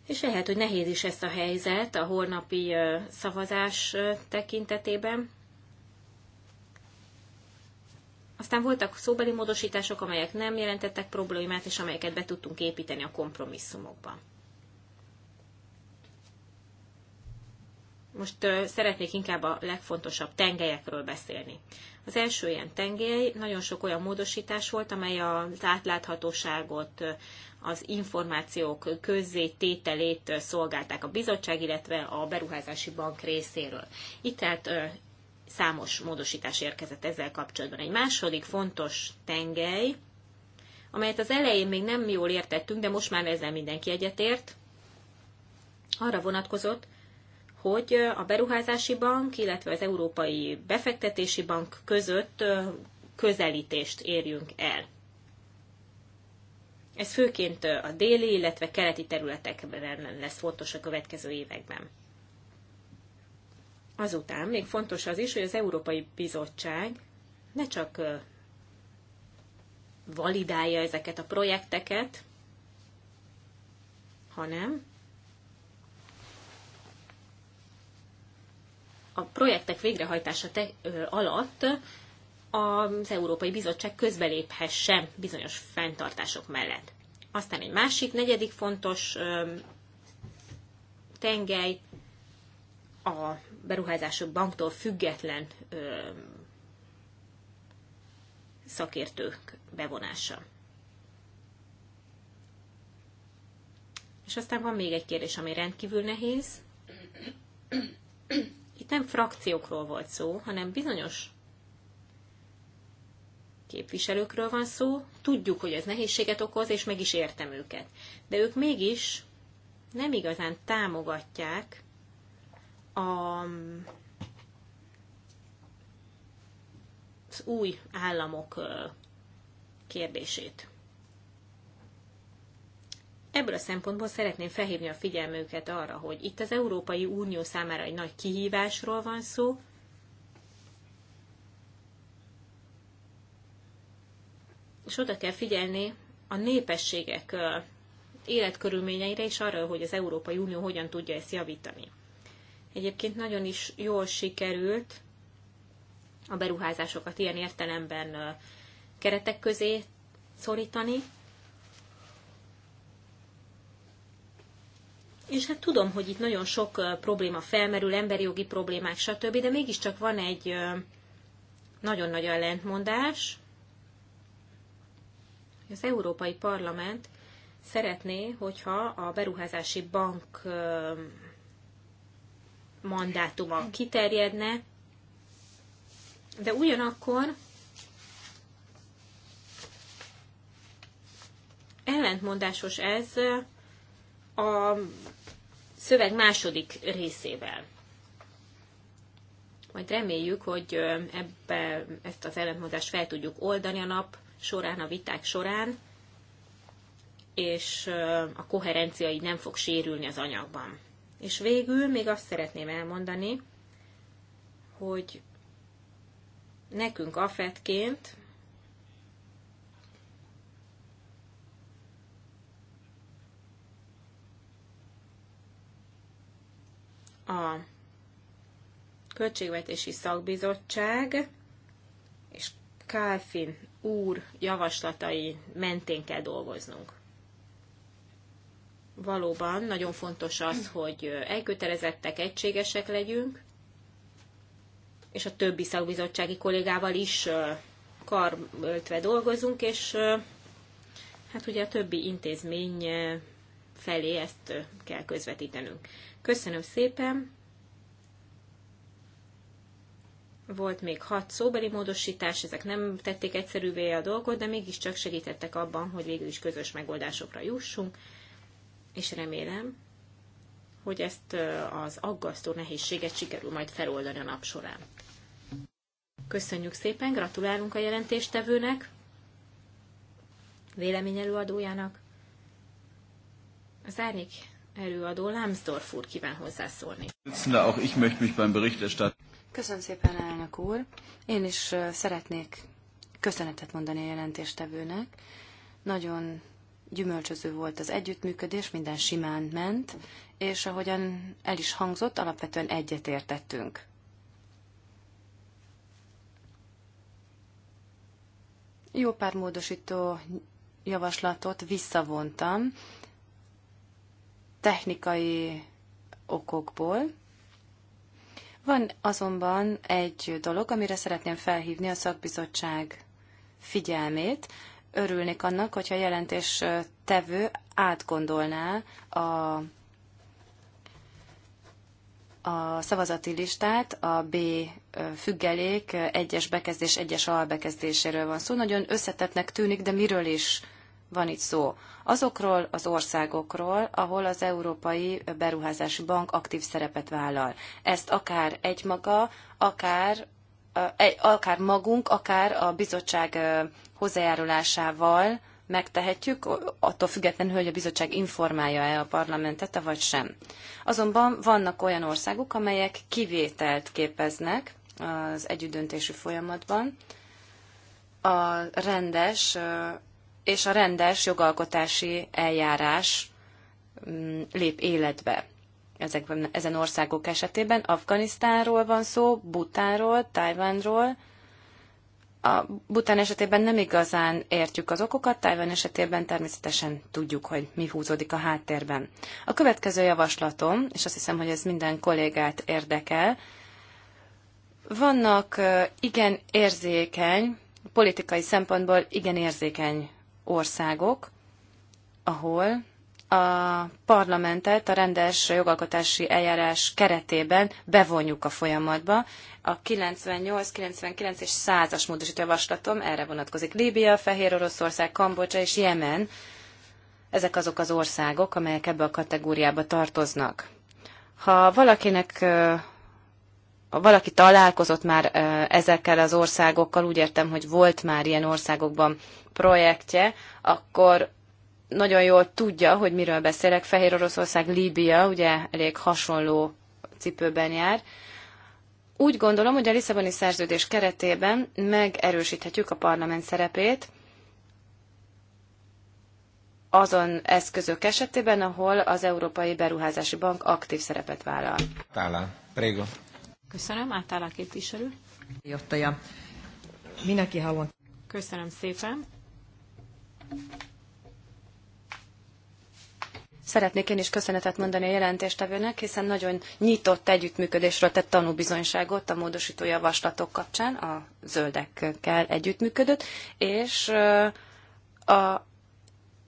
és lehet, hogy nehéz is ez a helyzet a holnapi szavazás tekintetében. Aztán voltak szóbeli módosítások, amelyek nem jelentettek problémát, és amelyeket be tudtunk építeni a kompromisszumokban. Most szeretnék inkább a legfontosabb tengelyekről beszélni. Az első ilyen tengely, nagyon sok olyan módosítás volt, amely az átláthatóságot, az információk közzétételét szolgálták a bizottság, illetve a beruházási bank részéről. Itt tehát számos módosítás érkezett ezzel kapcsolatban. Egy második fontos tengely, amelyet az elején még nem jól értettünk, de most már ezzel mindenki egyetért, arra vonatkozott, hogy a Beruházási Bank, illetve az Európai Befektetési Bank között közelítést érjünk el. Ez főként a déli, illetve keleti területekben lesz fontos a következő években. Azután még fontos az is, hogy az Európai Bizottság ne csak validálja ezeket a projekteket, hanem a projektek végrehajtása te, ö, alatt az Európai Bizottság közbeléphessen bizonyos fenntartások mellett. Aztán egy másik, negyedik fontos ö, tengely a beruházások banktól független ö, szakértők bevonása. És aztán van még egy kérdés, ami rendkívül nehéz. Itt nem frakciókról volt szó, hanem bizonyos képviselőkről van szó. Tudjuk, hogy ez nehézséget okoz, és meg is értem őket. De ők mégis nem igazán támogatják a az új államok kérdését. Ebből a szempontból szeretném felhívni a figyelmüket arra, hogy itt az Európai Unió számára egy nagy kihívásról van szó, és oda kell figyelni a népességek életkörülményeire, és arra, hogy az Európai Unió hogyan tudja ezt javítani. Egyébként nagyon is jól sikerült a beruházásokat ilyen értelemben keretek közé szorítani, És hát tudom, hogy itt nagyon sok probléma felmerül, emberi jogi problémák, stb., de mégiscsak van egy nagyon nagy ellentmondás. Az Európai Parlament szeretné, hogyha a beruházási bank mandátuma kiterjedne, de ugyanakkor ellentmondásos ez a szöveg második részével. Majd reméljük, hogy ebbe, ezt az ellentmondást fel tudjuk oldani a nap során, a viták során, és a koherencia így nem fog sérülni az anyagban. És végül még azt szeretném elmondani, hogy nekünk afetként a Költségvetési Szakbizottság és Kálfin úr javaslatai mentén kell dolgoznunk. Valóban nagyon fontos az, hogy elkötelezettek, egységesek legyünk, és a többi szakbizottsági kollégával is karöltve dolgozunk, és hát ugye a többi intézmény felé ezt kell közvetítenünk. Köszönöm szépen! Volt még hat szóbeli módosítás, ezek nem tették egyszerűvé a dolgot, de mégiscsak segítettek abban, hogy végül is közös megoldásokra jussunk, és remélem, hogy ezt az aggasztó nehézséget sikerül majd feloldani a nap során. Köszönjük szépen, gratulálunk a jelentéstevőnek, véleményelőadójának. Az árnyék előadó Lambsdorff úr kíván hozzászólni. Köszönöm szépen, elnök úr. Én is szeretnék köszönetet mondani a jelentéstevőnek. Nagyon gyümölcsöző volt az együttműködés, minden simán ment, és ahogyan el is hangzott, alapvetően egyetértettünk. Jó pár módosító javaslatot visszavontam, technikai okokból. Van azonban egy dolog, amire szeretném felhívni a szakbizottság figyelmét. Örülnék annak, hogyha a jelentés tevő átgondolná a a szavazati listát, a B függelék egyes bekezdés, egyes albekezdéséről van szó. Nagyon összetettnek tűnik, de miről is van itt szó? azokról az országokról, ahol az Európai Beruházási Bank aktív szerepet vállal. Ezt akár egymaga, akár akár magunk, akár a bizottság hozzájárulásával megtehetjük, attól függetlenül, hogy a bizottság informálja-e a parlamentet, vagy sem. Azonban vannak olyan országok, amelyek kivételt képeznek az együttdöntési folyamatban, a rendes és a rendes jogalkotási eljárás mm, lép életbe ezekben, ezen országok esetében. Afganisztánról van szó, Butánról, Tajvánról. A Bután esetében nem igazán értjük az okokat, Tajván esetében természetesen tudjuk, hogy mi húzódik a háttérben. A következő javaslatom, és azt hiszem, hogy ez minden kollégát érdekel, vannak igen érzékeny, politikai szempontból igen érzékeny országok, ahol a parlamentet a rendes jogalkotási eljárás keretében bevonjuk a folyamatba. A 98, 99 és 100-as módosító javaslatom erre vonatkozik. Líbia, Fehér Oroszország, Kambodzsa és Jemen. Ezek azok az országok, amelyek ebbe a kategóriába tartoznak. Ha valakinek ha valaki találkozott már ezekkel az országokkal, úgy értem, hogy volt már ilyen országokban projektje, akkor nagyon jól tudja, hogy miről beszélek. Fehér Oroszország, Líbia, ugye elég hasonló cipőben jár. Úgy gondolom, hogy a Lisszaboni szerződés keretében megerősíthetjük a parlament szerepét azon eszközök esetében, ahol az Európai Beruházási Bank aktív szerepet vállal. Tálán, Prégo. Köszönöm, a képviselő. Jottaja. Mindenki hallott. Köszönöm szépen. Szeretnék én is köszönetet mondani a jelentéstevőnek, hiszen nagyon nyitott együttműködésről tett tanúbizonyságot a módosító javaslatok kapcsán, a zöldekkel együttműködött, és a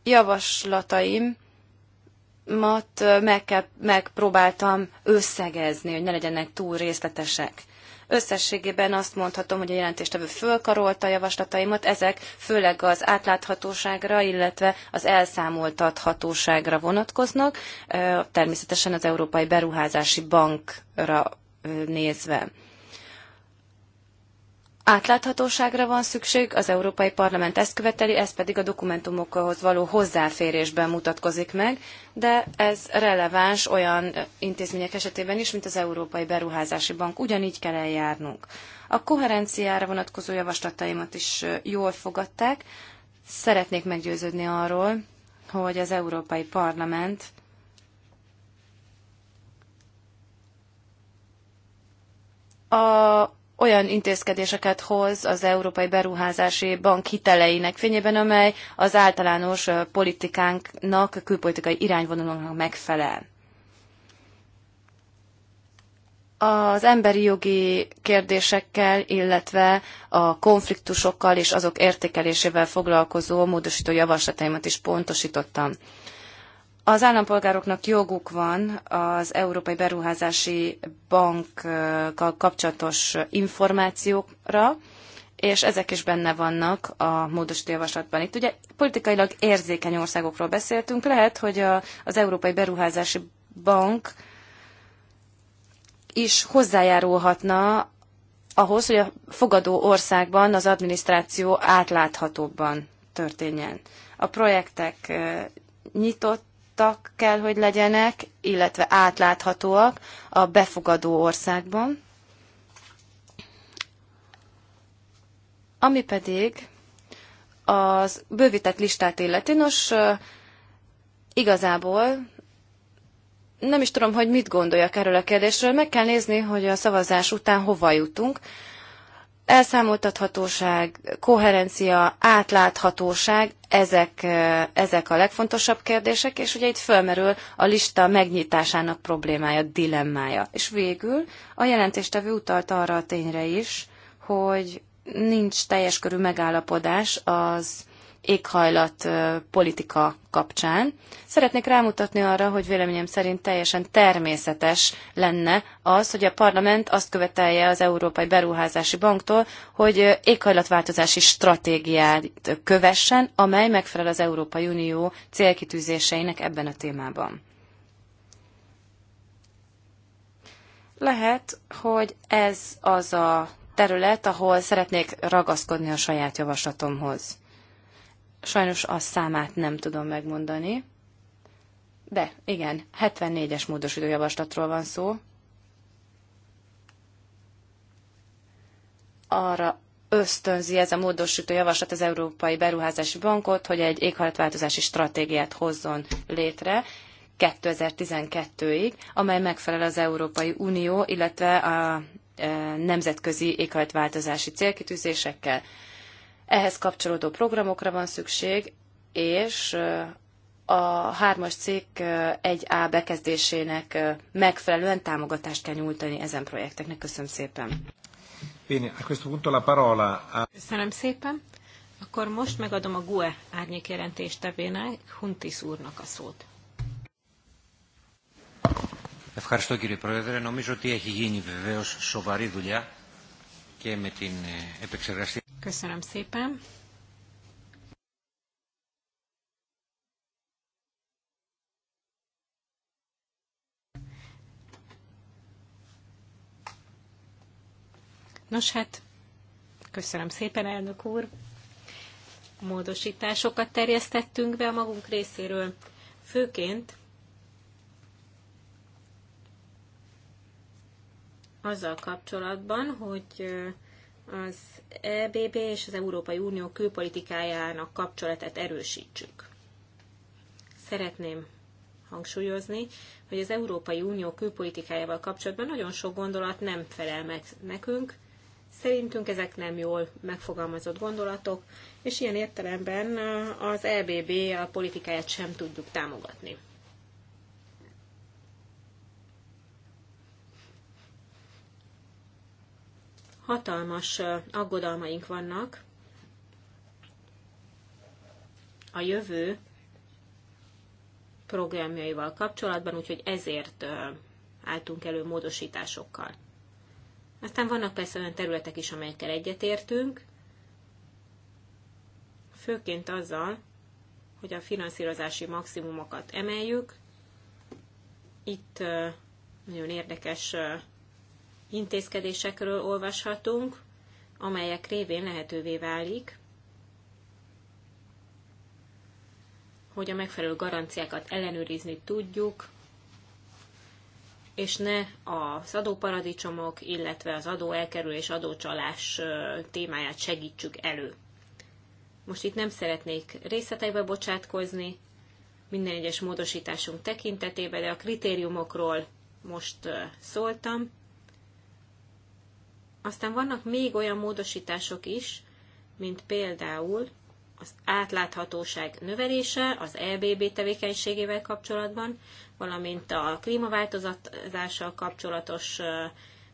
javaslataim mat meg kell, megpróbáltam összegezni, hogy ne legyenek túl részletesek. Összességében azt mondhatom, hogy a jelentéstevő fölkarolta a javaslataimat, ezek főleg az átláthatóságra, illetve az elszámoltathatóságra vonatkoznak, természetesen az Európai Beruházási Bankra nézve. Átláthatóságra van szükség, az Európai Parlament ezt követeli, ez pedig a dokumentumokhoz való hozzáférésben mutatkozik meg, de ez releváns olyan intézmények esetében is, mint az Európai Beruházási Bank. Ugyanígy kell eljárnunk. A koherenciára vonatkozó javaslataimat is jól fogadták. Szeretnék meggyőződni arról, hogy az Európai Parlament a olyan intézkedéseket hoz az Európai Beruházási Bank hiteleinek fényében, amely az általános politikánknak, külpolitikai irányvonalunknak megfelel. Az emberi jogi kérdésekkel, illetve a konfliktusokkal és azok értékelésével foglalkozó módosító javaslataimat is pontosítottam. Az állampolgároknak joguk van az Európai Beruházási Bankkal kapcsolatos információkra, és ezek is benne vannak a módosító javaslatban. Itt ugye politikailag érzékeny országokról beszéltünk. Lehet, hogy a, az Európai Beruházási Bank is hozzájárulhatna ahhoz, hogy a fogadó országban az adminisztráció átláthatóbban történjen. A projektek eh, nyitott nyitottak kell, hogy legyenek, illetve átláthatóak a befogadó országban. Ami pedig az bővített listát illeti, nos, igazából nem is tudom, hogy mit gondoljak erről a kérdésről. Meg kell nézni, hogy a szavazás után hova jutunk. Elszámoltathatóság, koherencia, átláthatóság, ezek, ezek a legfontosabb kérdések, és ugye itt fölmerül a lista megnyitásának problémája, dilemmája. És végül a jelentéstevő utalt arra a tényre is, hogy nincs teljes körű megállapodás az éghajlat politika kapcsán. Szeretnék rámutatni arra, hogy véleményem szerint teljesen természetes lenne az, hogy a parlament azt követelje az Európai Beruházási Banktól, hogy éghajlatváltozási stratégiát kövessen, amely megfelel az Európai Unió célkitűzéseinek ebben a témában. Lehet, hogy ez az a terület, ahol szeretnék ragaszkodni a saját javaslatomhoz. Sajnos a számát nem tudom megmondani. De igen, 74-es módosítójavaslatról van szó. Arra ösztönzi ez a módosító javaslat az Európai Beruházási Bankot, hogy egy éghajlatváltozási stratégiát hozzon létre 2012-ig, amely megfelel az Európai Unió, illetve a e, nemzetközi éghajlatváltozási célkitűzésekkel. Ehhez kapcsolódó programokra van szükség, és a hármas cikk 1A bekezdésének megfelelően támogatást kell nyújtani ezen projekteknek. Köszönöm szépen. Köszönöm szépen. Akkor most megadom a GUE árnyék tevének Huntis úrnak a szót. Ευχαριστώ κύριε Πρόεδρε. Νομίζω ότι έχει γίνει βεβαίως σοβαρή δουλειά και με την επεξεργασία. Köszönöm szépen. Nos hát, köszönöm szépen, elnök úr. Módosításokat terjesztettünk be a magunk részéről. Főként azzal kapcsolatban, hogy az EBB és az Európai Unió külpolitikájának kapcsolatát erősítsük. Szeretném hangsúlyozni, hogy az Európai Unió külpolitikájával kapcsolatban nagyon sok gondolat nem felel meg nekünk. Szerintünk ezek nem jól megfogalmazott gondolatok, és ilyen értelemben az EBB a politikáját sem tudjuk támogatni. hatalmas aggodalmaink vannak a jövő programjaival kapcsolatban, úgyhogy ezért álltunk elő módosításokkal. Aztán vannak persze olyan területek is, amelyekkel egyetértünk, főként azzal, hogy a finanszírozási maximumokat emeljük. Itt nagyon érdekes intézkedésekről olvashatunk, amelyek révén lehetővé válik, hogy a megfelelő garanciákat ellenőrizni tudjuk, és ne az adóparadicsomok, illetve az adó elkerülés, adócsalás témáját segítsük elő. Most itt nem szeretnék részletekbe bocsátkozni minden egyes módosításunk tekintetében, de a kritériumokról most szóltam. Aztán vannak még olyan módosítások is, mint például az átláthatóság növelése az EBB tevékenységével kapcsolatban, valamint a klímaváltozással kapcsolatos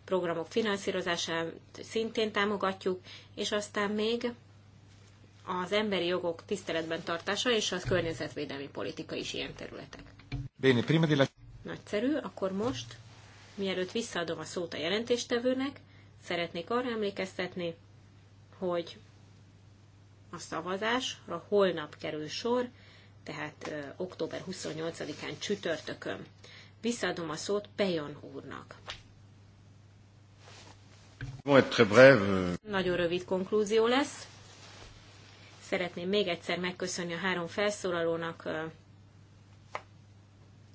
programok finanszírozását szintén támogatjuk, és aztán még az emberi jogok tiszteletben tartása és a környezetvédelmi politika is ilyen területek. Bene, prima di Nagyszerű, akkor most, mielőtt visszaadom a szót a jelentéstevőnek, Szeretnék arra emlékeztetni, hogy a szavazásra holnap kerül sor, tehát ö, október 28-án csütörtökön. Visszaadom a szót Pejon úrnak. Euh. Nagyon rövid konklúzió lesz. Szeretném még egyszer megköszönni a három felszólalónak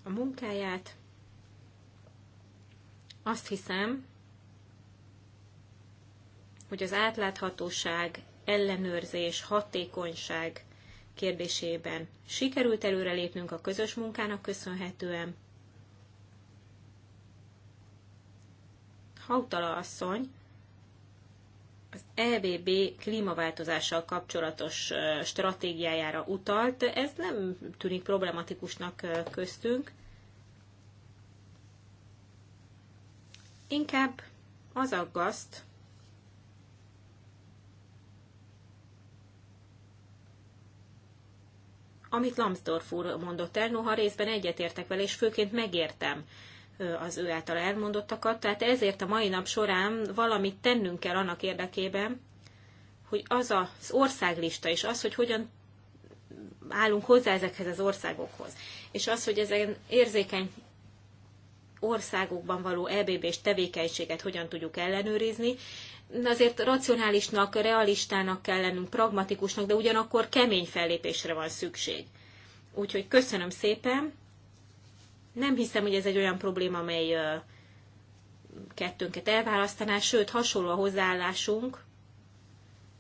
a munkáját. Azt hiszem, hogy az átláthatóság, ellenőrzés, hatékonyság kérdésében sikerült előrelépnünk a közös munkának köszönhetően. Hautala asszony az EBB klímaváltozással kapcsolatos stratégiájára utalt. Ez nem tűnik problematikusnak köztünk. Inkább az aggaszt, amit Lambsdorff úr mondott el, noha részben egyetértek vele, és főként megértem az ő által elmondottakat. Tehát ezért a mai nap során valamit tennünk kell annak érdekében, hogy az az országlista, és az, hogy hogyan állunk hozzá ezekhez az országokhoz, és az, hogy ezen érzékeny országokban való EBB-s tevékenységet hogyan tudjuk ellenőrizni, azért racionálisnak, realistának kell lennünk, pragmatikusnak, de ugyanakkor kemény fellépésre van szükség. Úgyhogy köszönöm szépen. Nem hiszem, hogy ez egy olyan probléma, amely kettőnket elválasztaná, sőt, hasonló a hozzáállásunk.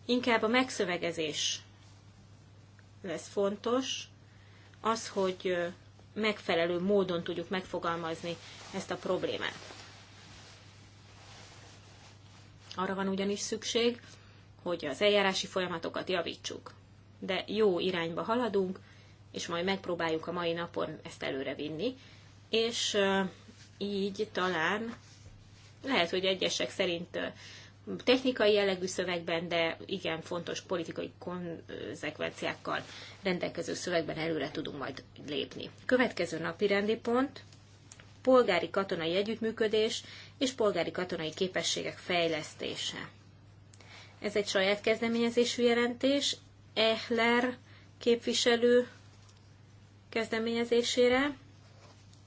Inkább a megszövegezés lesz fontos. Az, hogy megfelelő módon tudjuk megfogalmazni ezt a problémát. Arra van ugyanis szükség, hogy az eljárási folyamatokat javítsuk. De jó irányba haladunk, és majd megpróbáljuk a mai napon ezt előre vinni, és így talán lehet, hogy egyesek szerint technikai jellegű szövegben, de igen fontos politikai konzekvenciákkal rendelkező szövegben előre tudunk majd lépni. Következő napi rendi pont – polgári katonai együttműködés és polgári katonai képességek fejlesztése. Ez egy saját kezdeményezésű jelentés, Ehler képviselő kezdeményezésére,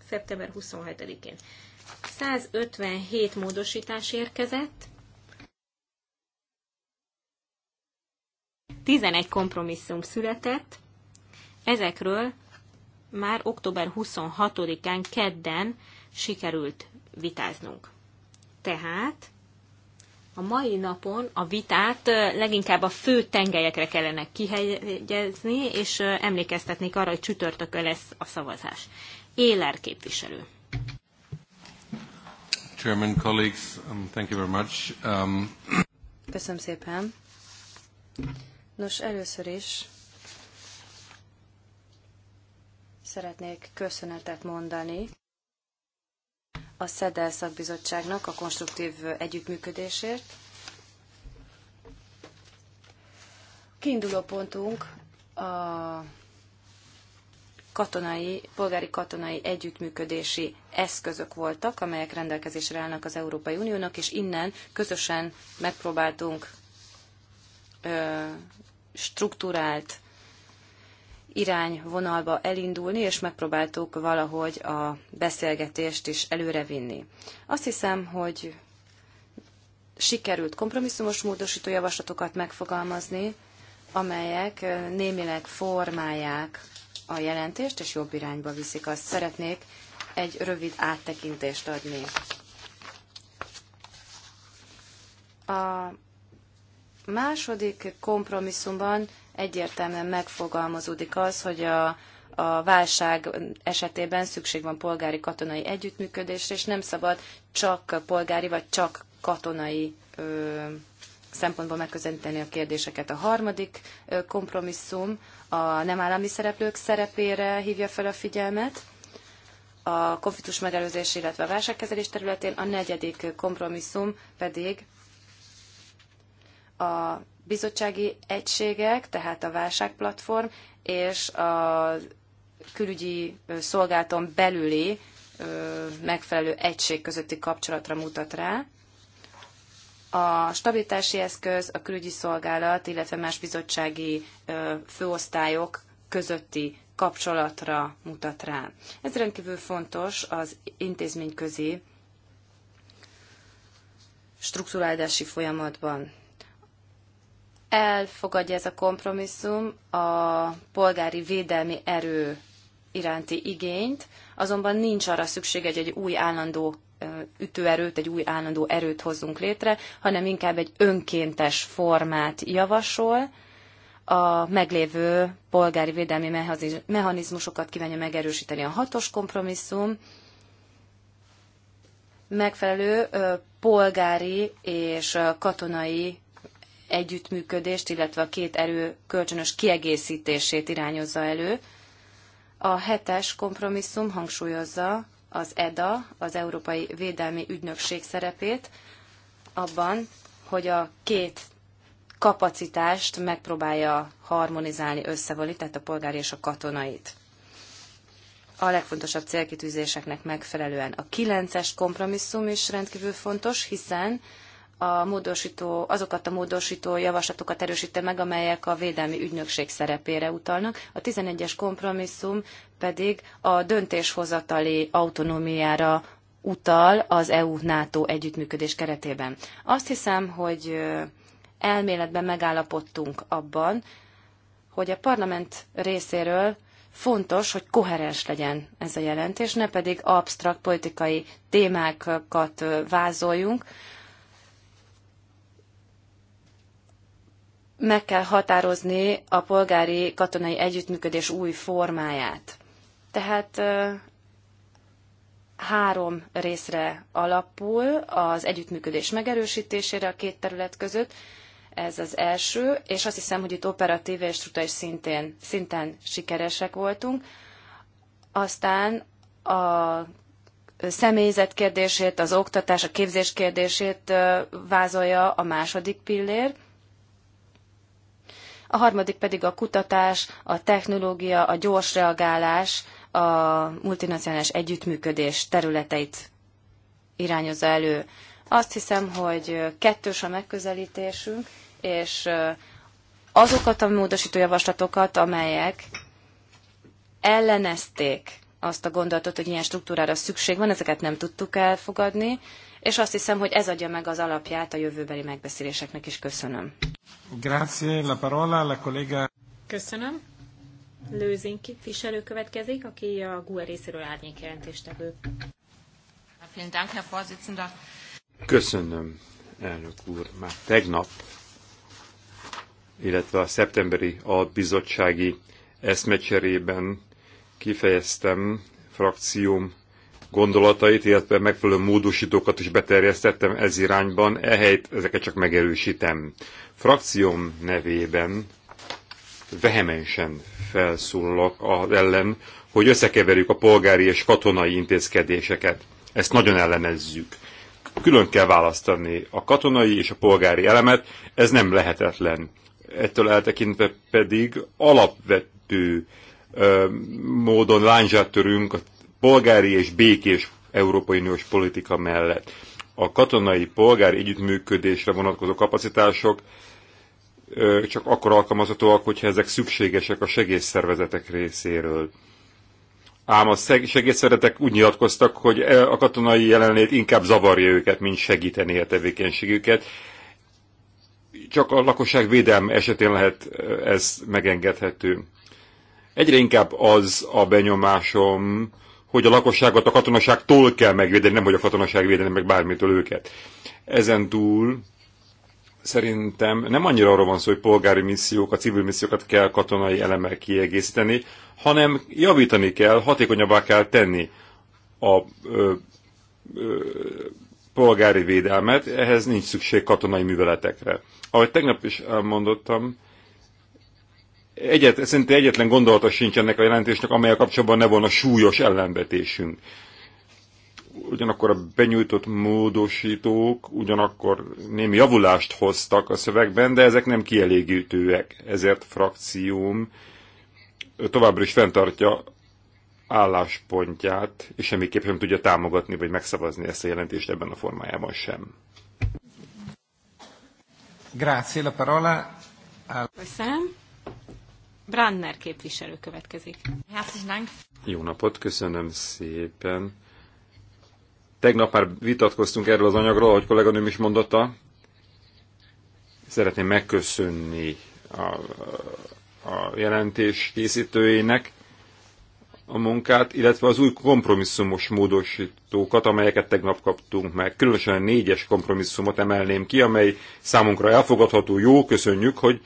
szeptember 27-én. 157 módosítás érkezett, 11 kompromisszum született, ezekről már október 26-án kedden sikerült vitáznunk. Tehát a mai napon a vitát leginkább a fő tengelyekre kellene kihegyezni, és emlékeztetnék arra, hogy csütörtökön lesz a szavazás. Éler képviselő. Chairman, colleagues, um, thank you very much. Um... Köszönöm szépen. Nos, először is Szeretnék köszönetet mondani a SZEDEL szakbizottságnak a konstruktív együttműködésért. Kiinduló pontunk a katonai, polgári katonai együttműködési eszközök voltak, amelyek rendelkezésre állnak az Európai Uniónak, és innen közösen megpróbáltunk ö, struktúrált irányvonalba elindulni, és megpróbáltuk valahogy a beszélgetést is előrevinni. Azt hiszem, hogy sikerült kompromisszumos módosító javaslatokat megfogalmazni, amelyek némileg formálják a jelentést, és jobb irányba viszik azt. Szeretnék egy rövid áttekintést adni. A második kompromisszumban egyértelműen megfogalmazódik az, hogy a, a válság esetében szükség van polgári katonai együttműködésre, és nem szabad csak polgári vagy csak katonai ö, szempontból megközelíteni a kérdéseket. A harmadik ö, kompromisszum a nem állami szereplők szerepére hívja fel a figyelmet a konfliktus megelőzés, illetve a válságkezelés területén, a negyedik kompromisszum pedig a bizottsági egységek, tehát a válságplatform és a külügyi szolgálaton belüli megfelelő egység közötti kapcsolatra mutat rá. A stabilitási eszköz, a külügyi szolgálat, illetve más bizottsági főosztályok közötti kapcsolatra mutat rá. Ez rendkívül fontos az intézményközi strukturáldási folyamatban elfogadja ez a kompromisszum a polgári védelmi erő iránti igényt, azonban nincs arra szükség, hogy egy új állandó ütőerőt, egy új állandó erőt hozzunk létre, hanem inkább egy önkéntes formát javasol, a meglévő polgári védelmi mechanizmusokat kívánja megerősíteni a hatos kompromisszum, megfelelő polgári és katonai együttműködést, illetve a két erő kölcsönös kiegészítését irányozza elő. A hetes kompromisszum hangsúlyozza az EDA, az Európai Védelmi Ügynökség szerepét abban, hogy a két kapacitást megpróbálja harmonizálni, összevonni, tehát a polgári és a katonait. A legfontosabb célkitűzéseknek megfelelően a kilences kompromisszum is rendkívül fontos, hiszen a módosító, azokat a módosító javaslatokat erősíte meg, amelyek a védelmi ügynökség szerepére utalnak. A 11-es kompromisszum pedig a döntéshozatali autonómiára utal az EU-NATO együttműködés keretében. Azt hiszem, hogy elméletben megállapodtunk abban, hogy a parlament részéről fontos, hogy koherens legyen ez a jelentés, ne pedig absztrakt politikai témákat vázoljunk, meg kell határozni a polgári katonai együttműködés új formáját. Tehát három részre alapul az együttműködés megerősítésére a két terület között. Ez az első, és azt hiszem, hogy itt operatív és struktúrális szintén, szinten sikeresek voltunk. Aztán a személyzet kérdését, az oktatás, a képzés kérdését vázolja a második pillér a harmadik pedig a kutatás, a technológia, a gyors reagálás, a multinacionális együttműködés területeit irányozza elő. Azt hiszem, hogy kettős a megközelítésünk, és azokat a módosító javaslatokat, amelyek ellenezték azt a gondolatot, hogy ilyen struktúrára szükség van, ezeket nem tudtuk elfogadni, és azt hiszem, hogy ez adja meg az alapját a jövőbeli megbeszéléseknek is. Köszönöm. Grazie, la parola alla collega. Köszönöm. Lőzén képviselő következik, aki a GUE részéről árnyék jelentéstevő. Köszönöm, elnök úr. Már tegnap, illetve a szeptemberi albizottsági eszmecserében kifejeztem frakcióm gondolatait, illetve megfelelő módosítókat is beterjesztettem ez irányban, ehelyt ezeket csak megerősítem. Frakcióm nevében vehemensen felszólalok az ellen, hogy összekeverjük a polgári és katonai intézkedéseket. Ezt nagyon ellenezzük. Külön kell választani a katonai és a polgári elemet, ez nem lehetetlen. Ettől eltekintve pedig alapvető módon lányzsát törünk a polgári és békés Európai Uniós politika mellett. A katonai polgári együttműködésre vonatkozó kapacitások csak akkor alkalmazhatóak, hogyha ezek szükségesek a segélyszervezetek részéről. Ám a segélyszervezetek úgy nyilatkoztak, hogy e, a katonai jelenlét inkább zavarja őket, mint segíteni a tevékenységüket. Csak a lakosság védelme esetén lehet ez megengedhető. Egyre inkább az a benyomásom, hogy a lakosságot a katonaságtól kell megvédeni, nem hogy a katonaság védeni meg bármitől őket. Ezen túl szerintem nem annyira arról van szó, hogy polgári missziókat, civil missziókat kell katonai elemmel kiegészíteni, hanem javítani kell, hatékonyabbá kell tenni a ö, ö, polgári védelmet, ehhez nincs szükség katonai műveletekre. Ahogy tegnap is elmondottam, egyet, szinte egyetlen gondolata sincs ennek a jelentésnek, a kapcsolatban ne volna súlyos ellenvetésünk. Ugyanakkor a benyújtott módosítók ugyanakkor némi javulást hoztak a szövegben, de ezek nem kielégítőek. Ezért frakcióm továbbra is fenntartja álláspontját, és semmiképp sem tudja támogatni vagy megszavazni ezt a jelentést ebben a formájában sem. Grazie, la parola. Köszönöm. Branner képviselő következik. Jó napot, köszönöm szépen. Tegnap már vitatkoztunk erről az anyagról, ahogy kolléganőm is mondotta. Szeretném megköszönni a, a jelentés készítőjének a munkát, illetve az új kompromisszumos módosítókat, amelyeket tegnap kaptunk meg. Különösen a négyes kompromisszumot emelném ki, amely számunkra elfogadható, jó, köszönjük, hogy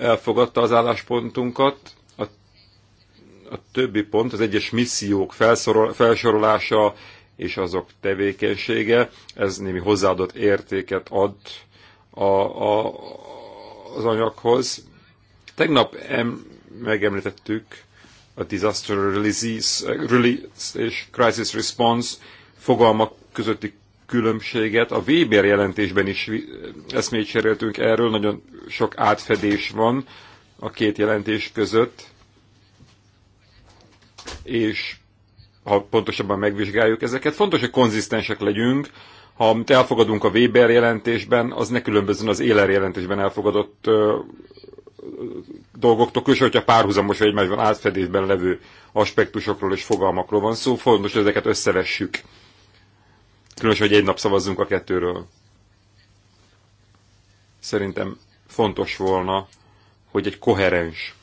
elfogadta az álláspontunkat. A, a többi pont, az egyes missziók felszorol, felsorolása és azok tevékenysége, ez némi hozzáadott értéket ad a, a, az anyaghoz. Tegnap em, megemlítettük a Disaster Release, Release és Crisis Response fogalmak közötti különbséget. A Weber jelentésben is eszmét cseréltünk erről, nagyon sok átfedés van a két jelentés között, és ha pontosabban megvizsgáljuk ezeket, fontos, hogy konzisztensek legyünk, ha amit elfogadunk a Weber jelentésben, az ne különbözön az Éler jelentésben elfogadott ö, dolgoktól, különösen, hogyha párhuzamos vagy egymásban átfedésben levő aspektusokról és fogalmakról van szó, fontos, hogy ezeket összevessük Különös, hogy egy nap szavazzunk a kettőről. Szerintem fontos volna, hogy egy koherens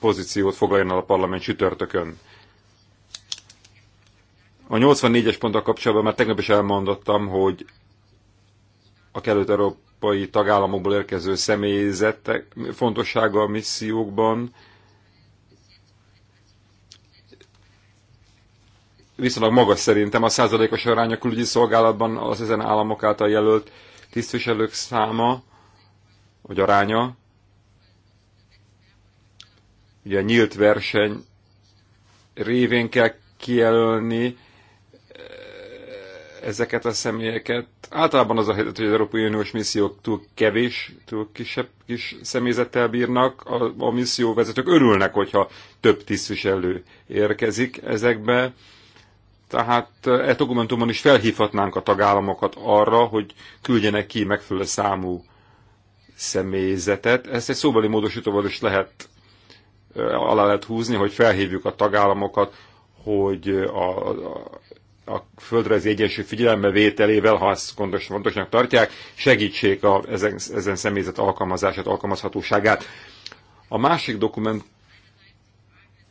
pozíciót fogadjon el a parlament csütörtökön. A 84-es ponttal kapcsolatban már tegnap is elmondottam, hogy a kelőt európai tagállamokból érkező személyzet fontossága a missziókban, viszonylag magas szerintem a százalékos arány a külügyi szolgálatban az ezen államok által jelölt tisztviselők száma, vagy aránya. Ugye a nyílt verseny révén kell kijelölni eh, ezeket a személyeket. Általában az a helyzet, hogy az Európai Uniós missziók túl kevés, túl kisebb kis személyzettel bírnak. A, a misszióvezetők örülnek, hogyha több tisztviselő érkezik ezekbe tehát eh, e dokumentumon is felhívhatnánk a tagállamokat arra, hogy küldjenek ki megfelelő számú személyzetet. Ezt egy szóbeli módosítóval is lehet eh, alá lehet húzni, hogy felhívjuk a tagállamokat, hogy eh, a, a, a földrajzi egyensúly figyelembe vételével, ha ezt gondos, fontosnak tartják, segítsék a, ezen, ezen személyzet alkalmazását, alkalmazhatóságát. A másik dokumentum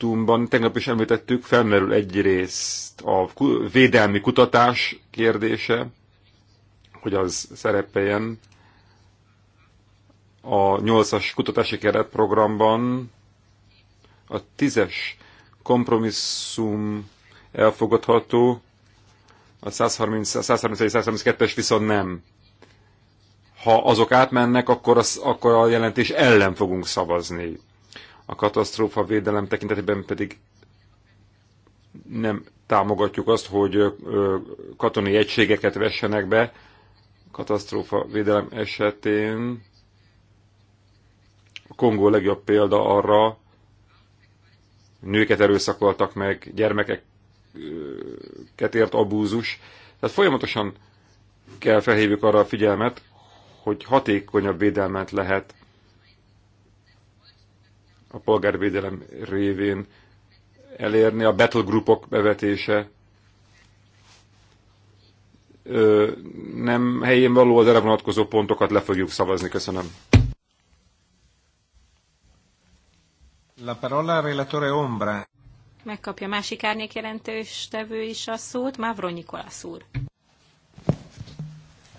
dokumentumban tegnap is említettük, felmerül egyrészt a védelmi kutatás kérdése, hogy az szerepeljen a 8-as kutatási keretprogramban, a 10-es kompromisszum elfogadható, a 131-132-es viszont nem. Ha azok átmennek, akkor, az, akkor a jelentés ellen fogunk szavazni a katasztrófa védelem tekintetében pedig nem támogatjuk azt, hogy katonai egységeket vessenek be katasztrófa védelem esetén. A Kongó legjobb példa arra, nőket erőszakoltak meg, gyermekeket ért abúzus. Tehát folyamatosan kell felhívjuk arra a figyelmet, hogy hatékonyabb védelmet lehet a polgárvédelem révén elérni, a groupok bevetése Ö, nem helyén való, az erre vonatkozó pontokat le fogjuk szavazni. Köszönöm. La parola relatore Ombra. Megkapja másik árnyék jelentős tevő is a szót, Mavro Nikolász úr.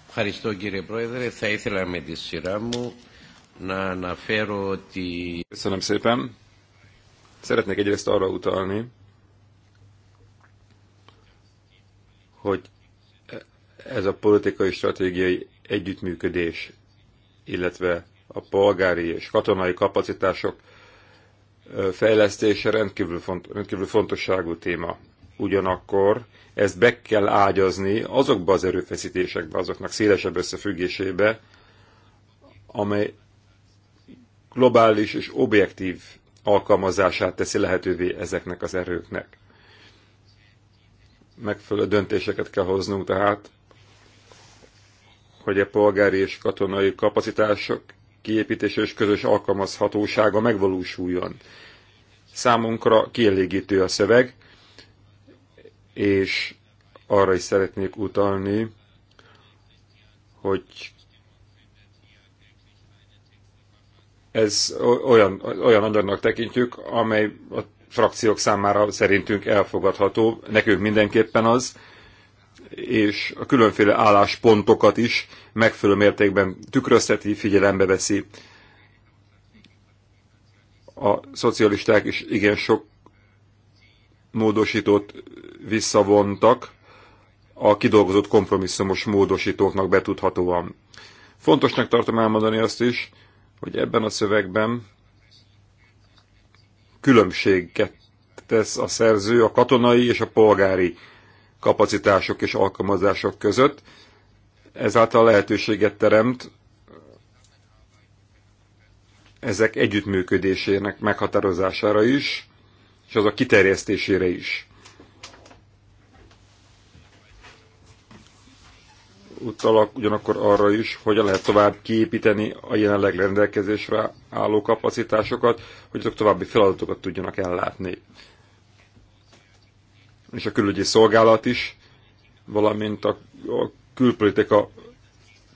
Ευχαριστώ κύριε Θα ήθελα με τη σειρά μου Köszönöm szépen. Szeretnék egyrészt arra utalni, hogy ez a politikai stratégiai együttműködés, illetve a polgári és katonai kapacitások fejlesztése rendkívül, font, rendkívül fontosságú téma. Ugyanakkor ezt be kell ágyazni azokba az erőfeszítésekbe, azoknak szélesebb összefüggésébe, amely globális és objektív alkalmazását teszi lehetővé ezeknek az erőknek. Megfelelő döntéseket kell hoznunk tehát, hogy a polgári és katonai kapacitások kiépítése és közös alkalmazhatósága megvalósuljon. Számunkra kielégítő a szöveg, és arra is szeretnék utalni, hogy ez olyan, olyan anyagnak tekintjük, amely a frakciók számára szerintünk elfogadható, nekünk mindenképpen az, és a különféle álláspontokat is megfelelő mértékben tükrözteti, figyelembe veszi. A szocialisták is igen sok módosítót visszavontak, a kidolgozott kompromisszumos módosítóknak betudhatóan. Fontosnak tartom elmondani azt is, hogy ebben a szövegben különbséget tesz a szerző a katonai és a polgári kapacitások és alkalmazások között. Ezáltal lehetőséget teremt ezek együttműködésének meghatározására is, és az a kiterjesztésére is. utalak ugyanakkor arra is, hogy lehet tovább kiépíteni a jelenleg rendelkezésre álló kapacitásokat, hogy azok további feladatokat tudjanak ellátni. És a külügyi szolgálat is, valamint a, a külpolitika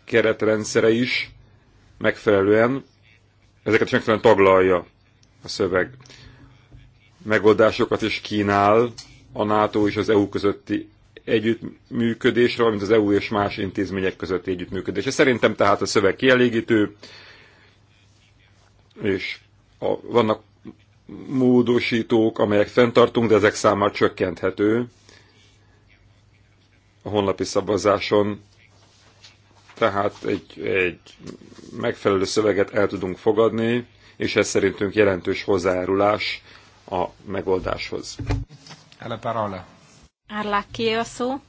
keretrendszere is megfelelően, ezeket is megfelelően taglalja a szöveg. Megoldásokat is kínál a NATO és az EU közötti együttműködésre, valamint az EU és más intézmények közötti együttműködésre. Szerintem tehát a szöveg kielégítő, és a, vannak módosítók, amelyek fenntartunk, de ezek száma csökkenthető a honlapi szabazáson. Tehát egy, egy megfelelő szöveget el tudunk fogadni, és ez szerintünk jelentős hozzájárulás a megoldáshoz. Ele parola. Árlákkié a szó.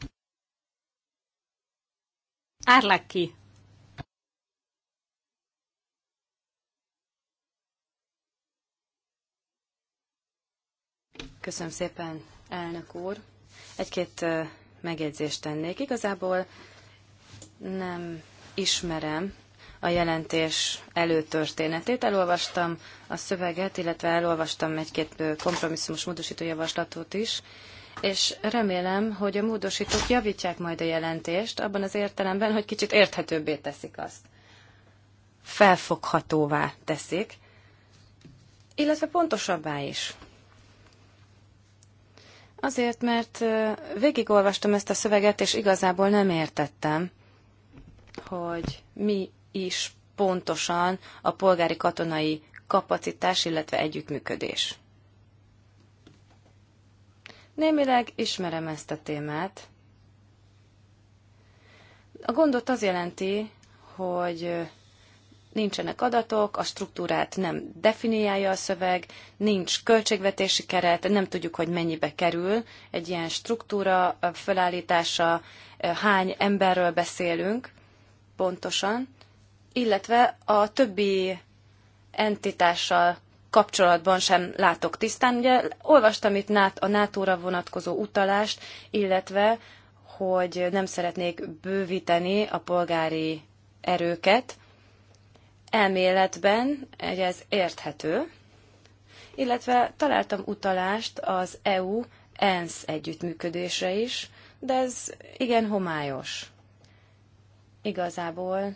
Árlákki. Köszönöm szépen, elnök úr. Egy-két megjegyzést tennék. Igazából nem ismerem a jelentés előtörténetét. Elolvastam a szöveget, illetve elolvastam egy-két kompromisszumos módosító javaslatot is, és remélem, hogy a módosítók javítják majd a jelentést, abban az értelemben, hogy kicsit érthetőbbé teszik azt. Felfoghatóvá teszik, illetve pontosabbá is. Azért, mert végigolvastam ezt a szöveget, és igazából nem értettem, hogy mi is pontosan a polgári katonai kapacitás, illetve együttműködés. Némileg ismerem ezt a témát. A gondot az jelenti, hogy nincsenek adatok, a struktúrát nem definiálja a szöveg, nincs költségvetési keret, nem tudjuk, hogy mennyibe kerül egy ilyen struktúra felállítása, hány emberről beszélünk pontosan, illetve a többi entitással kapcsolatban sem látok tisztán. Ugye olvastam itt a NATO-ra vonatkozó utalást, illetve, hogy nem szeretnék bővíteni a polgári erőket. Elméletben ez érthető, illetve találtam utalást az EU-ENSZ együttműködésre is, de ez igen homályos. Igazából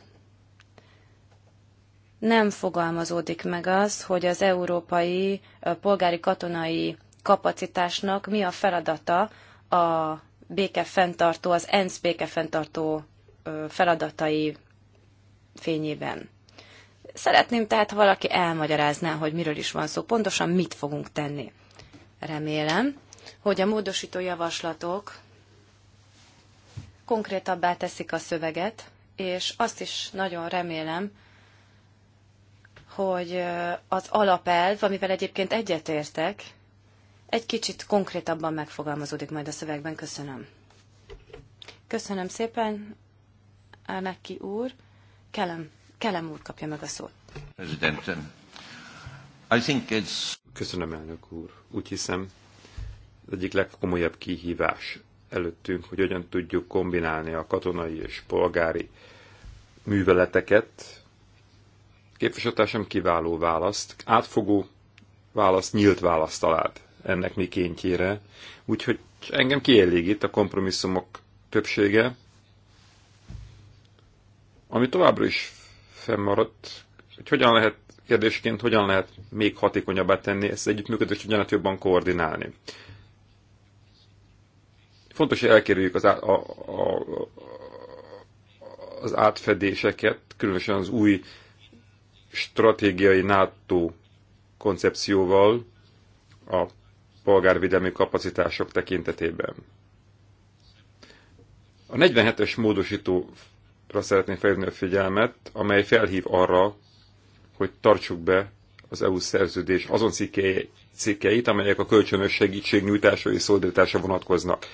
nem fogalmazódik meg az, hogy az európai polgári katonai kapacitásnak mi a feladata a békefenntartó, az ENSZ békefenntartó feladatai fényében. Szeretném tehát, ha valaki elmagyarázná, hogy miről is van szó, pontosan mit fogunk tenni. Remélem, hogy a módosító javaslatok konkrétabbá teszik a szöveget, és azt is nagyon remélem, hogy az alapelv, amivel egyébként egyetértek, egy kicsit konkrétabban megfogalmazódik majd a szövegben. Köszönöm. Köszönöm szépen, Neki úr. Kelem, Kelem úr kapja meg a szót. Um, I think it's... Köszönöm, elnök úr. Úgy hiszem, az egyik legkomolyabb kihívás előttünk, hogy hogyan tudjuk kombinálni a katonai és polgári műveleteket, képviselőtársam kiváló választ, átfogó választ, nyílt választ talált ennek mikéntjére. Úgyhogy engem kielégít a kompromisszumok többsége, ami továbbra is fennmaradt, hogy hogyan lehet kérdésként, hogyan lehet még hatékonyabbá tenni ezt együttműködést, hogyan lehet jobban koordinálni. Fontos, hogy elkerüljük az, át, a, a, az átfedéseket, különösen az új stratégiai NATO koncepcióval a polgárvédelmi kapacitások tekintetében. A 47-es módosítóra szeretném felhívni a figyelmet, amely felhív arra, hogy tartsuk be az EU szerződés azon cikkeit, amelyek a kölcsönös nyújtása és szolidaritása vonatkoznak.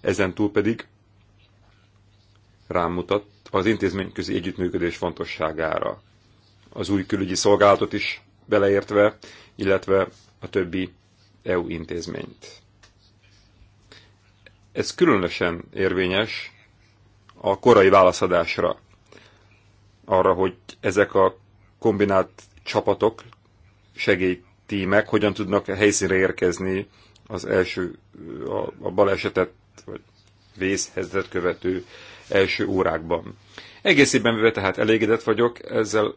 Ezen túl pedig rámutat az intézményközi együttműködés fontosságára az új külügyi szolgálatot is beleértve, illetve a többi EU intézményt. Ez különösen érvényes a korai válaszadásra, arra, hogy ezek a kombinált csapatok, segélytímek hogyan tudnak helyszínre érkezni az első, a, a balesetet, vagy vészhelyzetet követő első órákban. Egészében véve tehát elégedett vagyok ezzel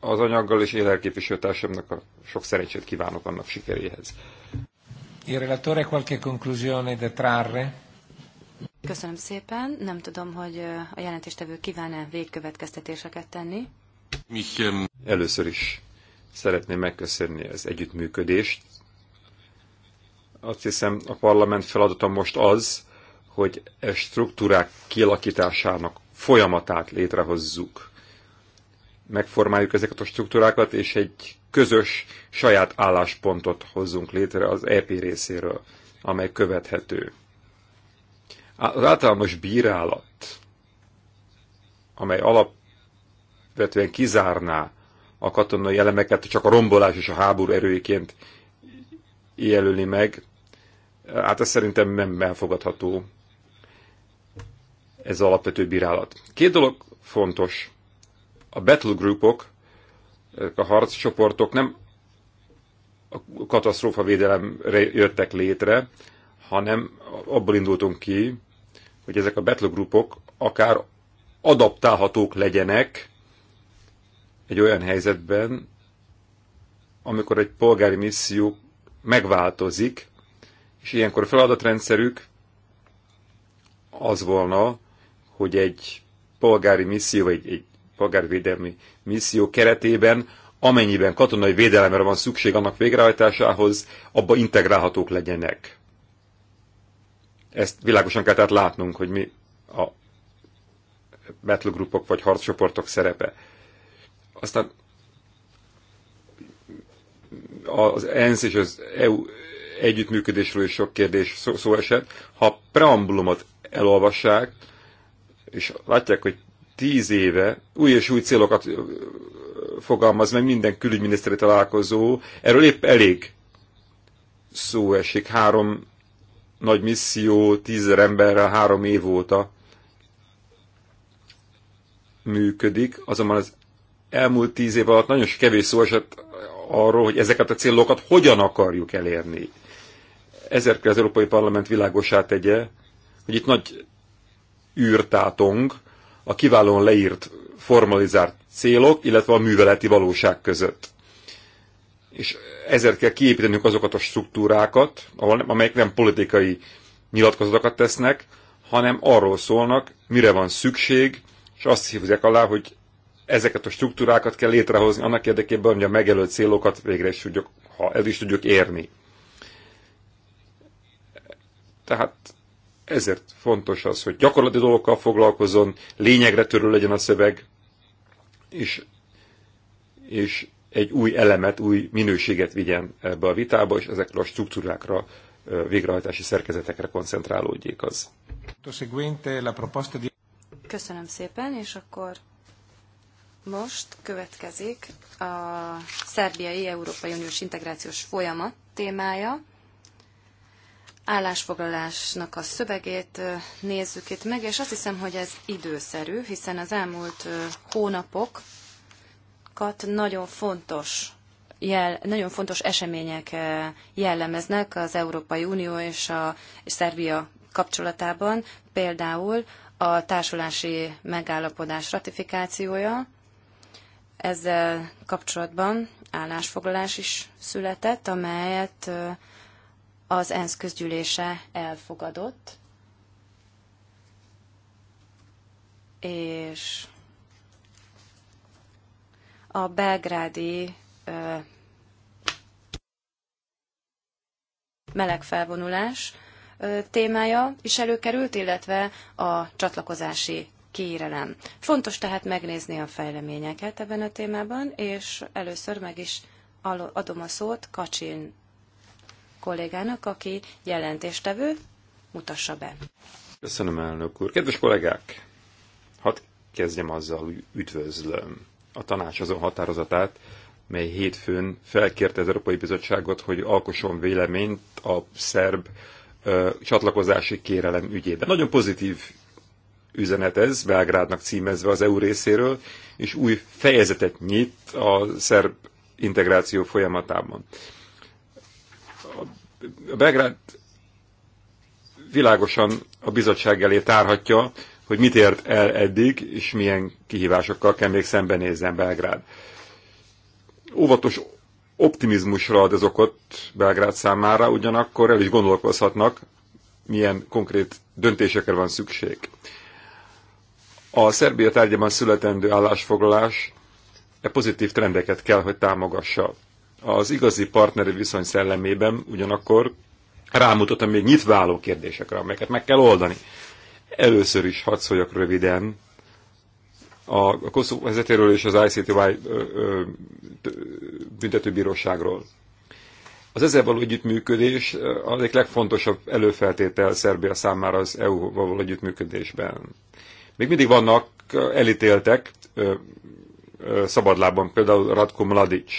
az anyaggal, és élelképviselőtársamnak a sok szerencsét kívánok annak sikeréhez. Il qualche conclusione da trarre? Köszönöm szépen. Nem tudom, hogy a jelentéstevő kíván-e végkövetkeztetéseket tenni. Először is szeretném megköszönni az együttműködést. Azt hiszem, a parlament feladata most az, hogy e struktúrák kialakításának folyamatát létrehozzuk megformáljuk ezeket a struktúrákat, és egy közös saját álláspontot hozzunk létre az EP részéről, amely követhető. Az általános bírálat, amely alapvetően kizárná a katonai elemeket, csak a rombolás és a háború erőiként jelöli meg, hát ez szerintem nem elfogadható ez alapvető bírálat. Két dolog fontos a battle groupok, a harccsoportok nem a katasztrófa védelemre jöttek létre, hanem abból indultunk ki, hogy ezek a battle groupok akár adaptálhatók legyenek egy olyan helyzetben, amikor egy polgári misszió megváltozik, és ilyenkor a feladatrendszerük az volna, hogy egy polgári misszió, vagy egy polgárvédelmi misszió keretében, amennyiben katonai védelemre van szükség annak végrehajtásához, abba integrálhatók legyenek. Ezt világosan kell tehát látnunk, hogy mi a battlegroupok vagy harccsoportok szerepe. Aztán az ENSZ és az EU együttműködésről is sok kérdés szó, szó esett. Ha preambulumot elolvassák, és látják, hogy tíz éve új és új célokat fogalmaz meg minden külügyminiszteri találkozó. Erről épp elég szó esik. Három nagy misszió, tízezer emberrel három év óta működik, azonban az elmúlt tíz év alatt nagyon kevés szó esett arról, hogy ezeket a célokat hogyan akarjuk elérni. Ezért kell az Európai Parlament világosát tegye, hogy itt nagy űrtátong, a kiválóan leírt, formalizált célok, illetve a műveleti valóság között. És ezért kell kiépítenünk azokat a struktúrákat, amelyek nem politikai nyilatkozatokat tesznek, hanem arról szólnak, mire van szükség, és azt hívják alá, hogy ezeket a struktúrákat kell létrehozni annak érdekében, hogy a megelőtt célokat végre is tudjuk, ha el is tudjuk érni. Tehát ezért fontos az, hogy gyakorlati dolgokkal foglalkozzon, lényegre törő legyen a szöveg, és, és egy új elemet, új minőséget vigyen ebbe a vitába, és ezekre a struktúrákra, végrehajtási szerkezetekre koncentrálódjék az. Köszönöm szépen, és akkor most következik a szerbiai Európai Uniós integrációs folyamat témája állásfoglalásnak a szövegét nézzük itt meg, és azt hiszem, hogy ez időszerű, hiszen az elmúlt hónapokat nagyon fontos jel, nagyon fontos események jellemeznek az Európai Unió és, a, és Szerbia kapcsolatában, például a társulási megállapodás ratifikációja, ezzel kapcsolatban állásfoglalás is született, amelyet az ENSZ közgyűlése elfogadott, és a belgrádi ö, melegfelvonulás ö, témája is előkerült, illetve a csatlakozási kérelem. Fontos tehát megnézni a fejleményeket ebben a témában, és először meg is adom a szót Kacsin kollégának, aki jelentéstevő, mutassa be. Köszönöm, elnök úr. Kedves kollégák, hadd kezdjem azzal, hogy üdvözlöm a tanács azon határozatát, mely hétfőn felkérte az Európai Bizottságot, hogy alkosson véleményt a szerb ö, csatlakozási kérelem ügyében. Nagyon pozitív üzenet ez, Belgrádnak címezve az EU részéről, és új fejezetet nyit a szerb integráció folyamatában a Belgrád világosan a bizottság elé tárhatja, hogy mit ért el eddig, és milyen kihívásokkal kell még szembenézzen Belgrád. Óvatos optimizmusra ad ez okot Belgrád számára, ugyanakkor el is gondolkozhatnak, milyen konkrét döntésekre van szükség. A Szerbia tárgyában születendő állásfoglalás e pozitív trendeket kell, hogy támogassa az igazi partneri viszony szellemében ugyanakkor rámutat a még álló kérdésekre, amelyeket meg kell oldani. Először is hadd szóljak röviden a Koszovó vezetéről és az ICTY büntetőbíróságról. Az ezzel való együttműködés az egyik legfontosabb előfeltétel Szerbia számára az EU-val való együttműködésben. Még mindig vannak elítéltek szabadlában, például Radko Mladic,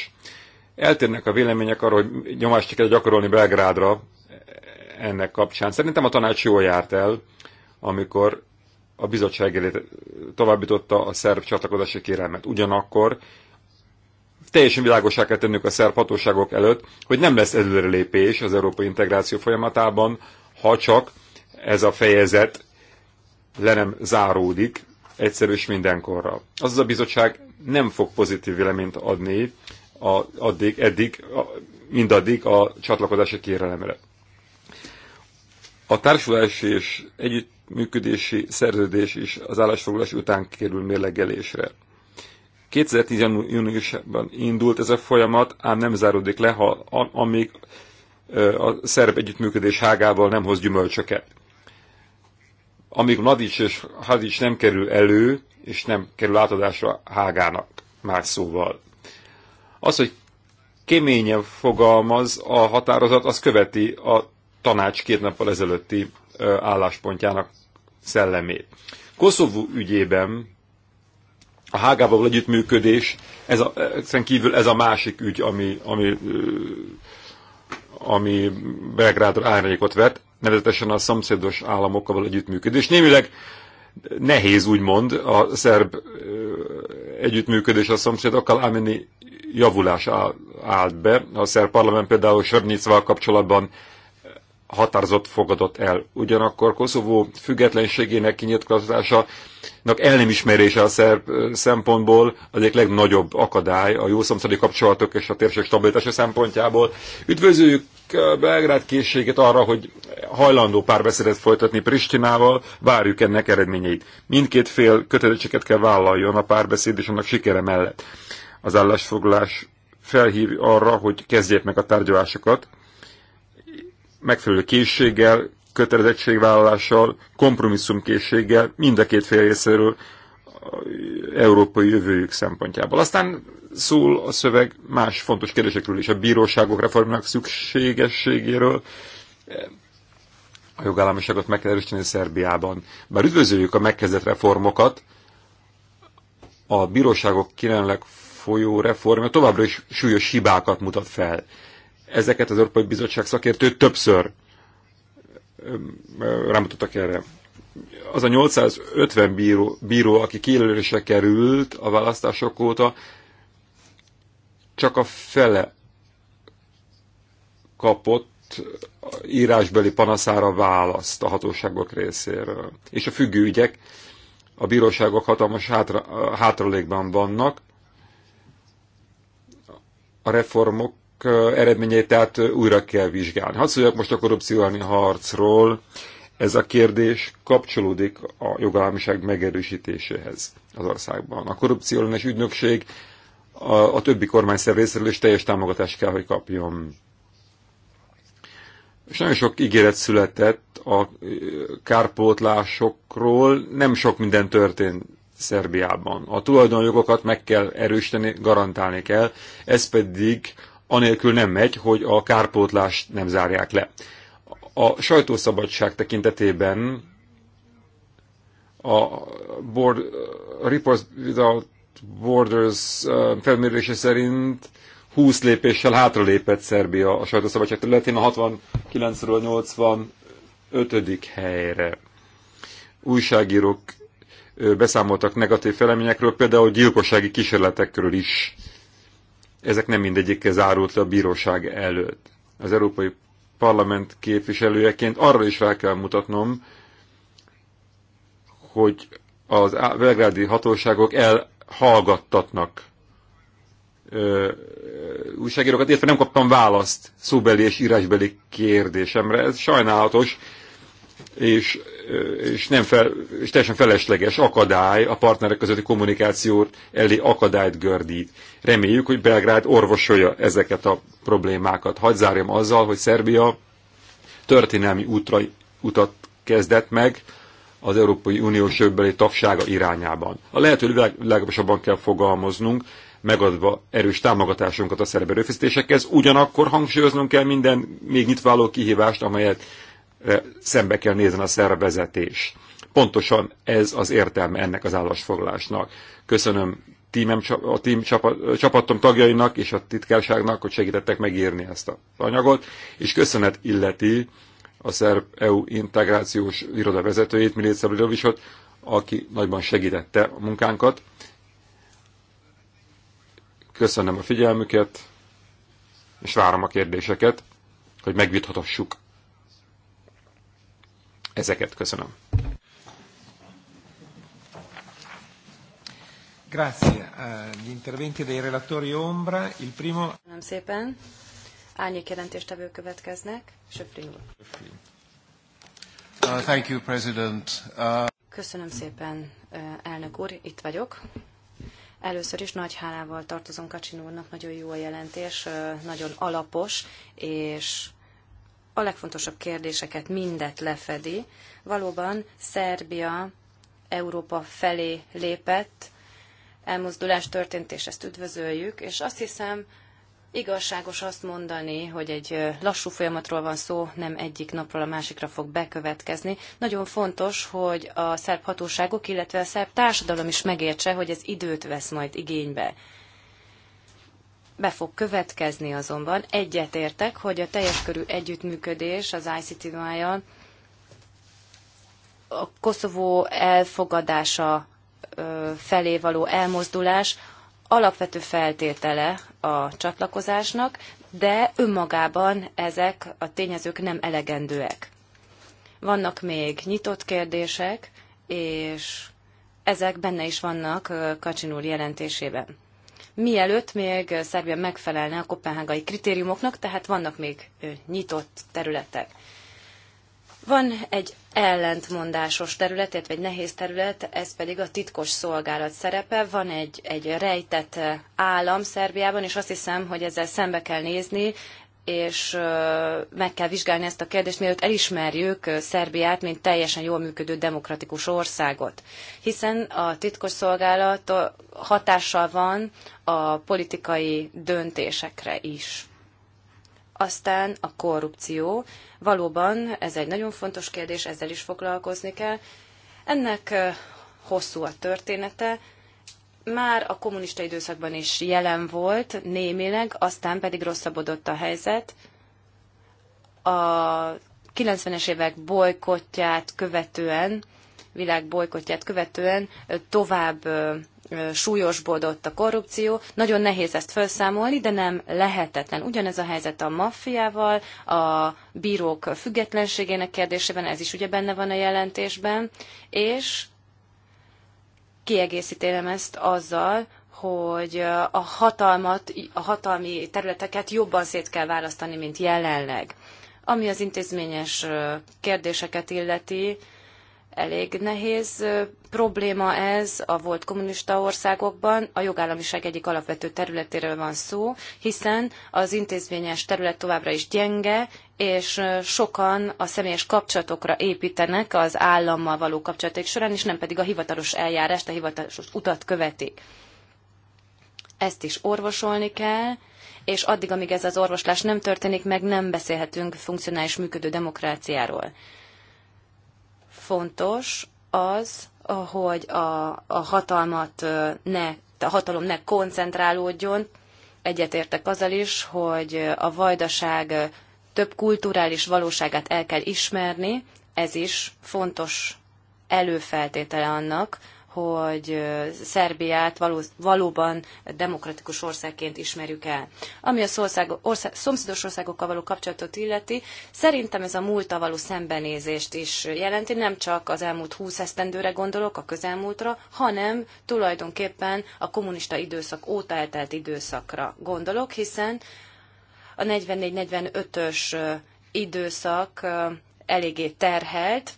Eltérnek a vélemények arról, hogy nyomást kell gyakorolni Belgrádra ennek kapcsán. Szerintem a tanács jól járt el, amikor a bizottság elé továbbította a szerb csatlakozási kérelmet. Ugyanakkor teljesen világosá kell tennünk a szerb hatóságok előtt, hogy nem lesz előrelépés az európai integráció folyamatában, ha csak ez a fejezet le nem záródik egyszerűs mindenkorra. Azaz a bizottság nem fog pozitív véleményt adni a, addig, eddig, a, mindaddig a csatlakozási kérelemre. A társulási és együttműködési szerződés is az állásfoglalás után kerül mérlegelésre. 2010. júniusban indult ez a folyamat, ám nem záródik le, ha, amíg a szerb együttműködés hágával nem hoz gyümölcsöket. Amíg Nadics és Hadics nem kerül elő, és nem kerül átadásra hágának, más szóval. Az, hogy keményen fogalmaz a határozat, az követi a tanács két nappal ezelőtti álláspontjának szellemét. Koszovó ügyében a Hágával együttműködés, ez a, ezen kívül ez a másik ügy, ami, ami, ami Belgrádra árnyékot vett, nevezetesen a szomszédos államokkal való együttműködés. Némileg nehéz úgymond a szerb együttműködés a szomszédokkal, amennyi javulás állt be. A szerb parlament például Sörnyicvál kapcsolatban határozott fogadott el. Ugyanakkor Koszovó függetlenségének kinyitkozásának el nem ismerése a szerb szempontból az egyik legnagyobb akadály a jó kapcsolatok és a térség stabilitása szempontjából. Üdvözöljük Belgrád készségét arra, hogy hajlandó párbeszédet folytatni Pristinával, várjuk ennek eredményeit. Mindkét fél kötelezettséget kell vállaljon a párbeszéd és annak sikere mellett az állásfoglás felhív arra, hogy kezdjék meg a tárgyalásokat, megfelelő készséggel, kötelezettségvállalással, kompromisszumkészséggel mind a két fél részéről európai jövőjük szempontjából. Aztán szól a szöveg más fontos kérdésekről is, a bíróságok reformnak szükségességéről, a jogállamiságot meg kell erősíteni Szerbiában. Bár üdvözöljük a megkezdett reformokat, a bíróságok jelenleg folyó reformja továbbra is súlyos hibákat mutat fel. Ezeket az Európai Bizottság szakértő többször rámutattak erre. Az a 850 bíró, bíró aki kijelölésre került a választások óta, csak a fele kapott írásbeli panaszára választ a hatóságok részéről. És a ügyek, a bíróságok hatalmas hátra, hátralékben vannak, a reformok eredményeit tehát újra kell vizsgálni. Hadd szóljak most a korrupció harcról. Ez a kérdés kapcsolódik a jogállamiság megerősítéséhez az országban. A korrupció ellenes ügynökség a, a többi kormány részéről is teljes támogatást kell, hogy kapjon. És nagyon sok ígéret született a kárpótlásokról, nem sok minden történt Szerbiában. A tulajdonjogokat meg kell erősíteni, garantálni kell, ez pedig anélkül nem megy, hogy a kárpótlást nem zárják le. A sajtószabadság tekintetében a board, Reports Without Borders felmérése szerint 20 lépéssel hátralépett Szerbia a sajtószabadság területén a 69-ről 85. helyre. Újságírók beszámoltak negatív feleményekről, például gyilkossági kísérletekről is. Ezek nem mindegyikkel zárult le a bíróság előtt. Az Európai Parlament képviselőjeként arra is rá kell mutatnom, hogy az belgrádi hatóságok elhallgattatnak ö, újságírókat, illetve nem kaptam választ szóbeli és írásbeli kérdésemre. Ez sajnálatos, és, és, nem fel, és teljesen felesleges akadály, a partnerek közötti kommunikációt elé akadályt gördít. Reméljük, hogy Belgrád orvosolja ezeket a problémákat. Hadd zárjam azzal, hogy Szerbia történelmi útra, utat kezdett meg az Európai Unió jövőbeli tagsága irányában. A lehető világ, világosabban kell fogalmaznunk, megadva erős támogatásunkat a szerb erőfeszítésekhez, ugyanakkor hangsúlyoznunk kell minden még nyitváló kihívást, amelyet szembe kell nézni a szervezetés. Pontosan ez az értelme ennek az állásfoglásnak. Köszönöm tímem, a tím csapat, csapatom tagjainak és a titkárságnak, hogy segítettek megírni ezt a anyagot, és köszönet illeti a szerb EU integrációs iroda vezetőjét, Milica Brilovicsot, aki nagyban segítette a munkánkat. Köszönöm a figyelmüket, és várom a kérdéseket, hogy megvithatassuk. Ezeket köszönöm. Grazie. Eh, gli interventi dei relatori ombra, il primo... Nem szépen. Árnyék jelentéstevő következnek. Söfrin úr. Uh, thank you, President. Uh... Köszönöm szépen, uh, elnök úr, itt vagyok. Először is nagy hálával tartozom Kacsin úrnak, nagyon jó a jelentés, uh, nagyon alapos, és a legfontosabb kérdéseket mindet lefedi. Valóban Szerbia Európa felé lépett, elmozdulás történt, és ezt üdvözöljük, és azt hiszem, igazságos azt mondani, hogy egy lassú folyamatról van szó, nem egyik napról a másikra fog bekövetkezni. Nagyon fontos, hogy a szerb hatóságok, illetve a szerb társadalom is megértse, hogy ez időt vesz majd igénybe be fog következni azonban. Egyetértek, hogy a teljes körű együttműködés az ict a Koszovó elfogadása felé való elmozdulás alapvető feltétele a csatlakozásnak, de önmagában ezek a tényezők nem elegendőek. Vannak még nyitott kérdések, és ezek benne is vannak Kacsin úr jelentésében mielőtt még Szerbia megfelelne a kopenhágai kritériumoknak, tehát vannak még nyitott területek. Van egy ellentmondásos terület, illetve egy nehéz terület, ez pedig a titkos szolgálat szerepe. Van egy, egy rejtett állam Szerbiában, és azt hiszem, hogy ezzel szembe kell nézni, és meg kell vizsgálni ezt a kérdést, mielőtt elismerjük Szerbiát, mint teljesen jól működő demokratikus országot. Hiszen a titkos szolgálat hatással van a politikai döntésekre is. Aztán a korrupció. Valóban ez egy nagyon fontos kérdés, ezzel is foglalkozni kell. Ennek hosszú a története, már a kommunista időszakban is jelen volt némileg, aztán pedig rosszabbodott a helyzet. A 90-es évek bolykotját követően, világ bolykotját követően tovább súlyosbodott a korrupció. Nagyon nehéz ezt felszámolni, de nem lehetetlen. Ugyanez a helyzet a maffiával, a bírók függetlenségének kérdésében, ez is ugye benne van a jelentésben, és kiegészíteném ezt azzal, hogy a hatalmat, a hatalmi területeket jobban szét kell választani, mint jelenleg. Ami az intézményes kérdéseket illeti, Elég nehéz probléma ez a volt kommunista országokban. A jogállamiság egyik alapvető területéről van szó, hiszen az intézményes terület továbbra is gyenge, és sokan a személyes kapcsolatokra építenek az állammal való kapcsolaték során, és nem pedig a hivatalos eljárást, a hivatalos utat követik. Ezt is orvosolni kell, és addig, amíg ez az orvoslás nem történik meg, nem beszélhetünk funkcionális működő demokráciáról fontos az, hogy a, a hatalmat ne, a hatalom ne koncentrálódjon. Egyetértek azzal is, hogy a vajdaság több kulturális valóságát el kell ismerni, ez is fontos előfeltétele annak, hogy Szerbiát való, valóban demokratikus országként ismerjük el. Ami a szország, ország, szomszédos országokkal való kapcsolatot illeti, szerintem ez a múlta való szembenézést is jelenti, nem csak az elmúlt húsz esztendőre gondolok, a közelmúltra, hanem tulajdonképpen a kommunista időszak óta eltelt időszakra gondolok, hiszen a 44-45-ös időszak eléggé terhelt,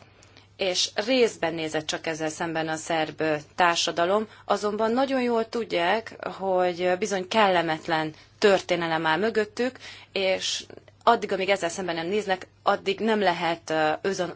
és részben nézett csak ezzel szemben a szerb társadalom, azonban nagyon jól tudják, hogy bizony kellemetlen történelem áll mögöttük, és addig, amíg ezzel szemben nem néznek, addig nem lehet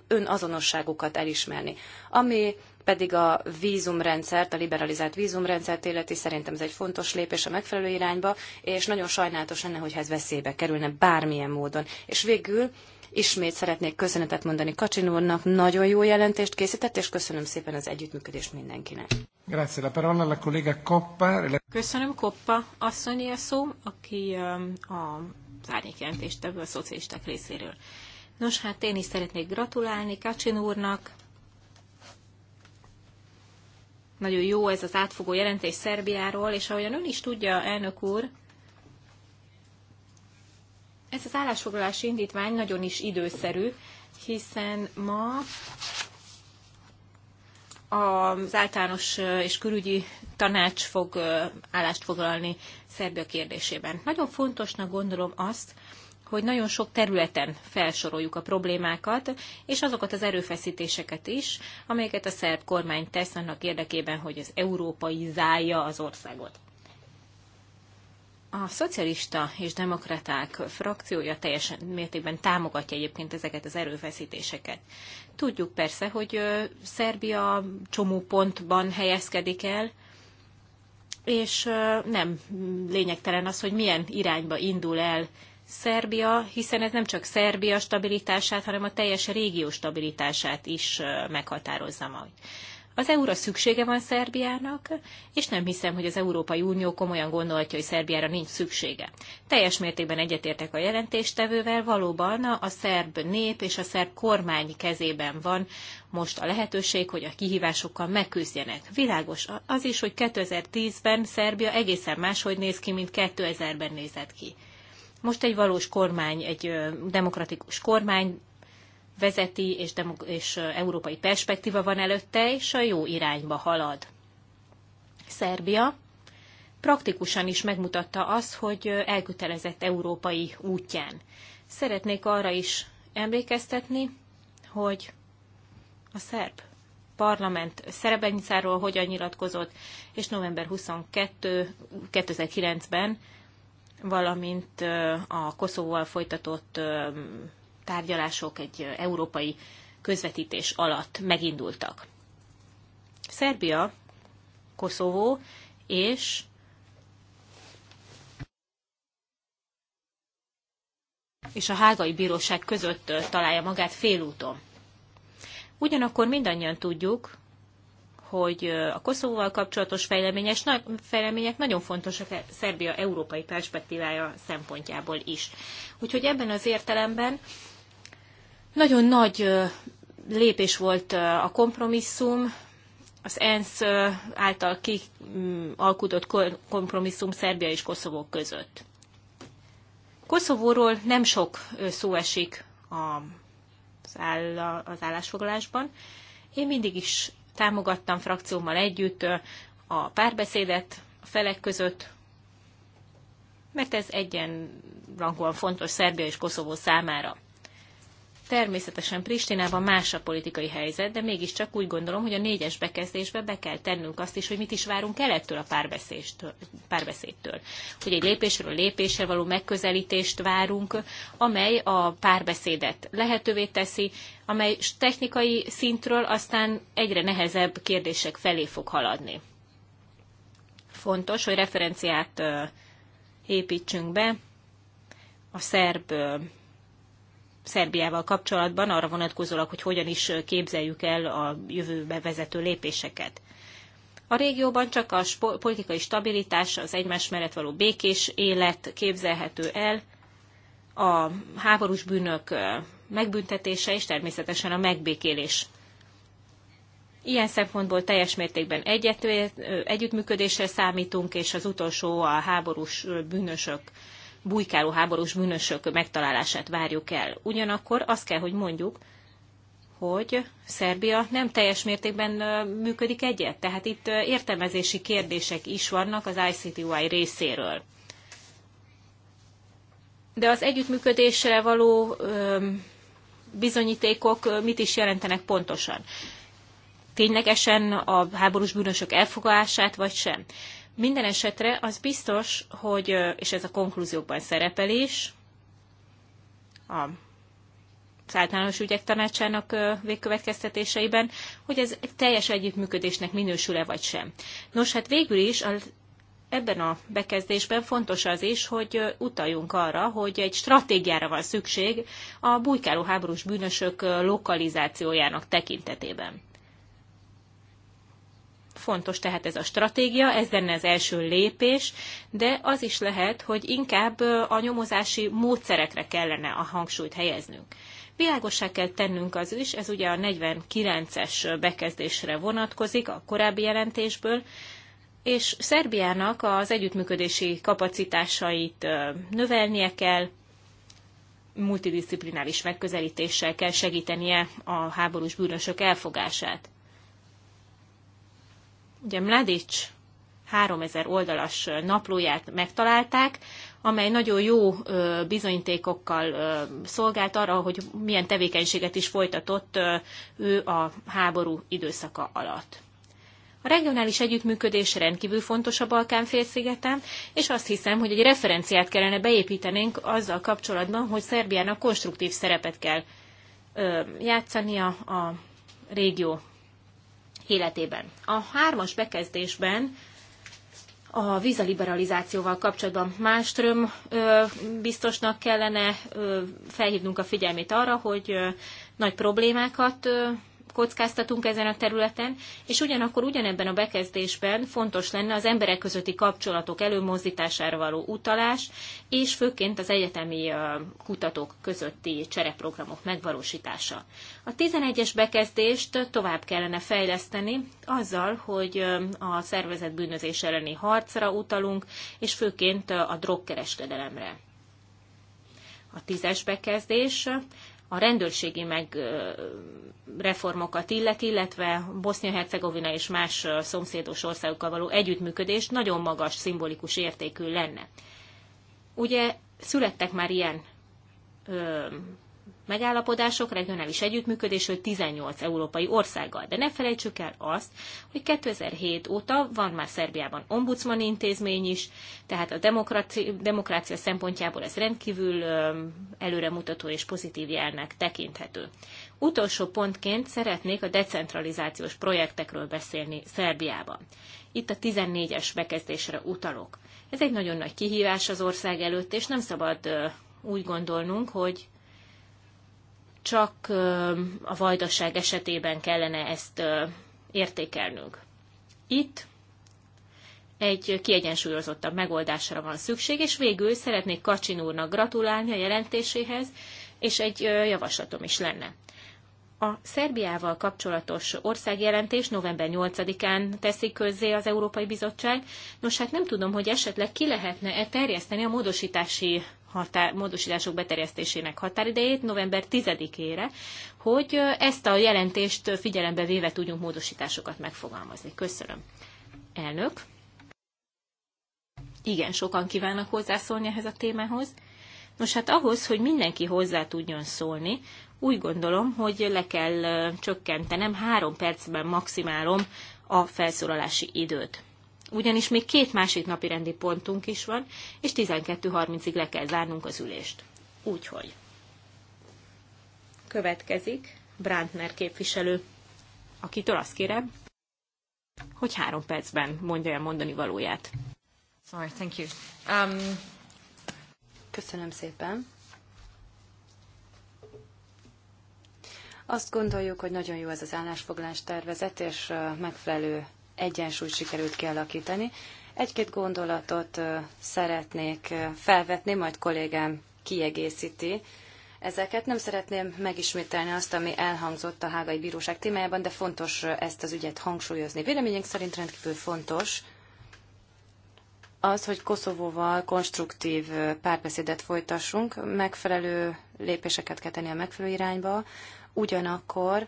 önazonosságukat elismerni. Ami pedig a vízumrendszert, a liberalizált vízumrendszert illeti, szerintem ez egy fontos lépés a megfelelő irányba, és nagyon sajnálatos lenne, hogyha ez veszélybe kerülne bármilyen módon. És végül Ismét szeretnék köszönetet mondani Kacsin úrnak, nagyon jó jelentést készített, és köszönöm szépen az együttműködést mindenkinek. Grazie, la parola alla collega Coppa. Köszönöm Koppa asszony a szó, aki um, a jelentést ebből a szocialisták részéről. Nos, hát én is szeretnék gratulálni Kacsin úrnak. Nagyon jó ez az átfogó jelentés Szerbiáról, és ahogyan ön is tudja, elnök úr, ez az állásfoglalási indítvány nagyon is időszerű, hiszen ma az általános és külügyi tanács fog állást foglalni Szerbia kérdésében. Nagyon fontosnak gondolom azt, hogy nagyon sok területen felsoroljuk a problémákat, és azokat az erőfeszítéseket is, amelyeket a szerb kormány tesz annak érdekében, hogy az európai zálja az országot. A szocialista és demokraták frakciója teljes mértékben támogatja egyébként ezeket az erőfeszítéseket. Tudjuk persze, hogy Szerbia csomópontban helyezkedik el, és nem lényegtelen az, hogy milyen irányba indul el Szerbia, hiszen ez nem csak Szerbia stabilitását, hanem a teljes régió stabilitását is meghatározza majd. Az EU-ra szüksége van Szerbiának, és nem hiszem, hogy az Európai Unió komolyan gondolja, hogy Szerbiára nincs szüksége. Teljes mértékben egyetértek a jelentéstevővel, valóban a szerb nép és a szerb kormány kezében van most a lehetőség, hogy a kihívásokkal megküzdjenek. Világos az is, hogy 2010-ben Szerbia egészen máshogy néz ki, mint 2000-ben nézett ki. Most egy valós kormány, egy demokratikus kormány vezeti, és, és európai perspektíva van előtte, és a jó irányba halad. Szerbia praktikusan is megmutatta azt, hogy elkötelezett európai útján. Szeretnék arra is emlékeztetni, hogy a szerb parlament Szerebenyicáról hogyan nyilatkozott, és november 22 2009-ben, valamint a Koszovóval folytatott tárgyalások egy európai közvetítés alatt megindultak. Szerbia, Koszovó és és a hágai bíróság között találja magát félúton. Ugyanakkor mindannyian tudjuk, hogy a Koszovóval kapcsolatos fejlemények nagyon fontosak a e Szerbia európai perspektívája szempontjából is. Úgyhogy ebben az értelemben nagyon nagy lépés volt a kompromisszum, az ENSZ által kialkudott mm, kompromisszum Szerbia és Koszovó között. Koszovóról nem sok szó esik az, állásfoglalásban. Én mindig is támogattam frakciómmal együtt a párbeszédet a felek között, mert ez egyenrangúan fontos Szerbia és Koszovó számára. Természetesen Pristinában más a politikai helyzet, de mégiscsak úgy gondolom, hogy a négyes bekezdésbe be kell tennünk azt is, hogy mit is várunk el ettől a párbeszédtől, Hogy egy lépésről lépésre való megközelítést várunk, amely a párbeszédet lehetővé teszi, amely technikai szintről aztán egyre nehezebb kérdések felé fog haladni. Fontos, hogy referenciát építsünk be a szerb Szerbiával kapcsolatban arra vonatkozólag, hogy hogyan is képzeljük el a jövőbe vezető lépéseket. A régióban csak a politikai stabilitás, az egymás mellett való békés élet képzelhető el, a háborús bűnök megbüntetése és természetesen a megbékélés. Ilyen szempontból teljes mértékben együttműködésre számítunk, és az utolsó a háborús bűnösök bujkáló háborús bűnösök megtalálását várjuk el. Ugyanakkor azt kell, hogy mondjuk, hogy Szerbia nem teljes mértékben működik egyet. Tehát itt értelmezési kérdések is vannak az ICTY részéről. De az együttműködésre való bizonyítékok mit is jelentenek pontosan? Ténylegesen a háborús bűnösök elfogását, vagy sem? Minden esetre az biztos, hogy, és ez a konklúziókban szerepel is, a általános ügyek tanácsának végkövetkeztetéseiben, hogy ez egy teljes együttműködésnek minősül-e vagy sem. Nos, hát végül is a, ebben a bekezdésben fontos az is, hogy utaljunk arra, hogy egy stratégiára van szükség a bujkáló háborús bűnösök lokalizációjának tekintetében. Fontos tehát ez a stratégia, ez lenne az első lépés, de az is lehet, hogy inkább a nyomozási módszerekre kellene a hangsúlyt helyeznünk. Világosá kell tennünk az is, ez ugye a 49-es bekezdésre vonatkozik a korábbi jelentésből, és Szerbiának az együttműködési kapacitásait növelnie kell, multidisziplinális megközelítéssel kell segítenie a háborús bűnösök elfogását. Ugye Mladic 3000 oldalas naplóját megtalálták, amely nagyon jó bizonyítékokkal szolgált arra, hogy milyen tevékenységet is folytatott ő a háború időszaka alatt. A regionális együttműködés rendkívül fontos a Balkán félszigeten, és azt hiszem, hogy egy referenciát kellene beépítenünk azzal kapcsolatban, hogy Szerbiának konstruktív szerepet kell játszania a régió életében. A hármas bekezdésben a vízaliberalizációval kapcsolatban Máström biztosnak kellene felhívnunk a figyelmét arra, hogy nagy problémákat kockáztatunk ezen a területen, és ugyanakkor ugyanebben a bekezdésben fontos lenne az emberek közötti kapcsolatok előmozdítására való utalás, és főként az egyetemi kutatók közötti csereprogramok megvalósítása. A 11-es bekezdést tovább kellene fejleszteni azzal, hogy a szervezet bűnözés elleni harcra utalunk, és főként a drogkereskedelemre. A tízes bekezdés a rendőrségi meg reformokat illeti illetve Bosznia-Hercegovina és más szomszédos országokkal való együttműködés nagyon magas szimbolikus értékű lenne. Ugye születtek már ilyen megállapodások regionális együttműködésről 18 európai országgal. De ne felejtsük el azt, hogy 2007 óta van már Szerbiában ombudsman intézmény is, tehát a demokrácia, demokrácia szempontjából ez rendkívül előremutató és pozitív jelnek tekinthető. Utolsó pontként szeretnék a decentralizációs projektekről beszélni Szerbiában. Itt a 14-es bekezdésre utalok. Ez egy nagyon nagy kihívás az ország előtt, és nem szabad úgy gondolnunk, hogy csak a vajdaság esetében kellene ezt értékelnünk. Itt egy kiegyensúlyozottabb megoldásra van szükség, és végül szeretnék Kacsin úrnak gratulálni a jelentéséhez, és egy javaslatom is lenne. A Szerbiával kapcsolatos országjelentés november 8-án teszi közzé az Európai Bizottság. Nos, hát nem tudom, hogy esetleg ki lehetne -e terjeszteni a módosítási határ, módosítások beterjesztésének határidejét november 10-ére, hogy ezt a jelentést figyelembe véve tudjunk módosításokat megfogalmazni. Köszönöm. Elnök. Igen, sokan kívánnak hozzászólni ehhez a témához. Nos, hát ahhoz, hogy mindenki hozzá tudjon szólni, úgy gondolom, hogy le kell csökkentenem, három percben maximálom a felszólalási időt ugyanis még két másik napi rendi pontunk is van, és 12.30-ig le kell zárnunk az ülést. Úgyhogy. Következik Brandner képviselő, akitől azt kérem, hogy három percben mondja el mondani valóját. Sorry, thank you. Um... Köszönöm szépen. Azt gondoljuk, hogy nagyon jó ez az állásfoglás tervezet, és megfelelő egyensúlyt sikerült kialakítani. Egy-két gondolatot szeretnék felvetni, majd kollégám kiegészíti. Ezeket nem szeretném megismételni azt, ami elhangzott a Hágai Bíróság témájában, de fontos ezt az ügyet hangsúlyozni. Véleményünk szerint rendkívül fontos az, hogy Koszovóval konstruktív párbeszédet folytassunk, megfelelő lépéseket kell tenni a megfelelő irányba, ugyanakkor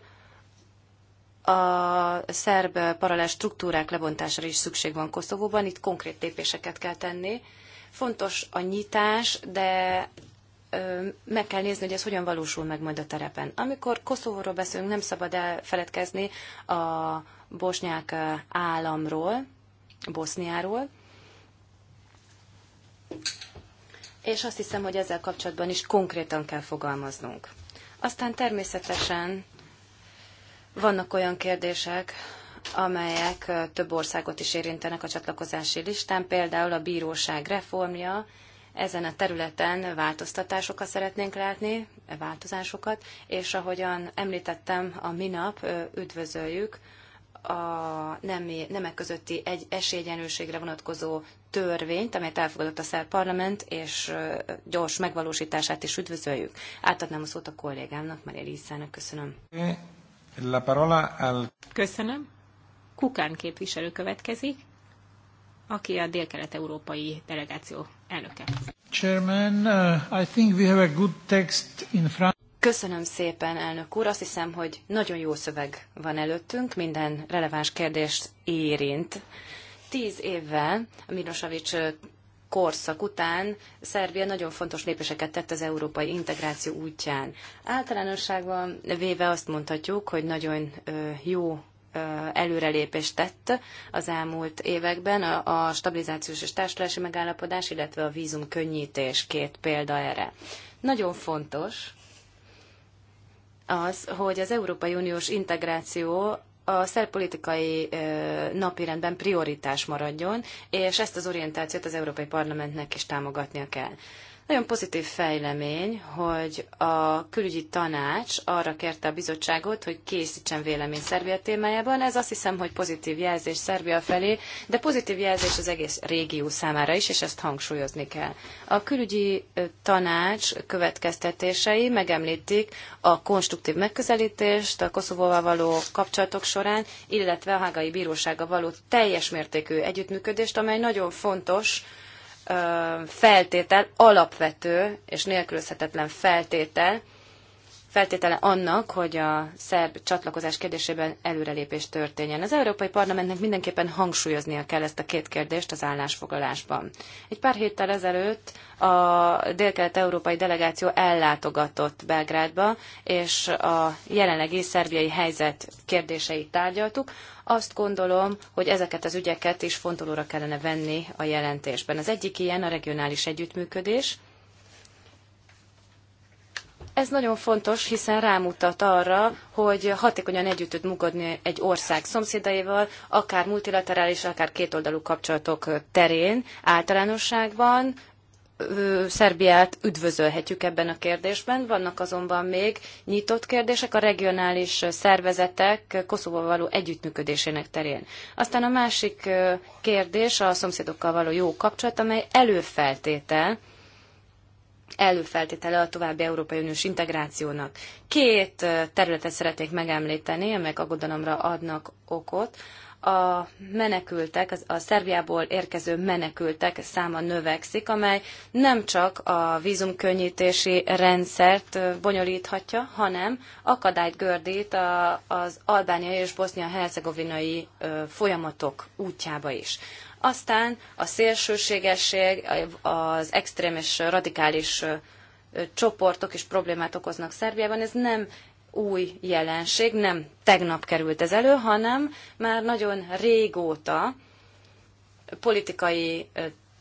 a szerb paralel struktúrák lebontására is szükség van Koszovóban, itt konkrét lépéseket kell tenni. Fontos a nyitás, de meg kell nézni, hogy ez hogyan valósul meg majd a terepen. Amikor Koszovóról beszélünk, nem szabad elfeledkezni a bosnyák államról, Boszniáról, és azt hiszem, hogy ezzel kapcsolatban is konkrétan kell fogalmaznunk. Aztán természetesen vannak olyan kérdések, amelyek több országot is érintenek a csatlakozási listán, például a bíróság reformja, ezen a területen változtatásokat szeretnénk látni, e változásokat, és ahogyan említettem, a minap üdvözöljük a nemi, nemek közötti egy esélyegyenlőségre vonatkozó törvényt, amelyet elfogadott a szerb parlament, és gyors megvalósítását is üdvözöljük. Átadnám a szót a kollégámnak, Maria Lisszának. Köszönöm. La parola al... Köszönöm. Kukán képviselő következik, aki a dél-kelet-európai delegáció elnöke. Chairman, uh, I think we have a good text in front. Köszönöm szépen, elnök úr. Azt hiszem, hogy nagyon jó szöveg van előttünk, minden releváns kérdést érint. Tíz évvel a Mirosavics uh, korszak után Szerbia nagyon fontos lépéseket tett az európai integráció útján. Általánosságban véve azt mondhatjuk, hogy nagyon jó előrelépést tett az elmúlt években a, a stabilizációs és társulási megállapodás, illetve a vízum könnyítés két példa erre. Nagyon fontos az, hogy az Európai Uniós integráció a szerpolitikai napirendben prioritás maradjon, és ezt az orientációt az Európai Parlamentnek is támogatnia kell. Nagyon pozitív fejlemény, hogy a külügyi tanács arra kérte a bizottságot, hogy készítsen vélemény Szerbia témájában. Ez azt hiszem, hogy pozitív jelzés Szerbia felé, de pozitív jelzés az egész régió számára is, és ezt hangsúlyozni kell. A külügyi tanács következtetései megemlítik a konstruktív megközelítést a Koszovóval való kapcsolatok során, illetve a Hágai Bírósága való teljes mértékű együttműködést, amely nagyon fontos, feltétel, alapvető és nélkülözhetetlen feltétel, feltétele annak, hogy a szerb csatlakozás kérdésében előrelépés történjen. Az Európai Parlamentnek mindenképpen hangsúlyoznia kell ezt a két kérdést az állásfoglalásban. Egy pár héttel ezelőtt a délkelet-európai delegáció ellátogatott Belgrádba, és a jelenlegi szerbiai helyzet kérdéseit tárgyaltuk. Azt gondolom, hogy ezeket az ügyeket is fontolóra kellene venni a jelentésben. Az egyik ilyen a regionális együttműködés, ez nagyon fontos, hiszen rámutat arra, hogy hatékonyan együtt tud munkadni egy ország szomszédaival, akár multilaterális, akár kétoldalú kapcsolatok terén általánosságban. Szerbiát üdvözölhetjük ebben a kérdésben. Vannak azonban még nyitott kérdések a regionális szervezetek Koszovóval való együttműködésének terén. Aztán a másik kérdés a szomszédokkal való jó kapcsolat, amely előfeltétel előfeltétele a további Európai Uniós integrációnak. Két területet szeretnék megemlíteni, amelyek aggodalomra adnak okot. A menekültek, a Szerbiából érkező menekültek száma növekszik, amely nem csak a vízumkönnyítési rendszert bonyolíthatja, hanem akadályt gördít az albániai és bosznia-hercegovinai folyamatok útjába is. Aztán a szélsőségesség, az extrém és radikális csoportok is problémát okoznak Szerbiában. Ez nem új jelenség, nem tegnap került ez elő, hanem már nagyon régóta politikai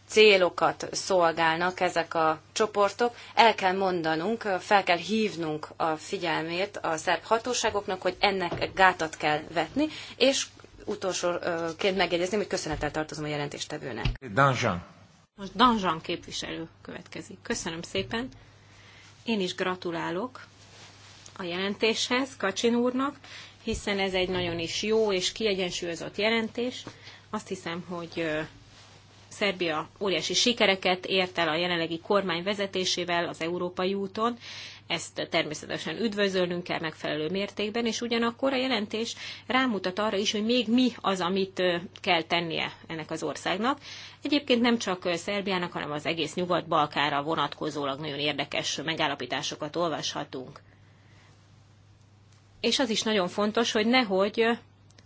célokat szolgálnak ezek a csoportok. El kell mondanunk, fel kell hívnunk a figyelmét a szerb hatóságoknak, hogy ennek gátat kell vetni, és utolsóként megjegyezném, hogy köszönettel tartozom a jelentéstevőnek. Danjan. Most Danjan képviselő következik. Köszönöm szépen. Én is gratulálok a jelentéshez Kacsin úrnak, hiszen ez egy nagyon is jó és kiegyensúlyozott jelentés. Azt hiszem, hogy Szerbia óriási sikereket ért el a jelenlegi kormány vezetésével az európai úton, ezt természetesen üdvözölnünk kell megfelelő mértékben, és ugyanakkor a jelentés rámutat arra is, hogy még mi az, amit kell tennie ennek az országnak. Egyébként nem csak Szerbiának, hanem az egész Nyugat-Balkára vonatkozólag nagyon érdekes megállapításokat olvashatunk. És az is nagyon fontos, hogy nehogy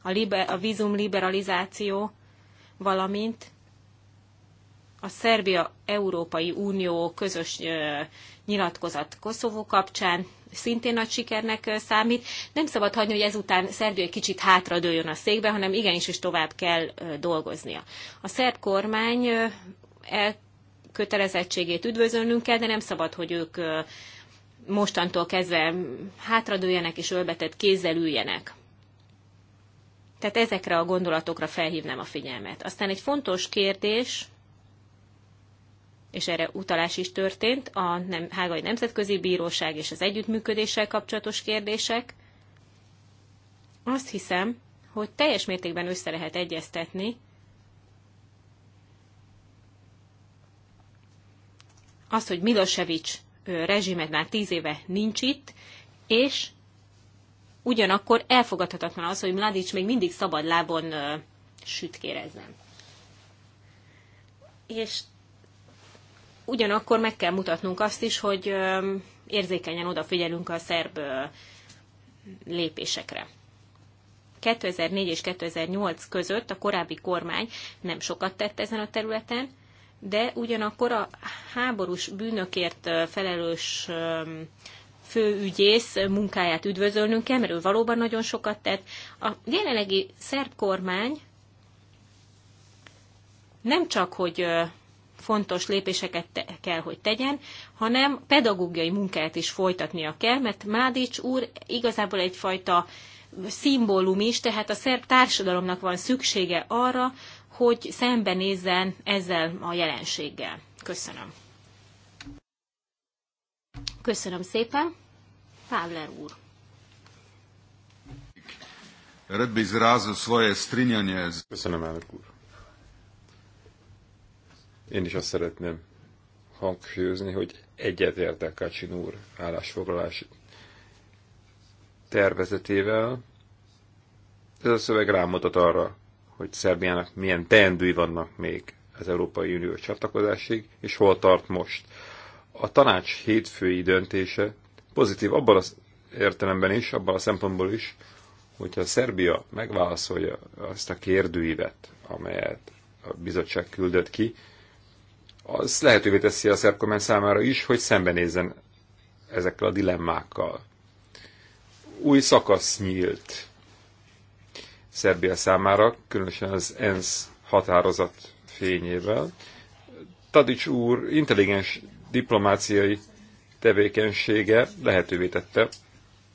a, liber, a vízum liberalizáció, valamint a Szerbia-Európai Unió közös nyilatkozat Koszovó kapcsán szintén nagy sikernek számít. Nem szabad hagyni, hogy ezután Szerbia egy kicsit hátradőljön a székbe, hanem igenis is tovább kell dolgoznia. A szerb kormány elkötelezettségét üdvözölnünk kell, de nem szabad, hogy ők mostantól kezdve hátradőjenek és ölbetett kézzel üljenek. Tehát ezekre a gondolatokra felhívnám a figyelmet. Aztán egy fontos kérdés, és erre utalás is történt, a nem, Hágai Nemzetközi Bíróság és az együttműködéssel kapcsolatos kérdések. Azt hiszem, hogy teljes mértékben össze lehet egyeztetni azt, hogy Milosevic rezsimet már tíz éve nincs itt, és ugyanakkor elfogadhatatlan az, hogy Mladic még mindig szabad lábon sütkérezzen. És ugyanakkor meg kell mutatnunk azt is, hogy érzékenyen odafigyelünk a szerb lépésekre. 2004 és 2008 között a korábbi kormány nem sokat tett ezen a területen, de ugyanakkor a háborús bűnökért felelős főügyész munkáját üdvözölnünk kell, mert ő valóban nagyon sokat tett. A jelenlegi szerb kormány nem csak, hogy fontos lépéseket te- kell, hogy tegyen, hanem pedagógiai munkát is folytatnia kell, mert Mádics úr igazából egyfajta szimbólum is, tehát a szerb társadalomnak van szüksége arra, hogy szembenézzen ezzel a jelenséggel. Köszönöm. Köszönöm szépen. Pávler úr. Rad bi izrazil svoje strinjanje. Köszönöm, elnök úr. Én is azt szeretném hangsúlyozni, hogy egyetértek Kacsin úr állásfoglalás tervezetével. Ez a szöveg rámutat arra, hogy Szerbiának milyen teendői vannak még az Európai Unió csatlakozásig, és hol tart most. A tanács hétfői döntése pozitív abban az értelemben is, abban a szempontból is, hogyha Szerbia megválaszolja azt a kérdőívet, amelyet a bizottság küldött ki, az lehetővé teszi a szerb kormány számára is, hogy szembenézzen ezekkel a dilemmákkal. Új szakasz nyílt Szerbia számára, különösen az ENSZ határozat fényével. Tadics úr intelligens diplomáciai tevékenysége lehetővé tette,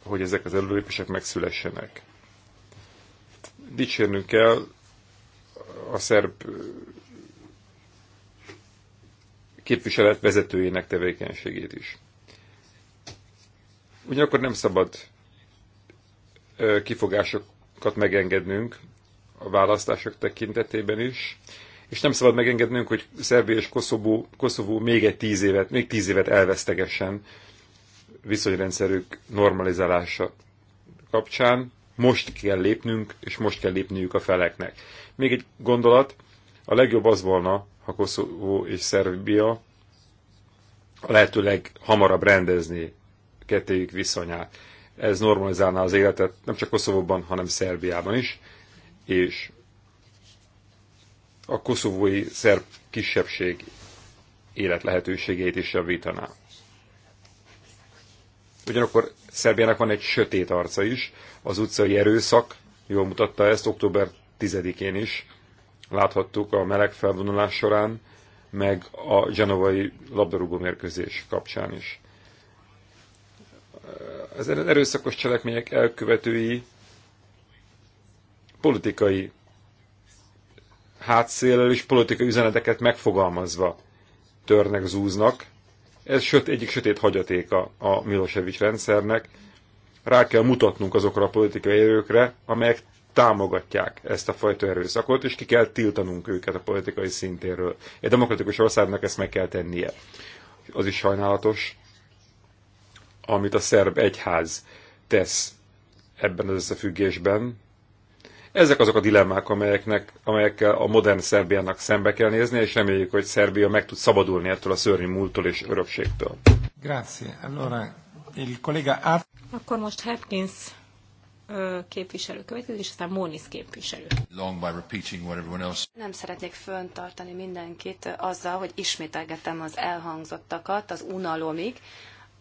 hogy ezek az előlépések megszülessenek. Dicsérnünk kell a szerb képviselet vezetőjének tevékenységét is. Ugyanakkor nem szabad kifogásokat megengednünk a választások tekintetében is, és nem szabad megengednünk, hogy Szerbia és Koszovó, Koszovó még egy tíz évet, még tíz évet elvesztegesen viszonyrendszerük normalizálása kapcsán. Most kell lépnünk, és most kell lépniük a feleknek. Még egy gondolat, a legjobb az volna, a Koszovó és Szerbia a lehetőleg hamarabb rendezni kettőjük viszonyát. Ez normalizálná az életet nem csak Koszovóban, hanem Szerbiában is, és a koszovói szerb kisebbség élet lehetőségeit is javítaná. Ugyanakkor Szerbiának van egy sötét arca is, az utcai erőszak, jól mutatta ezt október 10-én is, láthattuk a meleg felvonulás során, meg a genovai labdarúgó mérkőzés kapcsán is. Az er- erőszakos cselekmények elkövetői politikai hátszéllel és politikai üzeneteket megfogalmazva törnek, zúznak. Ez söt, egyik sötét hagyatéka a Milosevic rendszernek. Rá kell mutatnunk azokra a politikai erőkre, amelyek támogatják ezt a fajta erőszakot, és ki kell tiltanunk őket a politikai szintéről. Egy demokratikus országnak ezt meg kell tennie. Az is sajnálatos, amit a szerb egyház tesz ebben az összefüggésben. Ezek azok a dilemmák, amelyeknek, amelyekkel a modern Szerbiának szembe kell nézni, és reméljük, hogy Szerbia meg tud szabadulni ettől a szörnyű múltól és örökségtől. Grazie. Allora, il collega Akkor most Hopkins képviselő következik, és aztán Mónis képviselő. Long by repeating what everyone else. Nem szeretnék föntartani mindenkit azzal, hogy ismételgetem az elhangzottakat az unalomig.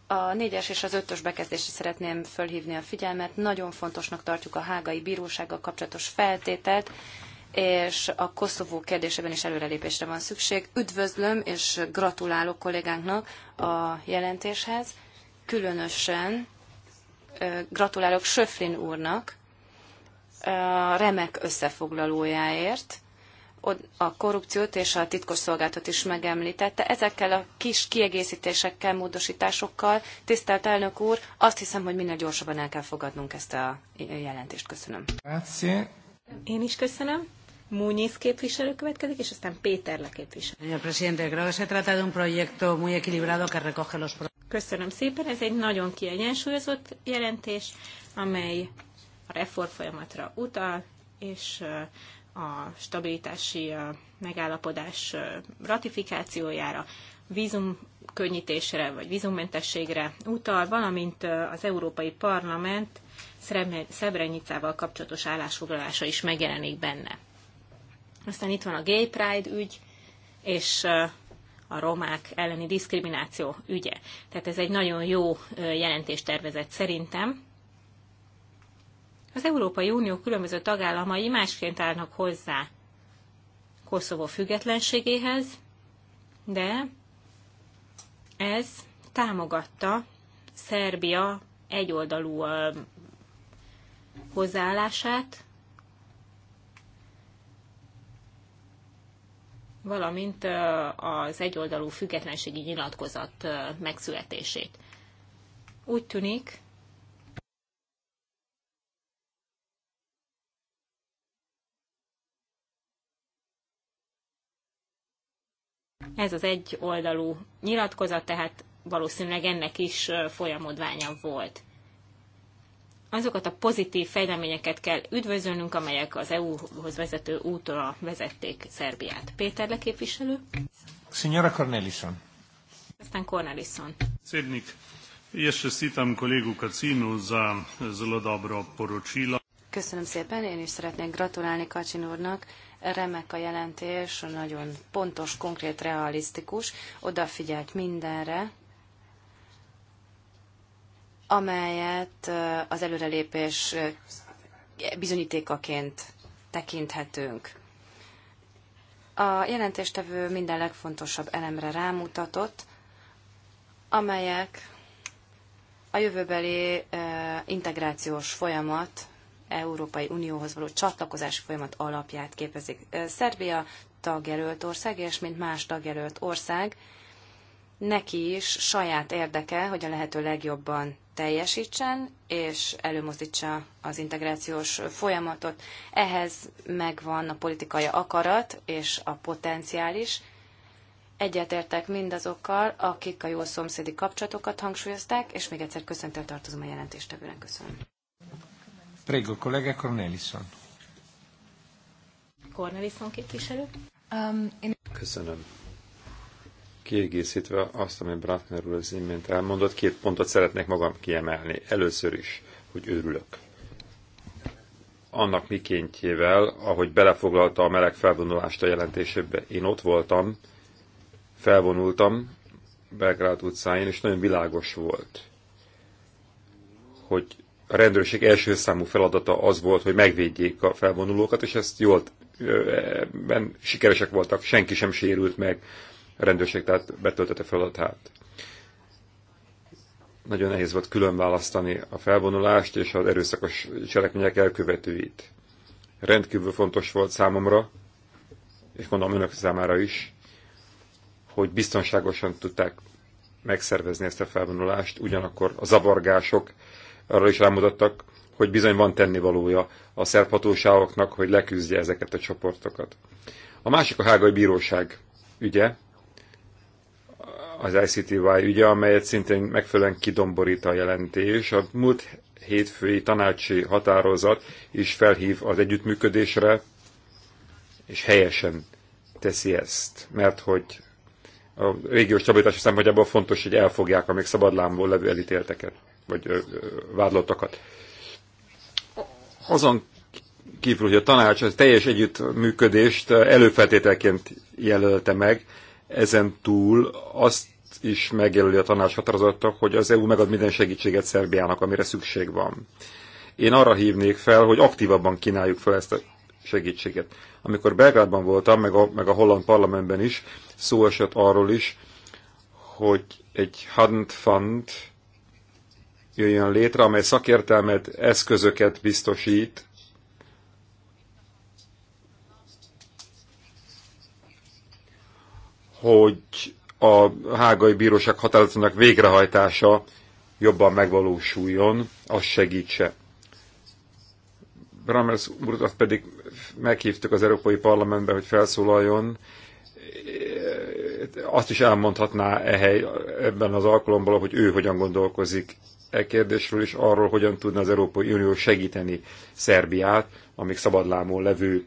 A négyes és az ötös bekezdésre szeretném fölhívni a figyelmet. Nagyon fontosnak tartjuk a hágai bírósággal kapcsolatos feltételt, és a Koszovó kérdésében is előrelépésre van szükség. Üdvözlöm és gratulálok kollégánknak a jelentéshez, különösen gratulálok Söflin úrnak a remek összefoglalójáért. A korrupciót és a titkosszolgáltat is megemlítette. Ezekkel a kis kiegészítésekkel, módosításokkal, tisztelt elnök úr, azt hiszem, hogy minél gyorsabban el kell fogadnunk ezt a jelentést. Köszönöm. Grazie. Én is köszönöm. Múnyész képviselő következik, és aztán Péter leképviselő. képviselő. Señor presidente, creo que se trata de un proyecto muy equilibrado que recoge los Köszönöm szépen, ez egy nagyon kiegyensúlyozott jelentés, amely a reformfolyamatra utal, és a stabilitási megállapodás ratifikációjára, vízumkönnyítésre vagy vízummentességre utal, valamint az Európai Parlament Szebrenyicával kapcsolatos állásfoglalása is megjelenik benne. Aztán itt van a Gay Pride ügy, és a romák elleni diszkrimináció ügye. Tehát ez egy nagyon jó jelentéstervezet szerintem. Az Európai Unió különböző tagállamai másként állnak hozzá Koszovó függetlenségéhez, de ez támogatta Szerbia egyoldalú hozzáállását valamint az egyoldalú függetlenségi nyilatkozat megszületését. Úgy tűnik, ez az egyoldalú nyilatkozat, tehát valószínűleg ennek is folyamodványa volt azokat a pozitív fejleményeket kell üdvözölnünk, amelyek az EU-hoz vezető útra vezették Szerbiát. Péter leképviselő. Signora Cornelison. Aztán Cornelison. Szédnik. Jaz čestitam kollégukat színú za zelo dobro poročilo. Köszönöm szépen, én is szeretnék gratulálni Kacsin úrnak. Remek a jelentés, nagyon pontos, konkrét, realisztikus, odafigyelt mindenre, amelyet az előrelépés bizonyítékaként tekinthetünk. A jelentéstevő minden legfontosabb elemre rámutatott, amelyek a jövőbeli integrációs folyamat, Európai Unióhoz való csatlakozási folyamat alapját képezik. Szerbia tagjelölt ország, és mint más tagjelölt ország, neki is saját érdeke, hogy a lehető legjobban teljesítsen, és előmozdítsa az integrációs folyamatot. Ehhez megvan a politikai akarat és a potenciál is. Egyetértek mindazokkal, akik a jó szomszédi kapcsolatokat hangsúlyozták, és még egyszer köszöntel tartozom a jelentéstevőnek. Köszönöm. Prego, kollega Cornelison. Cornelison képviselő. Um, én... Köszönöm. Kiegészítve azt, amit Brafner úr az imént elmondott, két pontot szeretnék magam kiemelni. Először is, hogy örülök. Annak mikéntjével, ahogy belefoglalta a meleg felvonulást a jelentésébe, én ott voltam, felvonultam Belgrád utcáin, és nagyon világos volt, hogy a rendőrség első számú feladata az volt, hogy megvédjék a felvonulókat, és ezt jól ben, sikeresek voltak, senki sem sérült meg, rendőrség tehát betöltette feladatát. Nagyon nehéz volt külön választani a felvonulást és az erőszakos cselekmények elkövetőit. Rendkívül fontos volt számomra, és mondom önök számára is, hogy biztonságosan tudták megszervezni ezt a felvonulást, ugyanakkor a zavargások arra is rámutattak, hogy bizony van tennivalója a szerb hatóságoknak, hogy leküzdje ezeket a csoportokat. A másik a hágai bíróság ügye, az ICTY ügye, amelyet szintén megfelelően kidomborít a jelentés. A múlt hétfői tanácsi határozat is felhív az együttműködésre, és helyesen teszi ezt, mert hogy a régiós stabilitási szempontjából fontos, hogy elfogják a még szabadlámból levő elítélteket, vagy vádlottakat. Azon kívül, hogy a tanács a teljes együttműködést előfeltételként jelölte meg, ezen túl azt is megjelöli a tanács határozottak, hogy az EU megad minden segítséget Szerbiának, amire szükség van. Én arra hívnék fel, hogy aktívabban kínáljuk fel ezt a segítséget. Amikor Belgrádban voltam, meg a, meg a holland parlamentben is, szó esett arról is, hogy egy Hunt Fund jöjjön létre, amely szakértelmet, eszközöket biztosít hogy a hágai bíróság határozatának végrehajtása jobban megvalósuljon, az segítse. Bramers azt pedig meghívtuk az Európai Parlamentbe, hogy felszólaljon. Azt is elmondhatná ehely, ebben az alkalomban, hogy ő hogyan gondolkozik e kérdésről, és arról, hogyan tudna az Európai Unió segíteni Szerbiát, amik szabadlámon levő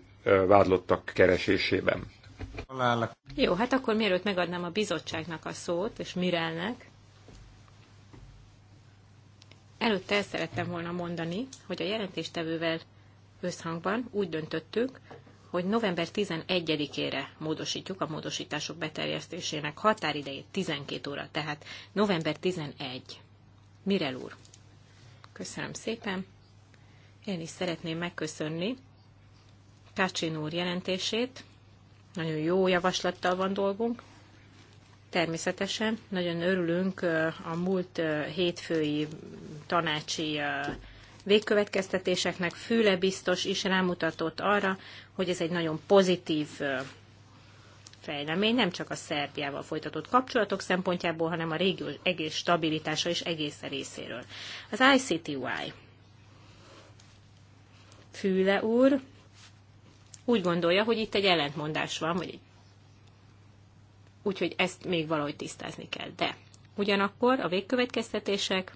vádlottak keresésében. Halálak. Jó, hát akkor mielőtt megadnám a bizottságnak a szót, és Mirelnek, előtte el szerettem volna mondani, hogy a jelentéstevővel összhangban úgy döntöttük, hogy november 11-ére módosítjuk a módosítások beterjesztésének határidejét 12 óra, tehát november 11. Mirel úr, köszönöm szépen. Én is szeretném megköszönni Kácsin úr jelentését, nagyon jó javaslattal van dolgunk. Természetesen nagyon örülünk a múlt hétfői tanácsi végkövetkeztetéseknek. Füle biztos is rámutatott arra, hogy ez egy nagyon pozitív fejlemény, nem csak a Szerbiával folytatott kapcsolatok szempontjából, hanem a régió egész stabilitása és egész részéről. Az ICTY. Füle úr úgy gondolja, hogy itt egy ellentmondás van, vagy egy... úgyhogy ezt még valahogy tisztázni kell. De ugyanakkor a végkövetkeztetések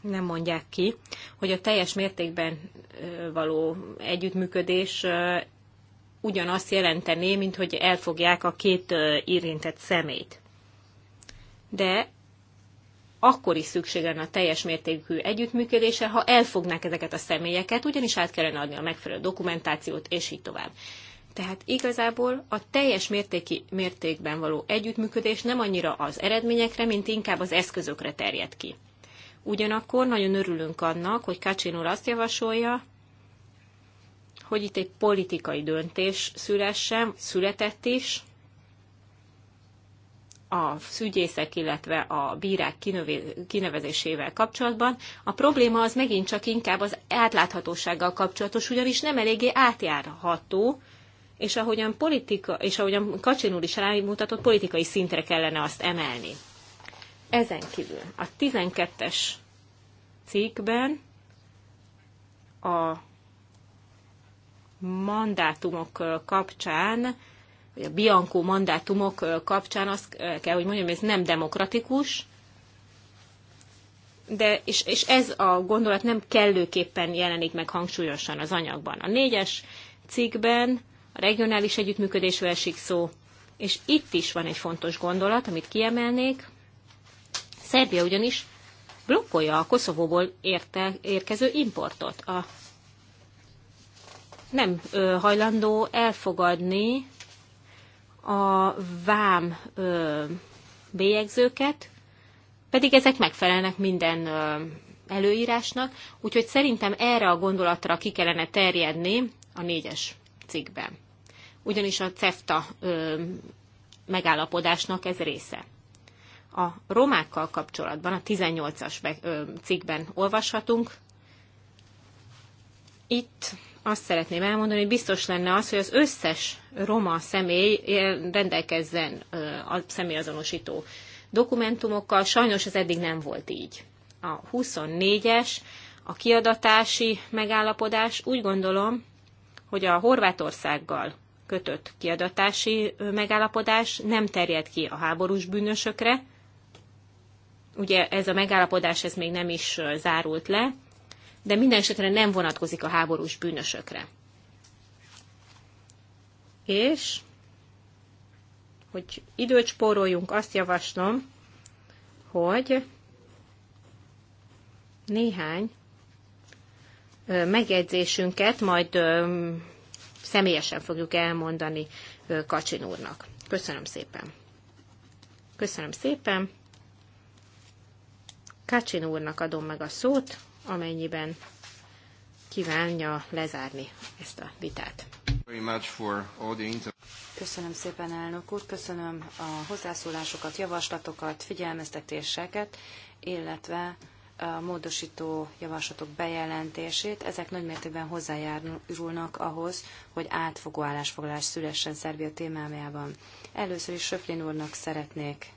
nem mondják ki, hogy a teljes mértékben való együttműködés ugyanazt jelentené, mint hogy elfogják a két érintett szemét. De akkor is szükség lenne a teljes mértékű együttműködése, ha elfognák ezeket a személyeket, ugyanis át kellene adni a megfelelő dokumentációt, és így tovább. Tehát igazából a teljes mértéki, mértékben való együttműködés nem annyira az eredményekre, mint inkább az eszközökre terjed ki. Ugyanakkor nagyon örülünk annak, hogy Kacsin úr azt javasolja, hogy itt egy politikai döntés szülessen, született is, a szügyészek, illetve a bírák kinevezésével kapcsolatban, a probléma az megint csak inkább az átláthatósággal kapcsolatos, ugyanis nem eléggé átjárható, és ahogyan, politika, és ahogyan Kacsin úr is rámutatott, politikai szintre kellene azt emelni. Ezen kívül a 12-es cikkben a mandátumok kapcsán vagy a Bianco mandátumok kapcsán azt kell, hogy mondjam, hogy ez nem demokratikus, de, és, és ez a gondolat nem kellőképpen jelenik meg hangsúlyosan az anyagban. A négyes cikkben a regionális együttműködésről esik szó, és itt is van egy fontos gondolat, amit kiemelnék. Szerbia ugyanis blokkolja a Koszovóból érte, érkező importot. A nem ö, hajlandó elfogadni a vám ö, bélyegzőket, pedig ezek megfelelnek minden ö, előírásnak, úgyhogy szerintem erre a gondolatra ki kellene terjedni a négyes cikkben. Ugyanis a CEFTA ö, megállapodásnak ez része. A romákkal kapcsolatban a 18-as cikkben olvashatunk. Itt azt szeretném elmondani, hogy biztos lenne az, hogy az összes roma személy rendelkezzen a személyazonosító dokumentumokkal. Sajnos ez eddig nem volt így. A 24-es, a kiadatási megállapodás úgy gondolom, hogy a Horvátországgal kötött kiadatási megállapodás nem terjed ki a háborús bűnösökre. Ugye ez a megállapodás ez még nem is zárult le, de minden esetre nem vonatkozik a háborús bűnösökre. És, hogy időt spóroljunk, azt javaslom, hogy néhány megjegyzésünket majd személyesen fogjuk elmondani Kacsin úrnak. Köszönöm szépen. Köszönöm szépen. Kacsin úrnak adom meg a szót amennyiben kívánja lezárni ezt a vitát. Köszönöm szépen, elnök úr, köszönöm a hozzászólásokat, javaslatokat, figyelmeztetéseket, illetve a módosító javaslatok bejelentését. Ezek nagymértékben hozzájárulnak ahhoz, hogy átfogó állásfoglalás szülessen Szerbia témájában. Először is Söflin úrnak szeretnék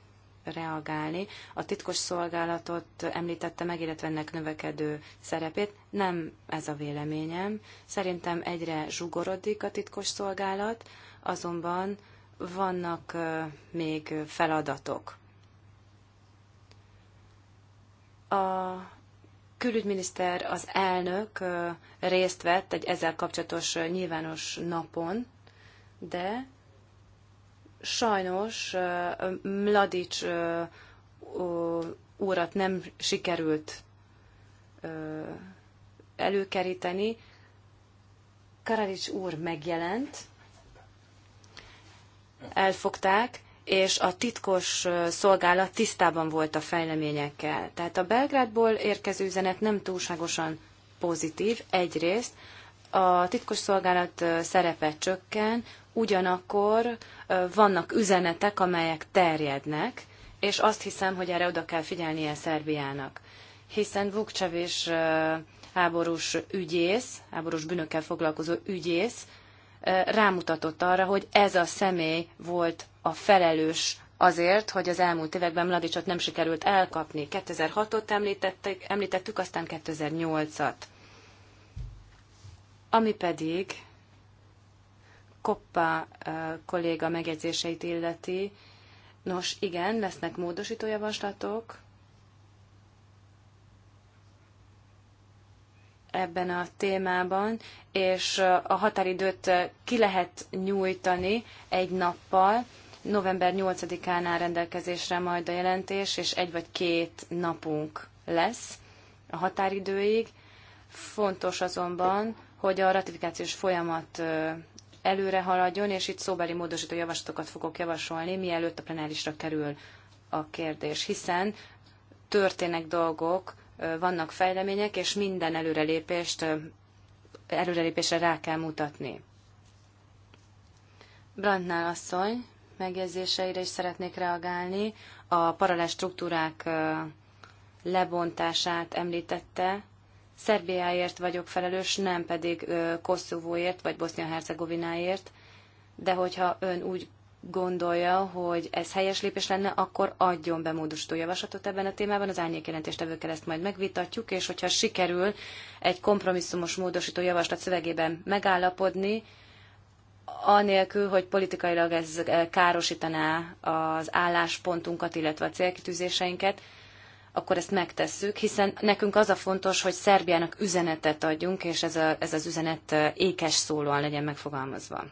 reagálni. A titkos szolgálatot említette meg, illetve ennek növekedő szerepét. Nem ez a véleményem. Szerintem egyre zsugorodik a titkos szolgálat, azonban vannak még feladatok. A külügyminiszter, az elnök részt vett egy ezzel kapcsolatos nyilvános napon, de sajnos Mladics úrat nem sikerült előkeríteni. Karadics úr megjelent, elfogták, és a titkos szolgálat tisztában volt a fejleményekkel. Tehát a Belgrádból érkező üzenet nem túlságosan pozitív, egyrészt, a titkos szolgálat szerepe csökken, ugyanakkor vannak üzenetek, amelyek terjednek, és azt hiszem, hogy erre oda kell figyelnie Szerbiának. Hiszen Vukcsevés háborús ügyész, háborús bűnökkel foglalkozó ügyész rámutatott arra, hogy ez a személy volt a felelős azért, hogy az elmúlt években Mladicsot nem sikerült elkapni. 2006-ot említettük, aztán 2008-at. Ami pedig Koppa kolléga megjegyzéseit illeti, nos igen, lesznek módosító javaslatok, ebben a témában, és a határidőt ki lehet nyújtani egy nappal. November 8-án áll rendelkezésre majd a jelentés, és egy vagy két napunk lesz a határidőig. Fontos azonban, hogy a ratifikációs folyamat előre haladjon, és itt szóbeli módosító javaslatokat fogok javasolni, mielőtt a plenárisra kerül a kérdés, hiszen történnek dolgok, vannak fejlemények, és minden előrelépést, előrelépésre rá kell mutatni. Brandnál asszony megjegyzéseire is szeretnék reagálni. A paralel struktúrák lebontását említette, Szerbiáért vagyok felelős, nem pedig Koszovóért vagy Bosznia-Hercegovináért, de hogyha ön úgy gondolja, hogy ez helyes lépés lenne, akkor adjon be módosító javaslatot ebben a témában. Az jelentéstevőkkel ezt majd megvitatjuk, és hogyha sikerül egy kompromisszumos módosító javaslat szövegében megállapodni, anélkül, hogy politikailag ez károsítaná az álláspontunkat, illetve a célkitűzéseinket, akkor ezt megtesszük, hiszen nekünk az a fontos, hogy Szerbiának üzenetet adjunk, és ez, a, ez az üzenet eh, ékes szólóan legyen megfogalmazva.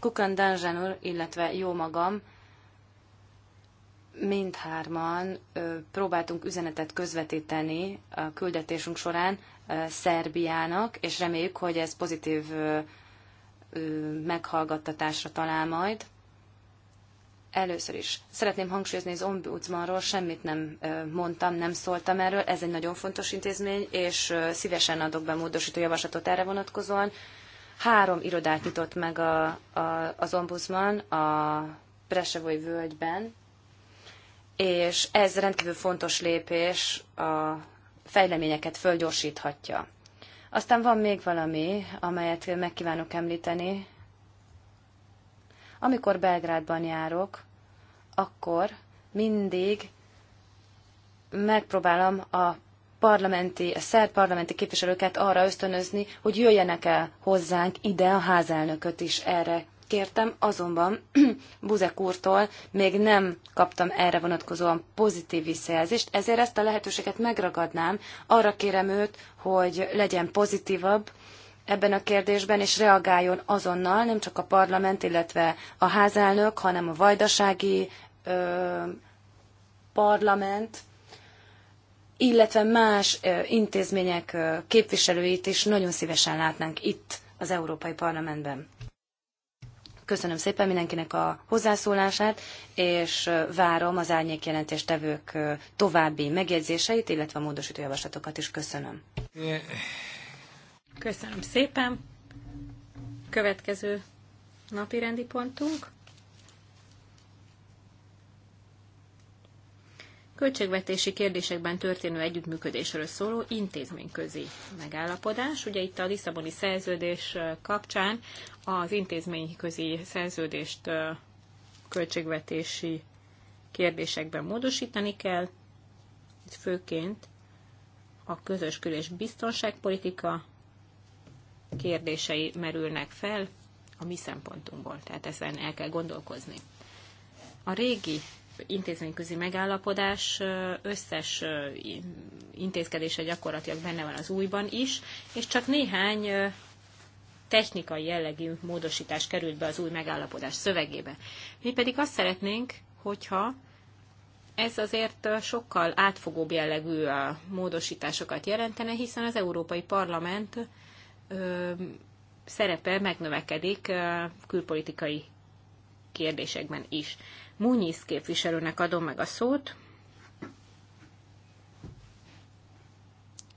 Kukan Danzsánul, illetve jó magam, mindhárman ö, próbáltunk üzenetet közvetíteni a küldetésünk során ö, Szerbiának, és reméljük, hogy ez pozitív ö, meghallgattatásra talál majd. Először is szeretném hangsúlyozni, az ombudsmanról semmit nem mondtam, nem szóltam erről. Ez egy nagyon fontos intézmény, és szívesen adok be módosító javaslatot erre vonatkozóan. Három irodát nyitott meg a, a, az ombudsman a Presevói völgyben, és ez rendkívül fontos lépés, a fejleményeket fölgyorsíthatja. Aztán van még valami, amelyet meg említeni, amikor Belgrádban járok, akkor mindig megpróbálom a parlamenti, a szerb parlamenti képviselőket arra ösztönözni, hogy jöjjenek el hozzánk ide, a házelnököt is erre kértem, azonban Buzek úrtól még nem kaptam erre vonatkozóan pozitív visszajelzést, ezért ezt a lehetőséget megragadnám. Arra kérem őt, hogy legyen pozitívabb, ebben a kérdésben, és reagáljon azonnal nem csak a parlament, illetve a házelnök, hanem a vajdasági ö, parlament, illetve más ö, intézmények ö, képviselőit is nagyon szívesen látnánk itt az Európai Parlamentben. Köszönöm szépen mindenkinek a hozzászólását, és várom az árnyék jelentéstevők további megjegyzéseit, illetve a módosító javaslatokat is köszönöm. Köszönöm szépen. Következő napi rendi pontunk. Költségvetési kérdésekben történő együttműködésről szóló intézményközi megállapodás. Ugye itt a Lisszaboni szerződés kapcsán az intézményközi szerződést költségvetési kérdésekben módosítani kell. Itt főként a közös külés biztonságpolitika, kérdései merülnek fel a mi szempontunkból, tehát ezen el kell gondolkozni. A régi intézményközi megállapodás összes intézkedése gyakorlatilag benne van az újban is, és csak néhány technikai jellegű módosítás került be az új megállapodás szövegébe. Mi pedig azt szeretnénk, hogyha ez azért sokkal átfogóbb jellegű a módosításokat jelentene, hiszen az Európai Parlament szerepe megnövekedik külpolitikai kérdésekben is. Múnyisz képviselőnek adom meg a szót,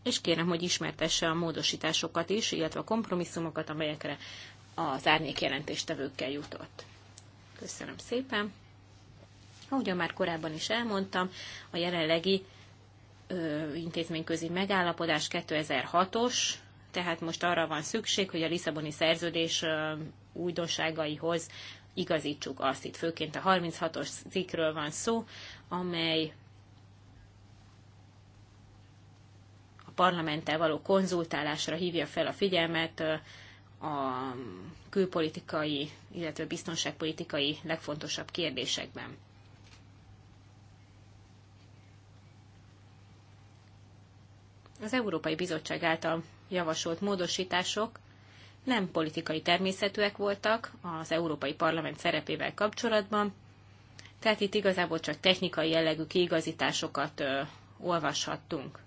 és kérem, hogy ismertesse a módosításokat is, illetve a kompromisszumokat, amelyekre az árnyék jelentéstevőkkel jutott. Köszönöm szépen! Ahogyan már korábban is elmondtam, a jelenlegi ö, intézményközi megállapodás 2006-os, tehát most arra van szükség, hogy a Lisszaboni szerződés újdonságaihoz igazítsuk azt. Itt főként a 36-os cikkről van szó, amely a parlamenttel való konzultálásra hívja fel a figyelmet a külpolitikai, illetve biztonságpolitikai legfontosabb kérdésekben. Az Európai Bizottság által javasolt módosítások nem politikai természetűek voltak az Európai Parlament szerepével kapcsolatban, tehát itt igazából csak technikai jellegű kiigazításokat ö, olvashattunk.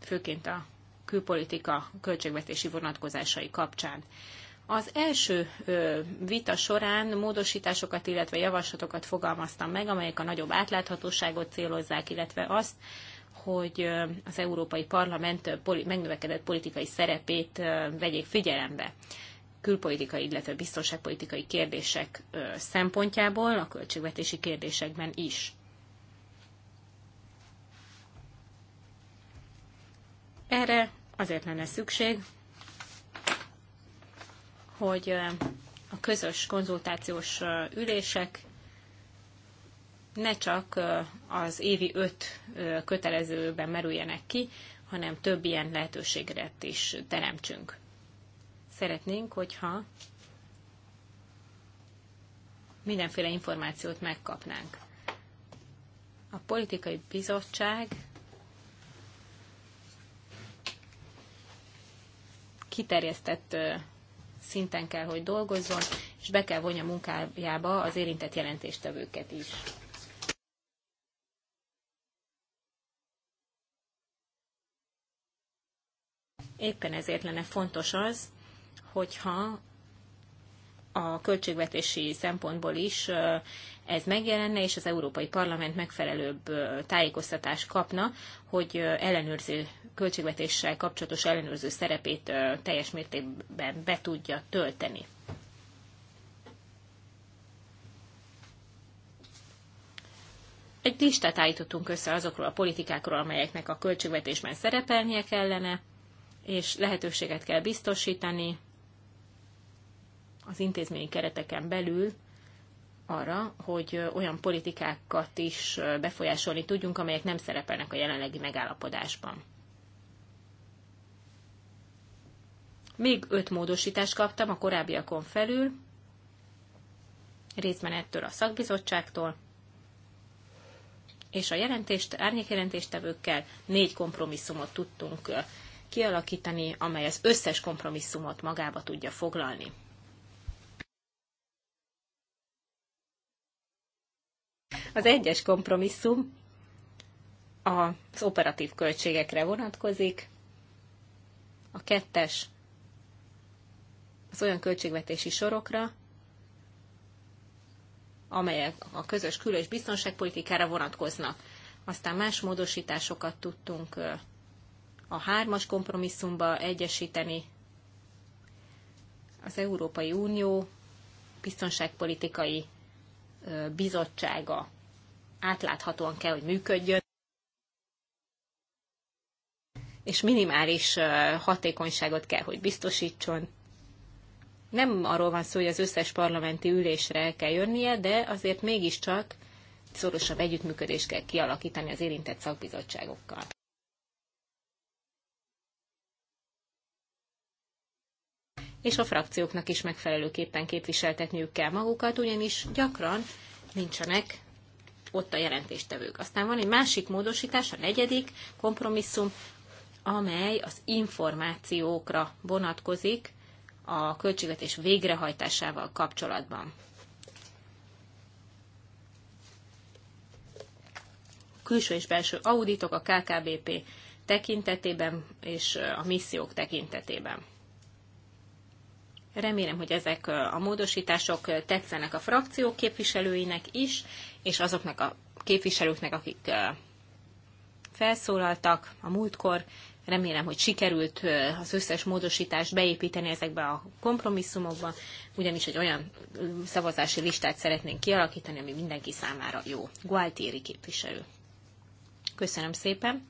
Főként a külpolitika költségvetési vonatkozásai kapcsán. Az első ö, vita során módosításokat, illetve javaslatokat fogalmaztam meg, amelyek a nagyobb átláthatóságot célozzák, illetve azt, hogy az Európai Parlament megnövekedett politikai szerepét vegyék figyelembe külpolitikai, illetve biztonságpolitikai kérdések szempontjából, a költségvetési kérdésekben is. Erre azért lenne szükség, hogy a közös konzultációs ülések ne csak az évi öt kötelezőben merüljenek ki, hanem több ilyen lehetőségre is teremtsünk. Szeretnénk, hogyha mindenféle információt megkapnánk. A politikai bizottság kiterjesztett szinten kell, hogy dolgozzon, és be kell vonja munkájába az érintett jelentéstevőket is. Éppen ezért lenne fontos az, hogyha a költségvetési szempontból is ez megjelenne, és az Európai Parlament megfelelőbb tájékoztatást kapna, hogy ellenőrző költségvetéssel kapcsolatos ellenőrző szerepét teljes mértékben be tudja tölteni. Egy listát állítottunk össze azokról a politikákról, amelyeknek a költségvetésben szerepelnie kellene, és lehetőséget kell biztosítani az intézményi kereteken belül arra, hogy olyan politikákat is befolyásolni tudjunk, amelyek nem szerepelnek a jelenlegi megállapodásban. Még öt módosítást kaptam a korábbiakon felül, részben ettől a szakbizottságtól, és a jelentést, árnyékjelentéstevőkkel négy kompromisszumot tudtunk kialakítani, amely az összes kompromisszumot magába tudja foglalni. Az egyes kompromisszum az operatív költségekre vonatkozik, a kettes az olyan költségvetési sorokra, amelyek a közös külös biztonságpolitikára vonatkoznak. Aztán más módosításokat tudtunk a hármas kompromisszumba egyesíteni. Az Európai Unió biztonságpolitikai bizottsága átláthatóan kell, hogy működjön, és minimális hatékonyságot kell, hogy biztosítson. Nem arról van szó, hogy az összes parlamenti ülésre el kell jönnie, de azért mégiscsak szorosabb együttműködést kell kialakítani az érintett szakbizottságokkal. és a frakcióknak is megfelelőképpen képviseltetniük kell magukat, ugyanis gyakran nincsenek ott a jelentéstevők. Aztán van egy másik módosítás, a negyedik kompromisszum, amely az információkra vonatkozik a költségvetés végrehajtásával kapcsolatban. Külső és belső auditok a KKBP tekintetében és a missziók tekintetében. Remélem, hogy ezek a módosítások tetszenek a frakció képviselőinek is, és azoknak a képviselőknek, akik felszólaltak a múltkor. Remélem, hogy sikerült az összes módosítást beépíteni ezekbe a kompromisszumokba, ugyanis egy olyan szavazási listát szeretnénk kialakítani, ami mindenki számára jó. Gualtieri képviselő. Köszönöm szépen.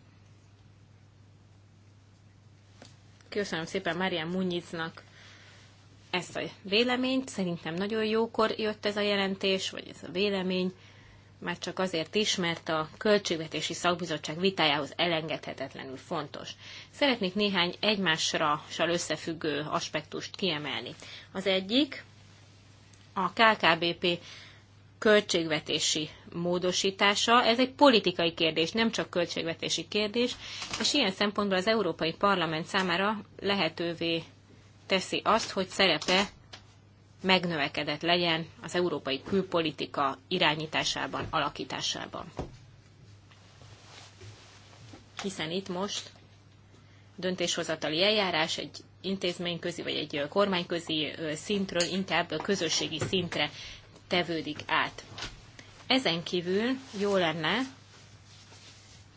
Köszönöm szépen Marian Munyicnak ezt a véleményt. Szerintem nagyon jókor jött ez a jelentés, vagy ez a vélemény, már csak azért is, mert a Költségvetési Szakbizottság vitájához elengedhetetlenül fontos. Szeretnék néhány egymással összefüggő aspektust kiemelni. Az egyik a KKBP költségvetési módosítása. Ez egy politikai kérdés, nem csak költségvetési kérdés, és ilyen szempontból az Európai Parlament számára lehetővé teszi azt, hogy szerepe megnövekedett legyen az európai külpolitika irányításában, alakításában. Hiszen itt most döntéshozatali eljárás egy intézményközi vagy egy kormányközi szintről inkább a közösségi szintre tevődik át. Ezen kívül jó lenne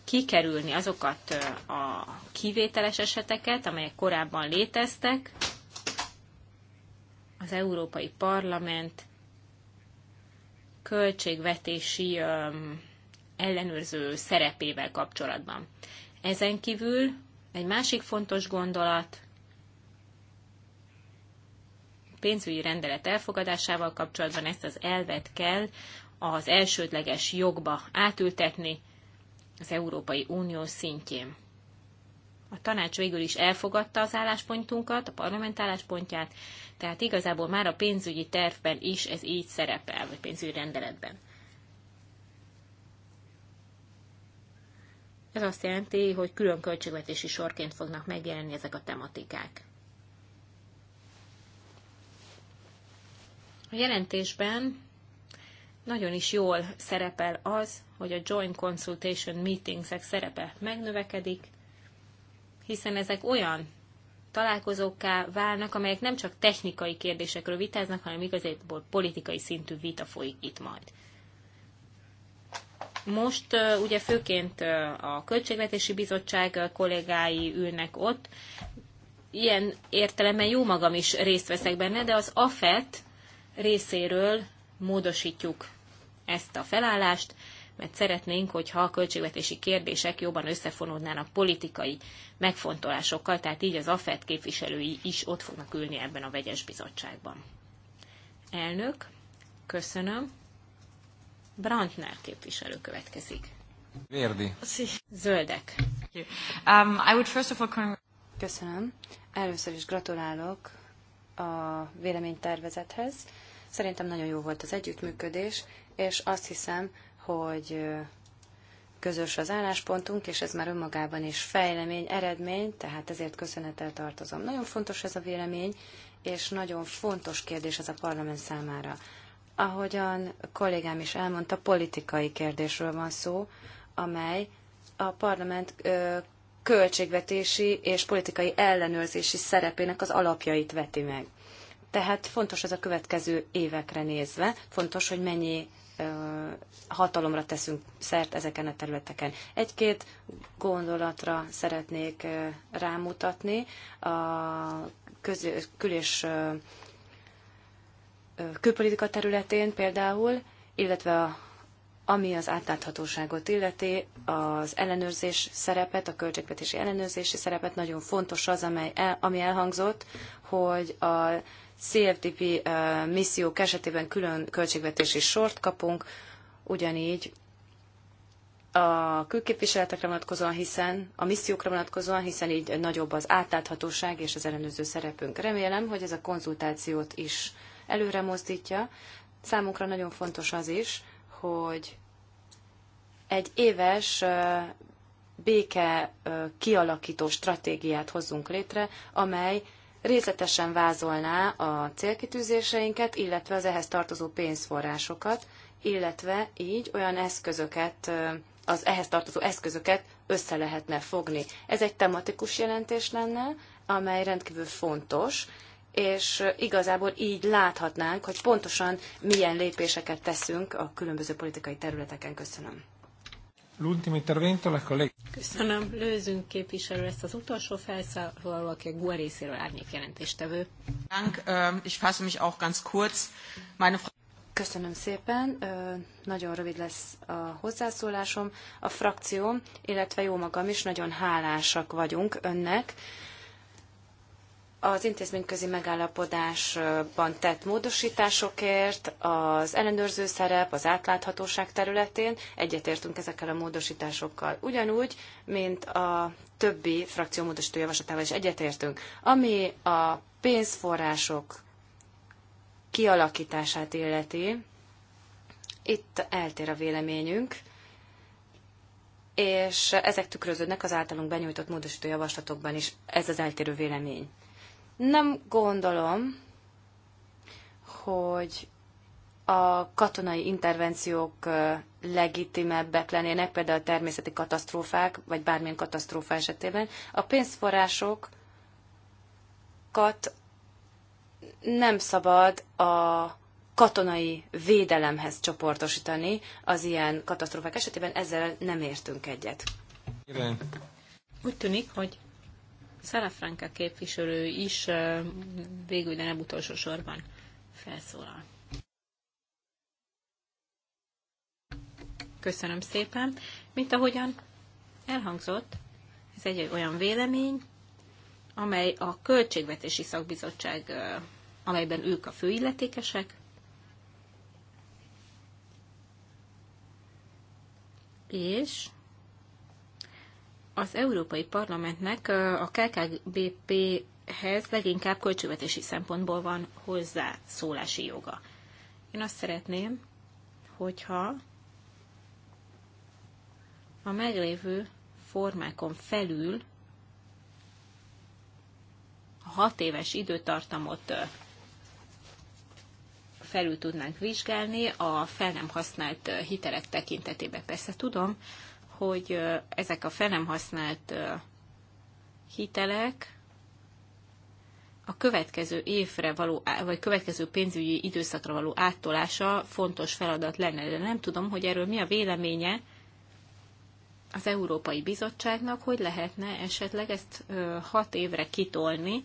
kikerülni azokat a kivételes eseteket, amelyek korábban léteztek, az Európai Parlament költségvetési ellenőrző szerepével kapcsolatban. Ezen kívül egy másik fontos gondolat pénzügyi rendelet elfogadásával kapcsolatban ezt az elvet kell az elsődleges jogba átültetni az Európai Unió szintjén. A tanács végül is elfogadta az álláspontunkat, a parlament álláspontját, tehát igazából már a pénzügyi tervben is ez így szerepel, vagy pénzügyi rendeletben. Ez azt jelenti, hogy külön költségvetési sorként fognak megjelenni ezek a tematikák. A jelentésben nagyon is jól szerepel az, hogy a Joint Consultation Meetingsek szerepe megnövekedik, hiszen ezek olyan találkozókká válnak, amelyek nem csak technikai kérdésekről vitáznak, hanem igazából politikai szintű vita folyik itt majd. Most ugye főként a Költségvetési Bizottság kollégái ülnek ott. Ilyen értelemben jó magam is részt veszek benne, de az AFET részéről módosítjuk ezt a felállást, mert szeretnénk, hogyha a költségvetési kérdések jobban összefonódnának politikai megfontolásokkal, tehát így az AFET képviselői is ott fognak ülni ebben a vegyes bizottságban. Elnök, köszönöm. Brandner képviselő következik. Verdi. Zöldek. Um, I would first of all... Köszönöm. Először is gratulálok a véleménytervezethez. Szerintem nagyon jó volt az együttműködés, és azt hiszem, hogy közös az álláspontunk, és ez már önmagában is fejlemény, eredmény, tehát ezért köszönettel tartozom. Nagyon fontos ez a vélemény, és nagyon fontos kérdés ez a parlament számára. Ahogyan kollégám is elmondta, politikai kérdésről van szó, amely a parlament költségvetési és politikai ellenőrzési szerepének az alapjait veti meg. Tehát fontos ez a következő évekre nézve, fontos, hogy mennyi hatalomra teszünk szert ezeken a területeken. Egy-két gondolatra szeretnék rámutatni. A kül- és külpolitika területén például, illetve a ami az átláthatóságot illeti, az ellenőrzés szerepet, a költségvetési ellenőrzési szerepet nagyon fontos az, amely el, ami elhangzott, hogy a CFTP eh, missziók esetében külön költségvetési sort kapunk, ugyanígy a külképviseletekre vonatkozóan, hiszen a missziókra vonatkozóan, hiszen így nagyobb az átláthatóság és az ellenőrző szerepünk. Remélem, hogy ez a konzultációt is előre mozdítja. Számunkra nagyon fontos az is, hogy egy éves eh, béke eh, kialakító stratégiát hozzunk létre, amely részletesen vázolná a célkitűzéseinket, illetve az ehhez tartozó pénzforrásokat, illetve így olyan eszközöket, az ehhez tartozó eszközöket össze lehetne fogni. Ez egy tematikus jelentés lenne, amely rendkívül fontos, és igazából így láthatnánk, hogy pontosan milyen lépéseket teszünk a különböző politikai területeken. Köszönöm. Köszönöm, lőzünk képviselő ezt az utolsó felszálló, aki a GUA részéről árnyék jelentéstevő. Ähm, Köszönöm szépen. Nagyon rövid lesz a hozzászólásom. A frakcióm, illetve jó magam is nagyon hálásak vagyunk önnek az intézményközi megállapodásban tett módosításokért, az ellenőrző szerep, az átláthatóság területén egyetértünk ezekkel a módosításokkal. Ugyanúgy, mint a többi frakció módosító javaslatával is egyetértünk. Ami a pénzforrások kialakítását illeti, itt eltér a véleményünk, és ezek tükröződnek az általunk benyújtott módosító javaslatokban is. Ez az eltérő vélemény. Nem gondolom, hogy a katonai intervenciók legitimebbek lennének, például a természeti katasztrófák, vagy bármilyen katasztrófa esetében. A pénzforrásokat nem szabad a katonai védelemhez csoportosítani az ilyen katasztrófák esetében, ezzel nem értünk egyet. Úgy tűnik, hogy Szalafranka képviselő is végül, de nem utolsó sorban felszólal. Köszönöm szépen. Mint ahogyan elhangzott, ez egy olyan vélemény, amely a Költségvetési Szakbizottság, amelyben ők a főilletékesek, és az Európai Parlamentnek a KKBP-hez leginkább költségvetési szempontból van hozzá szólási joga. Én azt szeretném, hogyha a meglévő formákon felül a hat éves időtartamot felül tudnánk vizsgálni, a fel nem használt hitelek tekintetében persze tudom, hogy ezek a fel nem használt hitelek a következő évre való, vagy következő pénzügyi időszakra való áttolása fontos feladat lenne, de nem tudom, hogy erről mi a véleménye az Európai Bizottságnak, hogy lehetne esetleg ezt hat évre kitolni.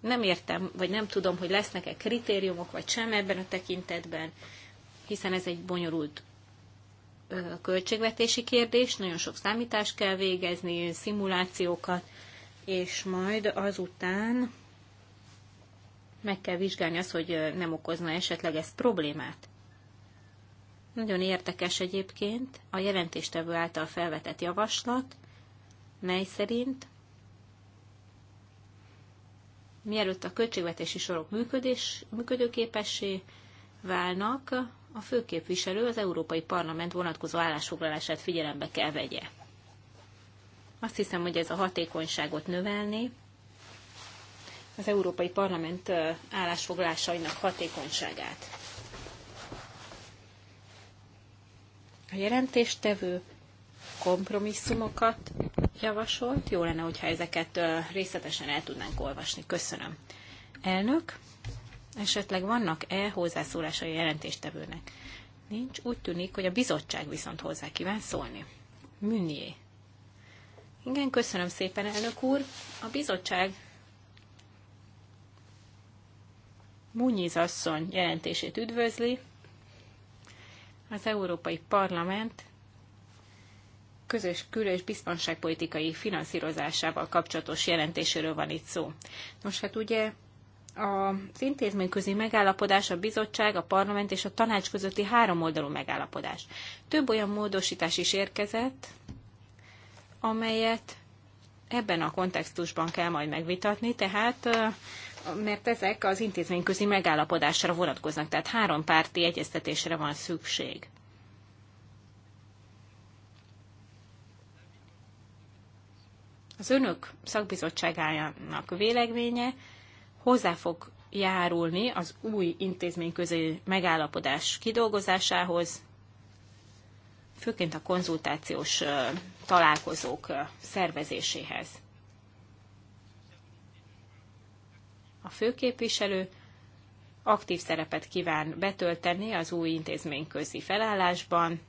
Nem értem, vagy nem tudom, hogy lesznek-e kritériumok, vagy sem ebben a tekintetben, hiszen ez egy bonyolult költségvetési kérdés, nagyon sok számítást kell végezni, szimulációkat, és majd azután meg kell vizsgálni azt, hogy nem okozna esetleg ezt problémát. Nagyon érdekes egyébként a jelentéstevő által felvetett javaslat, mely szerint mielőtt a költségvetési sorok működés, működőképessé válnak, a főképviselő az Európai Parlament vonatkozó állásfoglalását figyelembe kell vegye. Azt hiszem, hogy ez a hatékonyságot növelni, az Európai Parlament állásfoglalásainak hatékonyságát. A jelentéstevő kompromisszumokat javasolt. Jó lenne, hogyha ezeket részletesen el tudnánk olvasni. Köszönöm. Elnök. Esetleg vannak-e hozzászólásai jelentéstevőnek? Nincs. Úgy tűnik, hogy a bizottság viszont hozzá kíván szólni. Műnié. Igen, köszönöm szépen, elnök úr. A bizottság Munyiz asszony jelentését üdvözli. Az Európai Parlament közös külös és biztonságpolitikai finanszírozásával kapcsolatos jelentéséről van itt szó. Nos, hát ugye az intézményközi megállapodás, a bizottság, a parlament és a tanács közötti háromoldalú megállapodás. Több olyan módosítás is érkezett, amelyet ebben a kontextusban kell majd megvitatni, tehát mert ezek az intézményközi megállapodásra vonatkoznak, tehát három párti egyeztetésre van szükség. Az önök szakbizottságának véleménye hozzá fog járulni az új intézményközi megállapodás kidolgozásához, főként a konzultációs találkozók szervezéséhez. A főképviselő aktív szerepet kíván betölteni az új intézményközi felállásban,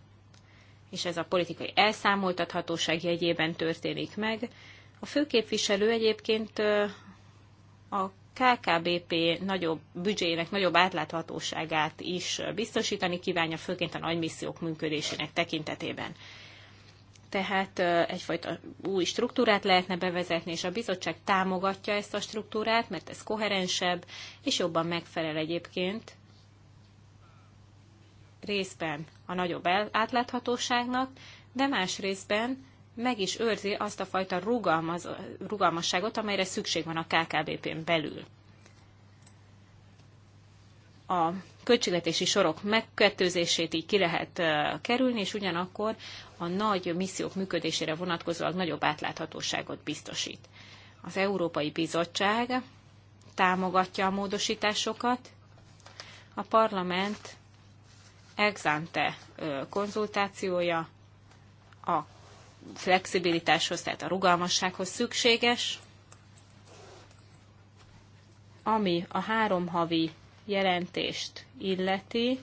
és ez a politikai elszámoltathatóság jegyében történik meg. A főképviselő egyébként a KKBP nagyobb büdzséjének nagyobb átláthatóságát is biztosítani kívánja, főként a nagymissziók működésének tekintetében. Tehát egyfajta új struktúrát lehetne bevezetni, és a bizottság támogatja ezt a struktúrát, mert ez koherensebb, és jobban megfelel egyébként részben a nagyobb átláthatóságnak, de más részben meg is őrzi azt a fajta rugalmaz, rugalmasságot, amelyre szükség van a KKBP-n belül. A költségvetési sorok megkettőzését így ki lehet kerülni, és ugyanakkor a nagy missziók működésére vonatkozóan nagyobb átláthatóságot biztosít. Az Európai Bizottság támogatja a módosításokat, a parlament exante konzultációja a flexibilitáshoz, tehát a rugalmassághoz szükséges. Ami a három havi jelentést illeti,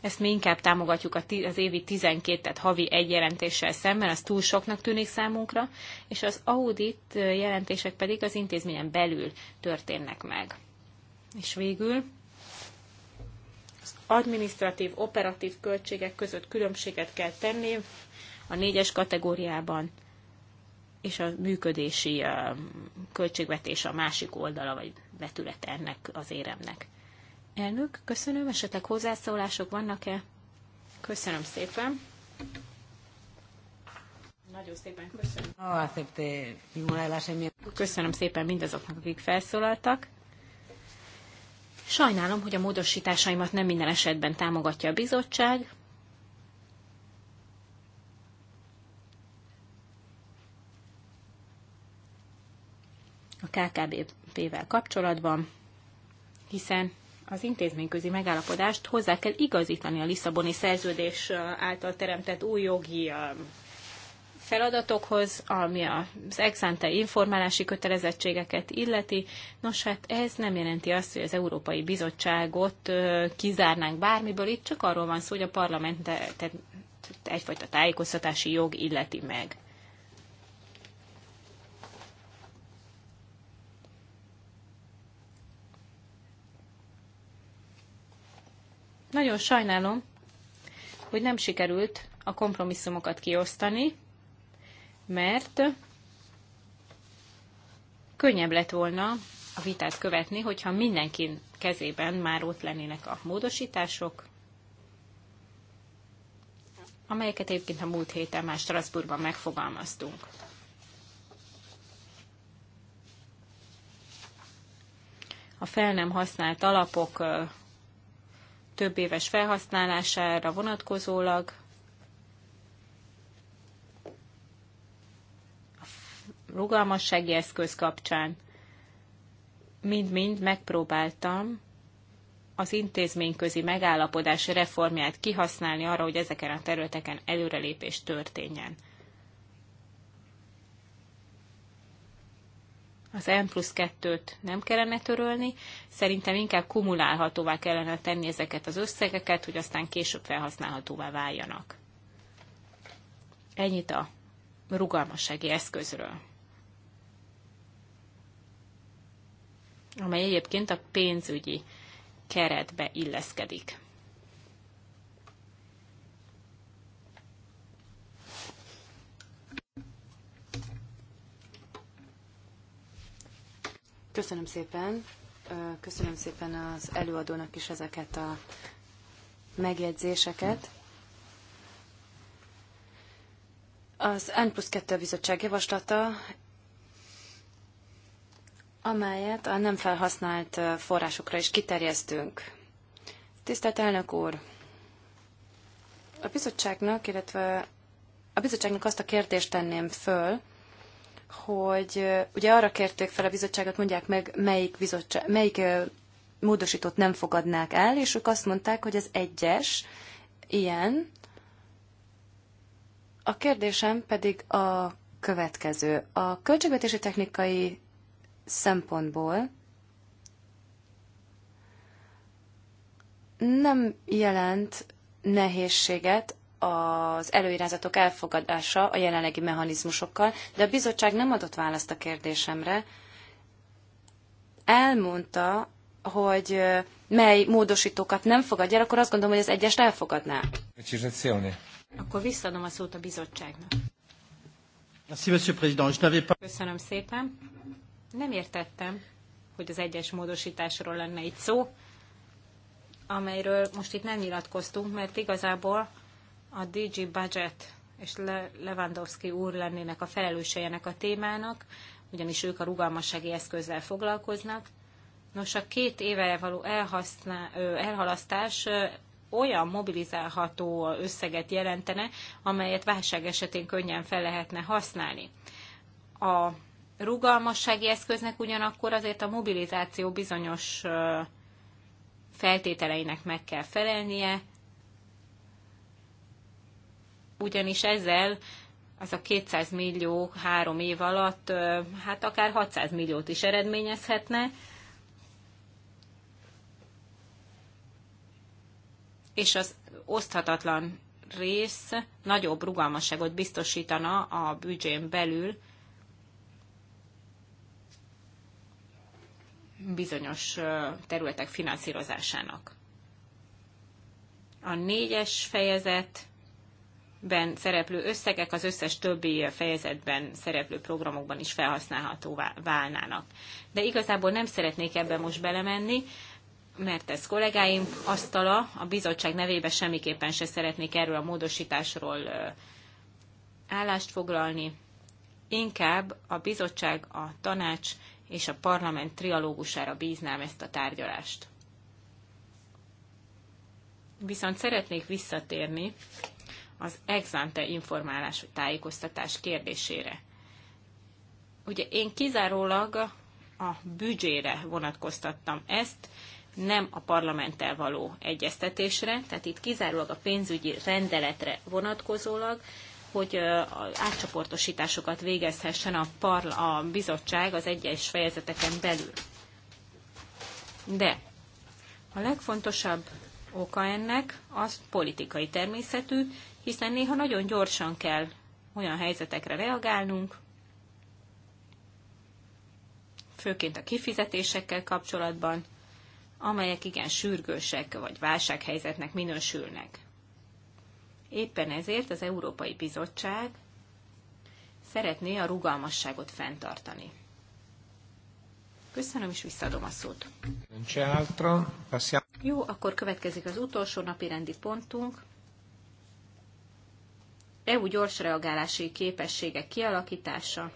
ezt mi inkább támogatjuk az évi 12, tehát havi egy jelentéssel szemben, az túl soknak tűnik számunkra, és az audit jelentések pedig az intézményen belül történnek meg. És végül az administratív, operatív költségek között különbséget kell tenni a négyes kategóriában, és a működési költségvetés a másik oldala, vagy vetület ennek az éremnek. Elnök, köszönöm, esetleg hozzászólások vannak-e? Köszönöm szépen. Nagyon szépen köszönöm. Hát, köszönöm szépen mindazoknak, akik felszólaltak. Sajnálom, hogy a módosításaimat nem minden esetben támogatja a bizottság. A KKB-vel kapcsolatban, hiszen az intézményközi megállapodást hozzá kell igazítani a Lisszaboni szerződés által teremtett új jogi feladatokhoz, ami az exante informálási kötelezettségeket illeti. Nos, hát ez nem jelenti azt, hogy az Európai Bizottságot kizárnánk bármiből, itt csak arról van szó, hogy a parlamentet egyfajta tájékoztatási jog illeti meg. Nagyon sajnálom, hogy nem sikerült a kompromisszumokat kiosztani, mert könnyebb lett volna a vitát követni, hogyha mindenkin kezében már ott lennének a módosítások, amelyeket egyébként a múlt héten már Strasbourgban megfogalmaztunk. A fel nem használt alapok több éves felhasználására vonatkozólag rugalmassági eszköz kapcsán. Mind-mind megpróbáltam az intézményközi megállapodás reformját kihasználni arra, hogy ezeken a területeken előrelépés történjen. az N plusz 2-t nem kellene törölni, szerintem inkább kumulálhatóvá kellene tenni ezeket az összegeket, hogy aztán később felhasználhatóvá váljanak. Ennyit a rugalmassági eszközről. amely egyébként a pénzügyi keretbe illeszkedik. Köszönöm szépen. Köszönöm szépen az előadónak is ezeket a megjegyzéseket. Az N plusz 2 bizottság javaslata amelyet a nem felhasznált forrásokra is kiterjesztünk. Tisztelt elnök úr! A bizottságnak, illetve a bizottságnak azt a kérdést tenném föl, hogy ugye arra kérték fel a bizottságot, mondják meg, melyik, bizottság, melyik módosítót nem fogadnák el, és ők azt mondták, hogy az egyes ilyen. A kérdésem pedig a következő. A költségvetési technikai szempontból nem jelent nehézséget az előirányzatok elfogadása a jelenlegi mechanizmusokkal, de a bizottság nem adott választ a kérdésemre. Elmondta, hogy mely módosítókat nem fogadja, akkor azt gondolom, hogy az egyest elfogadná. Akkor visszadom a szót a bizottságnak. Köszönöm szépen. Nem értettem, hogy az egyes módosításról lenne itt szó, amelyről most itt nem nyilatkoztunk, mert igazából a DG Budget és Lewandowski úr lennének a felelőseinek a témának, ugyanis ők a rugalmassági eszközzel foglalkoznak. Nos, a két éve való elhasznál, elhalasztás olyan mobilizálható összeget jelentene, amelyet válság esetén könnyen fel lehetne használni. A rugalmassági eszköznek, ugyanakkor azért a mobilizáció bizonyos feltételeinek meg kell felelnie, ugyanis ezzel az a 200 millió három év alatt, hát akár 600 milliót is eredményezhetne, és az oszthatatlan rész nagyobb rugalmasságot biztosítana a büdzsén belül, bizonyos területek finanszírozásának. A négyes fejezetben szereplő összegek az összes többi fejezetben szereplő programokban is felhasználhatóvá válnának. De igazából nem szeretnék ebben most belemenni, mert ez kollégáim asztala, a bizottság nevében semmiképpen se szeretnék erről a módosításról állást foglalni. Inkább a bizottság, a tanács és a parlament trialógusára bíznám ezt a tárgyalást. Viszont szeretnék visszatérni az exante informálás tájékoztatás kérdésére. Ugye én kizárólag a büdzsére vonatkoztattam ezt, nem a parlamenttel való egyeztetésre, tehát itt kizárólag a pénzügyi rendeletre vonatkozólag hogy átcsoportosításokat végezhessen a, parla, a bizottság az egyes fejezeteken belül. De a legfontosabb oka ennek az politikai természetű, hiszen néha nagyon gyorsan kell olyan helyzetekre reagálnunk, főként a kifizetésekkel kapcsolatban, amelyek igen sürgősek vagy válsághelyzetnek minősülnek. Éppen ezért az Európai Bizottság szeretné a rugalmasságot fenntartani. Köszönöm, és visszadom a szót. Jó, akkor következik az utolsó napi rendi pontunk. EU gyors reagálási képességek kialakítása.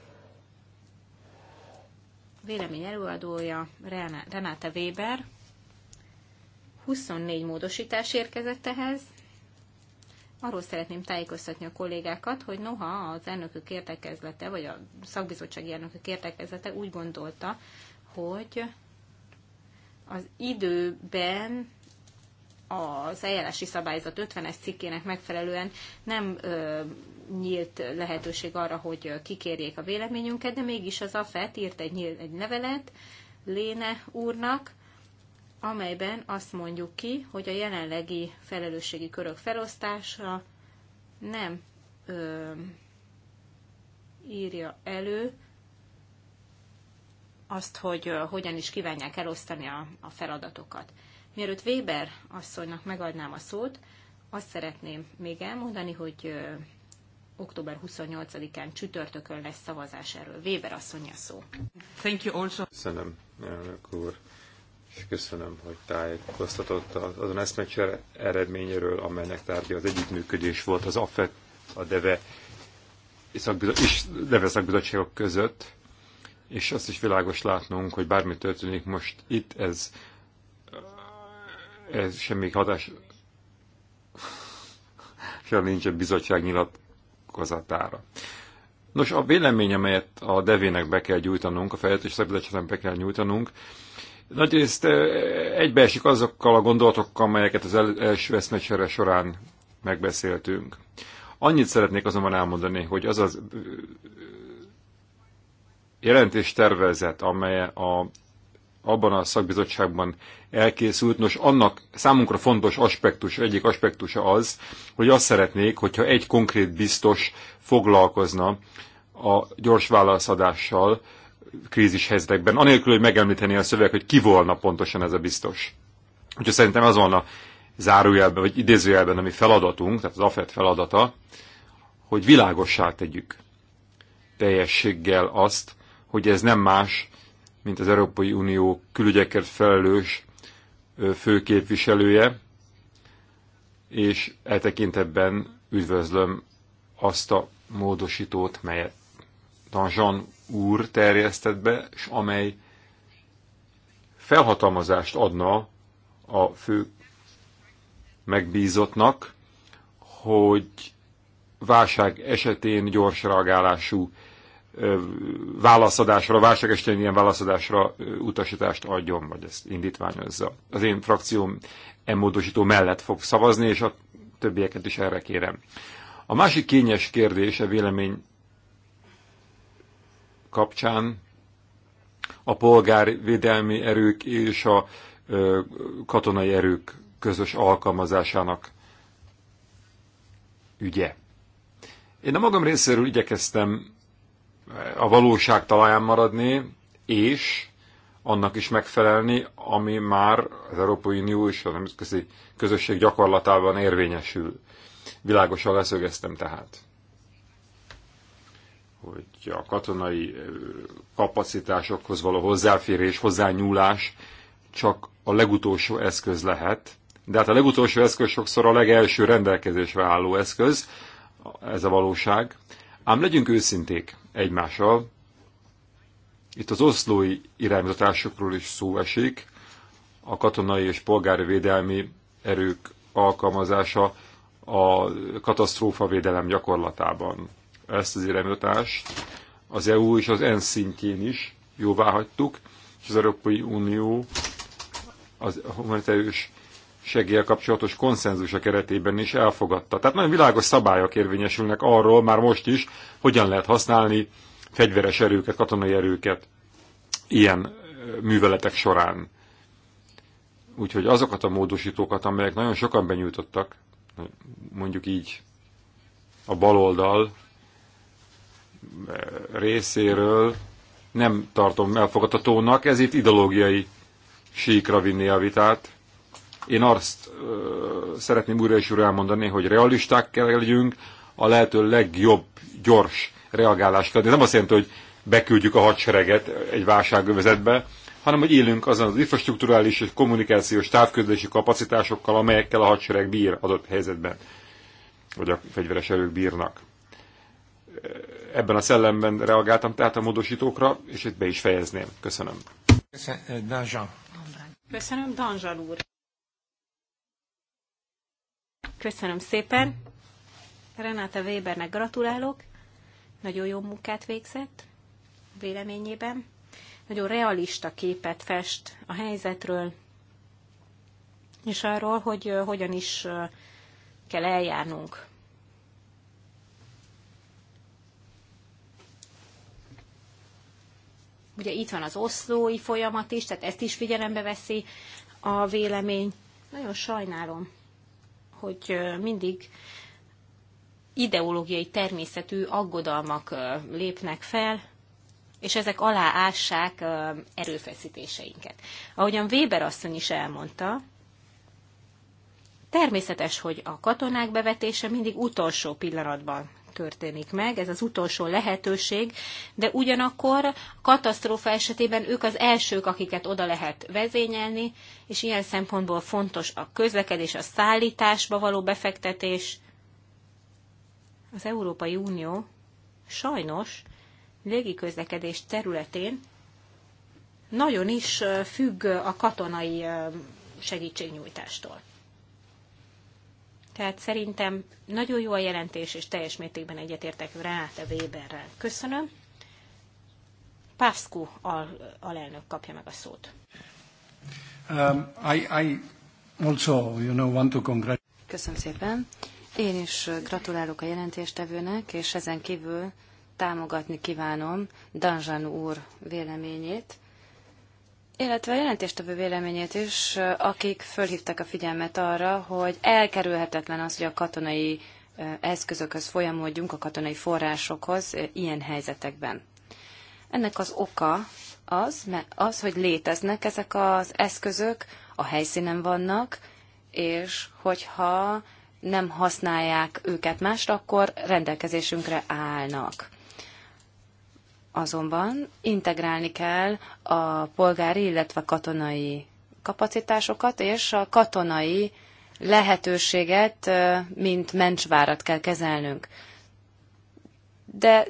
Vélemény előadója Renáta Weber. 24 módosítás érkezett ehhez arról szeretném tájékoztatni a kollégákat, hogy noha az elnökök értekezlete, vagy a szakbizottsági elnökök értekezlete úgy gondolta, hogy az időben az eljárási szabályzat 50-es cikkének megfelelően nem ö, nyílt lehetőség arra, hogy kikérjék a véleményünket, de mégis az AFET írt egy, egy levelet Léne úrnak, amelyben azt mondjuk ki, hogy a jelenlegi felelősségi körök felosztása nem ö, írja elő azt, hogy ö, hogyan is kívánják elosztani a, a feladatokat. Mielőtt Weber asszonynak megadnám a szót, azt szeretném még elmondani, hogy ö, október 28-án csütörtökön lesz szavazás erről. Weber asszony a szó. Thank you also. Köszönöm, elnök úr és köszönöm, hogy tájékoztatott azon eszmecsere eredményéről, amelynek tárgya az együttműködés volt az AFET, a DEVE és DEVE szakbizottságok között, és azt is világos látnunk, hogy bármi történik most itt, ez, ez semmi hatás sem nincs a bizottság nyilatkozatára. Nos, a vélemény, amelyet a devének be kell gyújtanunk, a fejlesztés szakbizottságnak be kell nyújtanunk, nagyrészt egybeesik azokkal a gondolatokkal, amelyeket az első eszmecsere során megbeszéltünk. Annyit szeretnék azonban elmondani, hogy az az jelentés tervezet, amely a, abban a szakbizottságban elkészült, nos annak számunkra fontos aspektus, egyik aspektusa az, hogy azt szeretnék, hogyha egy konkrét biztos foglalkozna a gyors válaszadással, krízis helyzetekben, anélkül, hogy megemlíteni a szöveg, hogy ki volna pontosan ez a biztos. Úgyhogy szerintem az volna zárójelben, vagy idézőjelben, ami feladatunk, tehát az AFET feladata, hogy világossá tegyük teljességgel azt, hogy ez nem más, mint az Európai Unió külügyekért felelős főképviselője, és e tekintetben üdvözlöm azt a módosítót, melyet Danzsan úr terjesztett be, és amely felhatalmazást adna a fő megbízottnak, hogy válság esetén gyors reagálású válaszadásra, válság esetén ilyen válaszadásra utasítást adjon, vagy ezt indítványozza. Az én frakcióm e módosító mellett fog szavazni, és a többieket is erre kérem. A másik kényes kérdés a vélemény kapcsán a polgárvédelmi erők és a katonai erők közös alkalmazásának ügye. Én a magam részéről igyekeztem a valóság talaján maradni, és annak is megfelelni, ami már az Európai Unió és a nemzetközi közösség gyakorlatában érvényesül. Világosan leszögeztem tehát hogy a katonai kapacitásokhoz való hozzáférés, hozzányúlás csak a legutolsó eszköz lehet. De hát a legutolsó eszköz sokszor a legelső rendelkezésre álló eszköz, ez a valóság. Ám legyünk őszinték egymással. Itt az oszlói irányzatásokról is szó esik, a katonai és polgári védelmi erők alkalmazása a katasztrófavédelem gyakorlatában ezt az iránymutatást az EU és az ENSZ szintjén is jóvá hagytuk, és az Európai Unió az humanitárius segélyel kapcsolatos konszenzusa keretében is elfogadta. Tehát nagyon világos szabályok érvényesülnek arról már most is, hogyan lehet használni fegyveres erőket, katonai erőket ilyen műveletek során. Úgyhogy azokat a módosítókat, amelyek nagyon sokan benyújtottak, mondjuk így a baloldal részéről nem tartom elfogadhatónak, ez itt ideológiai síkra vinni a vitát. Én azt ö, szeretném újra és újra elmondani, hogy realisták kell legyünk, a lehető legjobb, gyors reagálást kell. De nem azt jelenti, hogy beküldjük a hadsereget egy válságövezetbe, hanem hogy élünk azon az infrastruktúrális és kommunikációs távközlési kapacitásokkal, amelyekkel a hadsereg bír adott helyzetben, vagy a fegyveres erők bírnak ebben a szellemben reagáltam tehát a módosítókra, és itt be is fejezném. Köszönöm. Köszönöm, Danzsal úr. Köszönöm szépen. Renáta Webernek gratulálok. Nagyon jó munkát végzett véleményében. Nagyon realista képet fest a helyzetről, és arról, hogy eh, hogyan is eh, kell eljárnunk Ugye itt van az oszlói folyamat is, tehát ezt is figyelembe veszi a vélemény. Nagyon sajnálom, hogy mindig ideológiai természetű aggodalmak lépnek fel, és ezek aláássák erőfeszítéseinket. Ahogyan Weber asszony is elmondta, Természetes, hogy a katonák bevetése mindig utolsó pillanatban történik meg, ez az utolsó lehetőség, de ugyanakkor katasztrófa esetében ők az elsők, akiket oda lehet vezényelni, és ilyen szempontból fontos a közlekedés, a szállításba való befektetés. Az Európai Unió sajnos légiközlekedés területén nagyon is függ a katonai segítségnyújtástól. Tehát szerintem nagyon jó a jelentés, és teljes mértékben egyetértek rá, te Weberrel. Köszönöm. Pászkú al- alelnök kapja meg a szót. Um, I, I also, you know, want to congratulate. Köszönöm szépen. Én is gratulálok a jelentéstevőnek, és ezen kívül támogatni kívánom Danzsán úr véleményét, illetve a jelentéstevő véleményét is, akik fölhívták a figyelmet arra, hogy elkerülhetetlen az, hogy a katonai eszközökhöz folyamodjunk, a katonai forrásokhoz ilyen helyzetekben. Ennek az oka az, az, hogy léteznek ezek az eszközök, a helyszínen vannak, és hogyha nem használják őket másra, akkor rendelkezésünkre állnak. Azonban integrálni kell a polgári, illetve katonai kapacitásokat, és a katonai lehetőséget, mint mencsvárat kell kezelnünk. De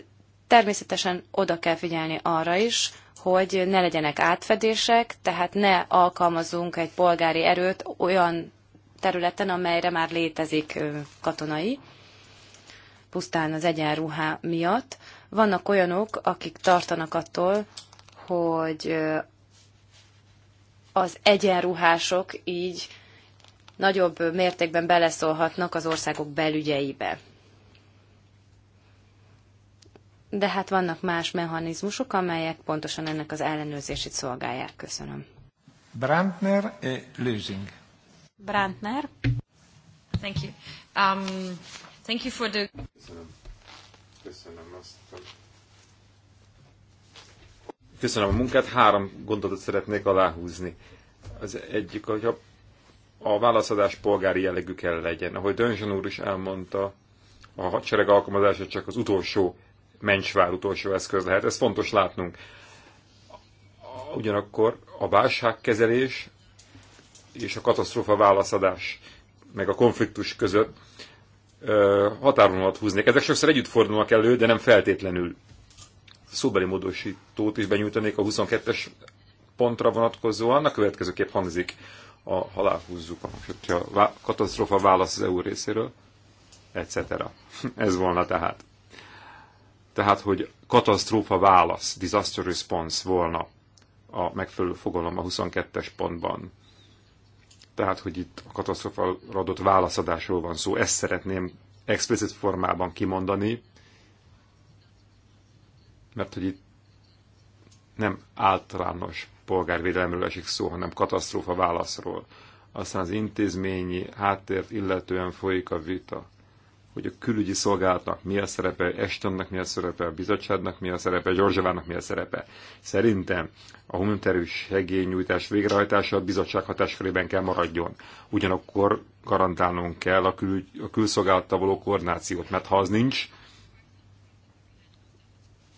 természetesen oda kell figyelni arra is, hogy ne legyenek átfedések, tehát ne alkalmazzunk egy polgári erőt olyan területen, amelyre már létezik katonai, pusztán az egyenruhá miatt. Vannak olyanok, akik tartanak attól, hogy az egyenruhások így nagyobb mértékben beleszólhatnak az országok belügyeibe. De hát vannak más mechanizmusok, amelyek pontosan ennek az ellenőrzését szolgálják. Köszönöm. Brandner e Lösing. Brandner. Thank you. Um, thank you for the... Köszönöm. Köszönöm szavaztam. Köszönöm a munkát, három gondolatot szeretnék aláhúzni. Az egyik, hogy a, a válaszadás polgári jellegű kell legyen. Ahogy Dönzsön úr is elmondta, a hadsereg alkalmazása csak az utolsó mencsvár utolsó eszköz lehet. Ez fontos látnunk. Ugyanakkor a válságkezelés és a katasztrófa válaszadás, meg a konfliktus között alatt húznék. Ezek sokszor együtt fordulnak elő, de nem feltétlenül. Szóbeli módosítót is benyújtanék a 22-es pontra vonatkozóan, a következőképp hangzik a halálhúzzuk, a katasztrofa válasz az EU részéről, etc. Ez volna tehát. Tehát, hogy katasztrófa válasz, disaster response volna a megfelelő fogalom a 22-es pontban tehát hogy itt a katasztrofa adott válaszadásról van szó. Ezt szeretném explicit formában kimondani, mert hogy itt nem általános polgárvédelemről esik szó, hanem katasztrófa válaszról. Aztán az intézményi háttért illetően folyik a vita hogy a külügyi szolgálatnak mi a szerepe, Estonnak mi a szerepe, a bizottságnak mi a szerepe, Gyorzsavának mi a szerepe. Szerintem a humanitárius segélynyújtás végrehajtása a bizottság hatáskörében kell maradjon. Ugyanakkor garantálnunk kell a, kül, a külszolgálattal való koordinációt, mert ha az nincs,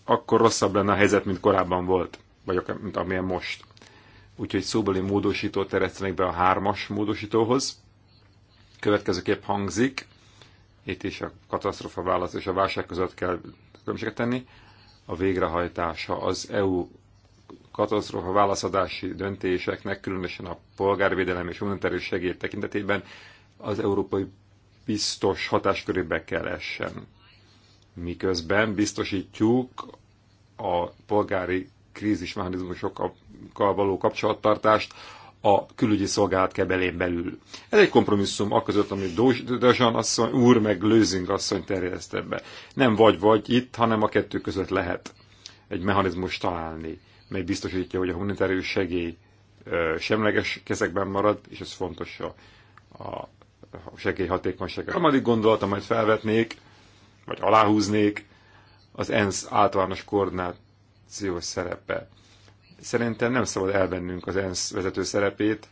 akkor rosszabb lenne a helyzet, mint korábban volt, vagy mint amilyen most. Úgyhogy szóbeli módosítót terjesztenek be a hármas módosítóhoz. Következőképp hangzik, itt is a katasztrofa válasz és a válság között kell különbséget tenni. A végrehajtása az EU katasztrofa válaszadási döntéseknek, különösen a polgárvédelem és humanitárius segély tekintetében az európai biztos hatáskörébe kell essen. Miközben biztosítjuk a polgári krízismechanizmusokkal való kapcsolattartást a külügyi szolgálat kebelén belül. Ez egy kompromisszum, aközött, amit Dazsan asszony, úr meg Lőzing asszony terjeszt be. Nem vagy-vagy itt, hanem a kettő között lehet egy mechanizmus találni, mely biztosítja, hogy a humanitárius segély semleges kezekben marad, és ez fontos a, a segély hatékonysága. A harmadik gondolat, amit felvetnék, vagy aláhúznék, az ENSZ általános koordinációs szerepe. Szerintem nem szabad elvennünk az ENSZ vezető szerepét,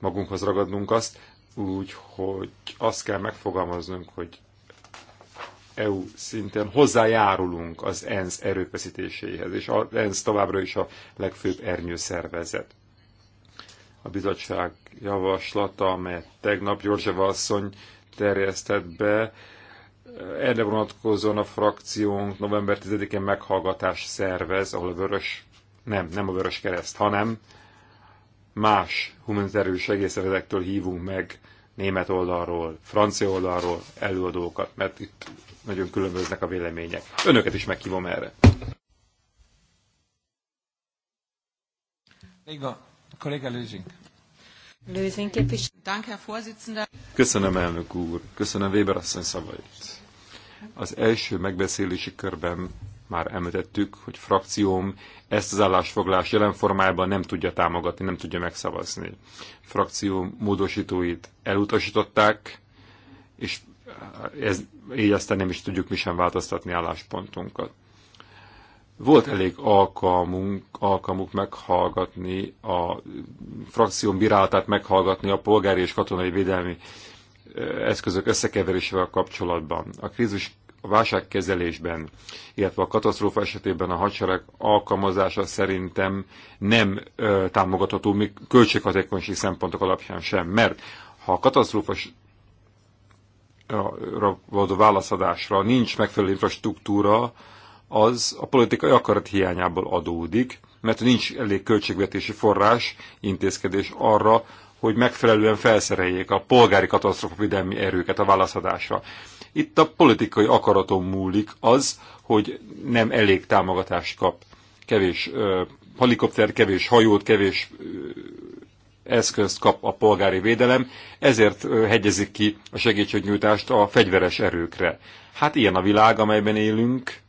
magunkhoz ragadnunk azt, úgy, hogy azt kell megfogalmaznunk, hogy EU szinten hozzájárulunk az ENSZ erőfeszítéséhez, és az ENSZ továbbra is a legfőbb ernyőszervezet. A bizottság javaslata, amelyet tegnap Gyorzseva asszony terjesztett be, erre vonatkozóan a frakciónk november 10-én meghallgatás szervez, ahol a vörös nem, nem a Vörös Kereszt, hanem más humanitárius segélyszervezektől hívunk meg német oldalról, francia oldalról előadókat, mert itt nagyon különböznek a vélemények. Önöket is meghívom erre. Köszönöm, elnök úr. Köszönöm Weber asszony szavait. Az első megbeszélési körben már említettük, hogy frakcióm ezt az állásfoglás jelen formájában nem tudja támogatni, nem tudja megszavazni. Frakció módosítóit elutasították, és ez, így aztán nem is tudjuk mi sem változtatni álláspontunkat. Volt elég alkalmunk, alkalmuk meghallgatni, a frakcióm bírálatát meghallgatni a polgári és katonai védelmi eszközök összekeverésével kapcsolatban. A krízis a válságkezelésben, illetve a katasztrófa esetében a hadsereg alkalmazása szerintem nem ö, támogatható, még költséghatékonysági szempontok alapján sem, mert ha a katasztrófa való válaszadásra nincs megfelelő infrastruktúra, az a politikai akarat hiányából adódik, mert nincs elég költségvetési forrás, intézkedés arra, hogy megfelelően felszereljék a polgári katasztrofavédelmi erőket a válaszadásra. Itt a politikai akaraton múlik az, hogy nem elég támogatást kap. Kevés ö, helikopter, kevés hajót, kevés ö, eszközt kap a polgári védelem, ezért hegyezik ki a segítségnyújtást a fegyveres erőkre. Hát ilyen a világ, amelyben élünk,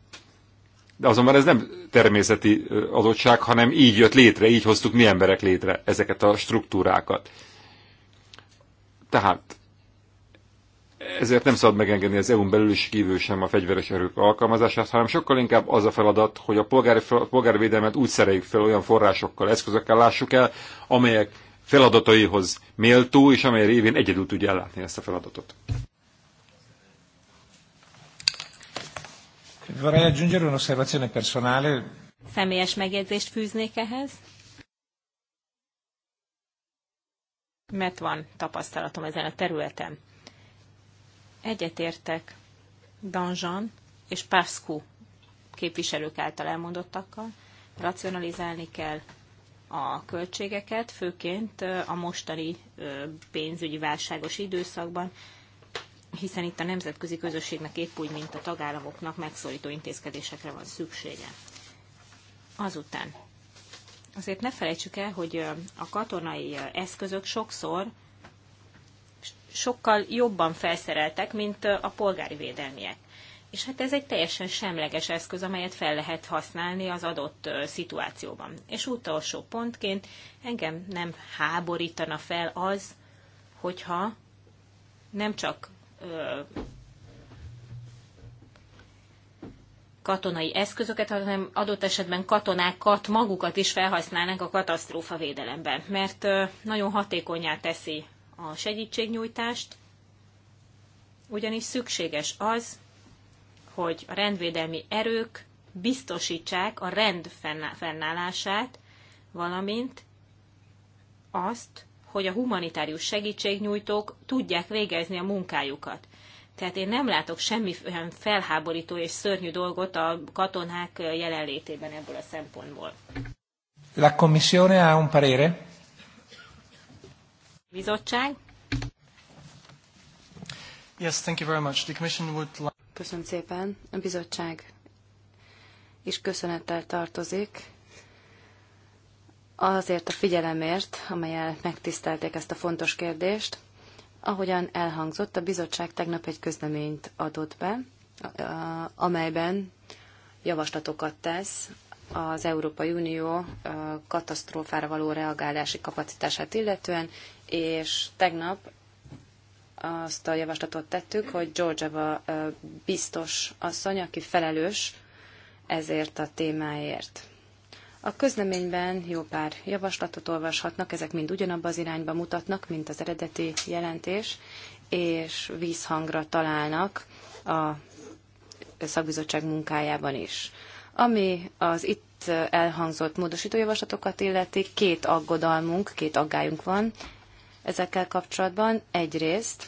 de azonban ez nem természeti adottság, hanem így jött létre, így hoztuk mi emberek létre ezeket a struktúrákat. Tehát ezért nem szabad megengedni az EU-n belül is kívül sem a fegyveres erők alkalmazását, hanem sokkal inkább az a feladat, hogy a polgári, védelmet úgy szereljük fel olyan forrásokkal, eszközökkel lássuk el, amelyek feladataihoz méltó, és amely révén egyedül tudja ellátni ezt a feladatot. Vorrei aggiungere un'osservazione personale. Személyes megjegyzést fűznék ehhez, mert van tapasztalatom ezen a területen. Egyetértek Danzsan és Pascu képviselők által elmondottakkal, racionalizálni kell a költségeket, főként a mostani pénzügyi válságos időszakban, hiszen itt a nemzetközi közösségnek épp úgy, mint a tagállamoknak megszólító intézkedésekre van szüksége. Azután azért ne felejtsük el, hogy a katonai eszközök sokszor sokkal jobban felszereltek, mint a polgári védelmiek. És hát ez egy teljesen semleges eszköz, amelyet fel lehet használni az adott szituációban. És utolsó pontként engem nem háborítana fel az, hogyha nem csak katonai eszközöket, hanem adott esetben katonákat, magukat is felhasználnánk a katasztrófa védelemben, mert nagyon hatékonyá teszi a segítségnyújtást, ugyanis szükséges az, hogy a rendvédelmi erők biztosítsák a rend fennállását, valamint azt, hogy a humanitárius segítségnyújtók tudják végezni a munkájukat. Tehát én nem látok semmi felháborító és szörnyű dolgot a katonák jelenlétében ebből a szempontból. La Commissione ha un parere? Bizottság? Yes, thank you very much. The Commission would like... Köszönöm szépen. A bizottság is köszönettel tartozik azért a figyelemért, amelyel megtisztelték ezt a fontos kérdést. Ahogyan elhangzott, a bizottság tegnap egy közleményt adott be, amelyben javaslatokat tesz az Európai Unió katasztrófára való reagálási kapacitását illetően, és tegnap azt a javaslatot tettük, hogy Georgieva biztos asszony, aki felelős ezért a témáért. A közleményben jó pár javaslatot olvashatnak, ezek mind ugyanabba az irányba mutatnak, mint az eredeti jelentés, és vízhangra találnak a szakbizottság munkájában is. Ami az itt elhangzott módosítójavaslatokat illeti, két aggodalmunk, két aggályunk van ezekkel kapcsolatban. Egyrészt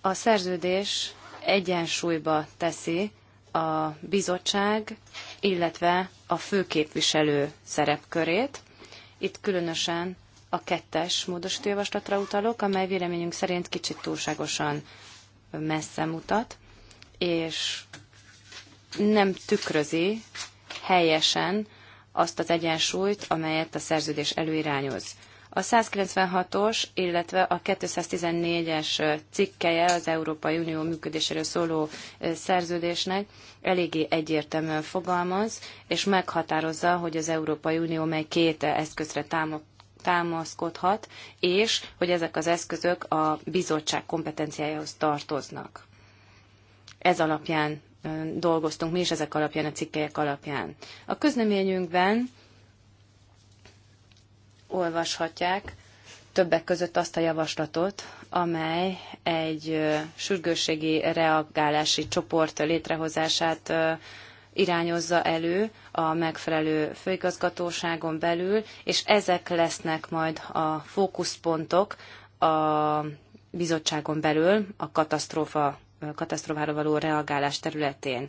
a szerződés egyensúlyba teszi a bizottság, illetve a főképviselő szerepkörét. Itt különösen a kettes javaslatra utalok, amely véleményünk szerint kicsit túlságosan messze mutat, és nem tükrözi helyesen azt az egyensúlyt, amelyet a szerződés előirányoz. A 196-os, illetve a 214-es cikkeje az Európai Unió működéséről szóló szerződésnek eléggé egyértelműen fogalmaz, és meghatározza, hogy az Európai Unió mely két eszközre támog, támaszkodhat, és hogy ezek az eszközök a bizottság kompetenciájához tartoznak. Ez alapján dolgoztunk mi is, ezek alapján, a cikkelyek alapján. A közleményünkben olvashatják többek között azt a javaslatot, amely egy sürgősségi reagálási csoport létrehozását irányozza elő a megfelelő főigazgatóságon belül, és ezek lesznek majd a fókuszpontok a bizottságon belül a katasztrófa, katasztrófára való reagálás területén.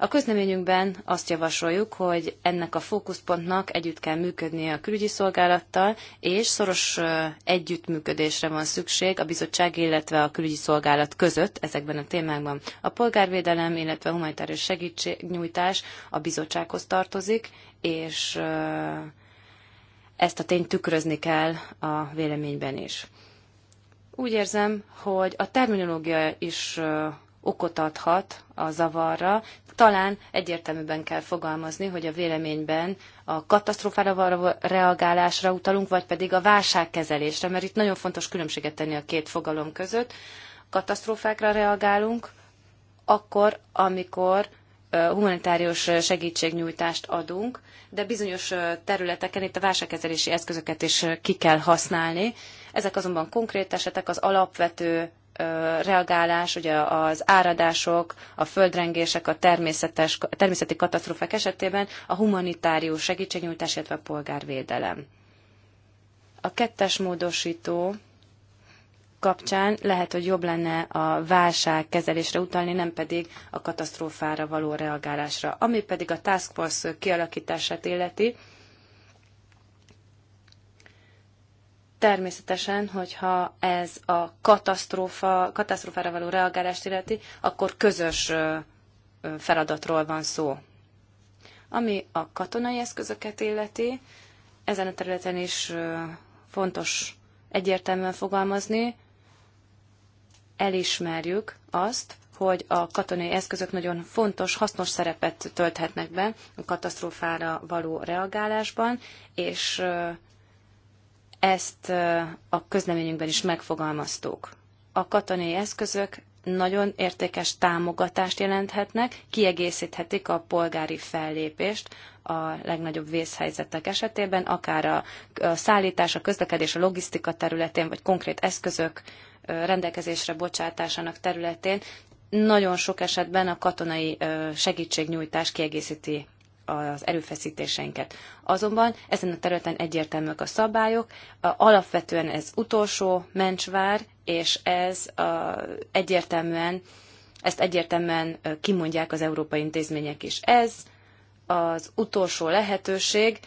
A közleményünkben azt javasoljuk, hogy ennek a fókuszpontnak együtt kell működnie a külügyi szolgálattal, és szoros együttműködésre van szükség a bizottság, illetve a külügyi szolgálat között ezekben a témákban. A polgárvédelem, illetve a humanitárius segítségnyújtás a bizottsághoz tartozik, és ezt a tényt tükrözni kell a véleményben is. Úgy érzem, hogy a terminológia is okot adhat a zavarra, talán egyértelműben kell fogalmazni, hogy a véleményben a katasztrófára való reagálásra utalunk, vagy pedig a válságkezelésre, mert itt nagyon fontos különbséget tenni a két fogalom között. Katasztrófákra reagálunk, akkor, amikor humanitárius segítségnyújtást adunk, de bizonyos területeken itt a válságkezelési eszközöket is ki kell használni. Ezek azonban konkrét esetek, az alapvető reagálás, ugye az áradások, a földrengések, a természetes, természeti katasztrófák esetében a humanitárius segítségnyújtás, illetve a polgárvédelem. A kettes módosító kapcsán lehet, hogy jobb lenne a válságkezelésre utalni, nem pedig a katasztrófára való reagálásra. Ami pedig a task force kialakítását illeti, Természetesen, hogyha ez a katasztrófa, katasztrófára való reagálást illeti, akkor közös feladatról van szó. Ami a katonai eszközöket illeti, ezen a területen is fontos egyértelműen fogalmazni, elismerjük azt, hogy a katonai eszközök nagyon fontos, hasznos szerepet tölthetnek be a katasztrófára való reagálásban, és ezt a közleményünkben is megfogalmaztuk. A katonai eszközök nagyon értékes támogatást jelenthetnek, kiegészíthetik a polgári fellépést a legnagyobb vészhelyzetek esetében, akár a szállítás, a közlekedés, a logisztika területén, vagy konkrét eszközök rendelkezésre bocsátásának területén. Nagyon sok esetben a katonai segítségnyújtás kiegészíti az erőfeszítéseinket. Azonban ezen a területen egyértelműek a szabályok, alapvetően ez utolsó mencsvár, és ez a, egyértelműen, ezt egyértelműen kimondják az európai intézmények is. Ez az utolsó lehetőség,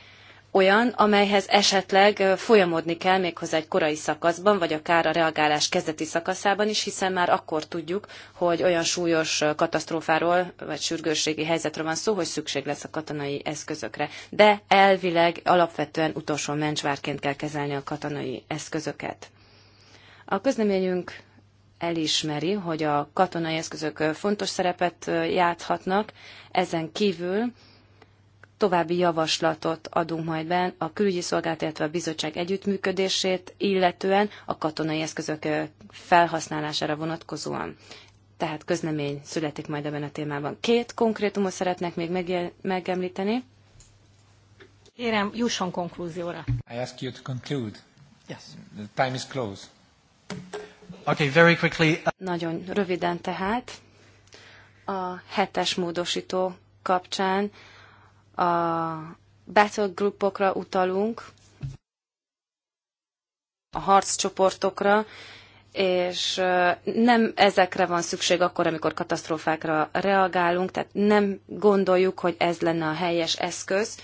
olyan, amelyhez esetleg folyamodni kell méghozzá egy korai szakaszban, vagy akár a reagálás kezdeti szakaszában is, hiszen már akkor tudjuk, hogy olyan súlyos katasztrófáról vagy sürgősségi helyzetről van szó, hogy szükség lesz a katonai eszközökre. De elvileg alapvetően utolsó mencsvárként kell kezelni a katonai eszközöket. A közleményünk elismeri, hogy a katonai eszközök fontos szerepet játhatnak, ezen kívül további javaslatot adunk majd be a külügyi szolgálat, illetve a bizottság együttműködését, illetően a katonai eszközök felhasználására vonatkozóan. Tehát közlemény születik majd ebben a témában. Két konkrétumot szeretnek még megemlíteni. Kérem, jusson konklúzióra. I ask you to conclude. Yes. The time is close. Okay, very quickly. Uh, Nagyon röviden tehát. A hetes módosító kapcsán a battle groupokra utalunk, a harccsoportokra, és nem ezekre van szükség akkor, amikor katasztrófákra reagálunk, tehát nem gondoljuk, hogy ez lenne a helyes eszköz.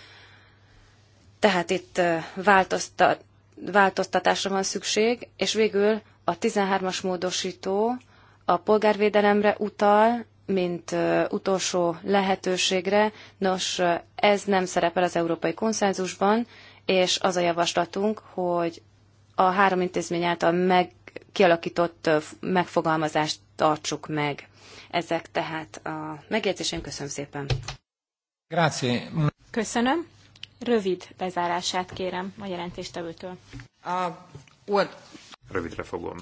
Tehát itt változtat, változtatásra van szükség, és végül a 13-as módosító a polgárvédelemre utal, mint utolsó lehetőségre. Nos, ez nem szerepel az európai konszenzusban, és az a javaslatunk, hogy a három intézmény által meg, kialakított megfogalmazást tartsuk meg. Ezek tehát a megjegyzésem. Köszönöm szépen. Grazie. Köszönöm. Rövid bezárását kérem a jelentéstevőtől. Uh, what? Rövidre fogom.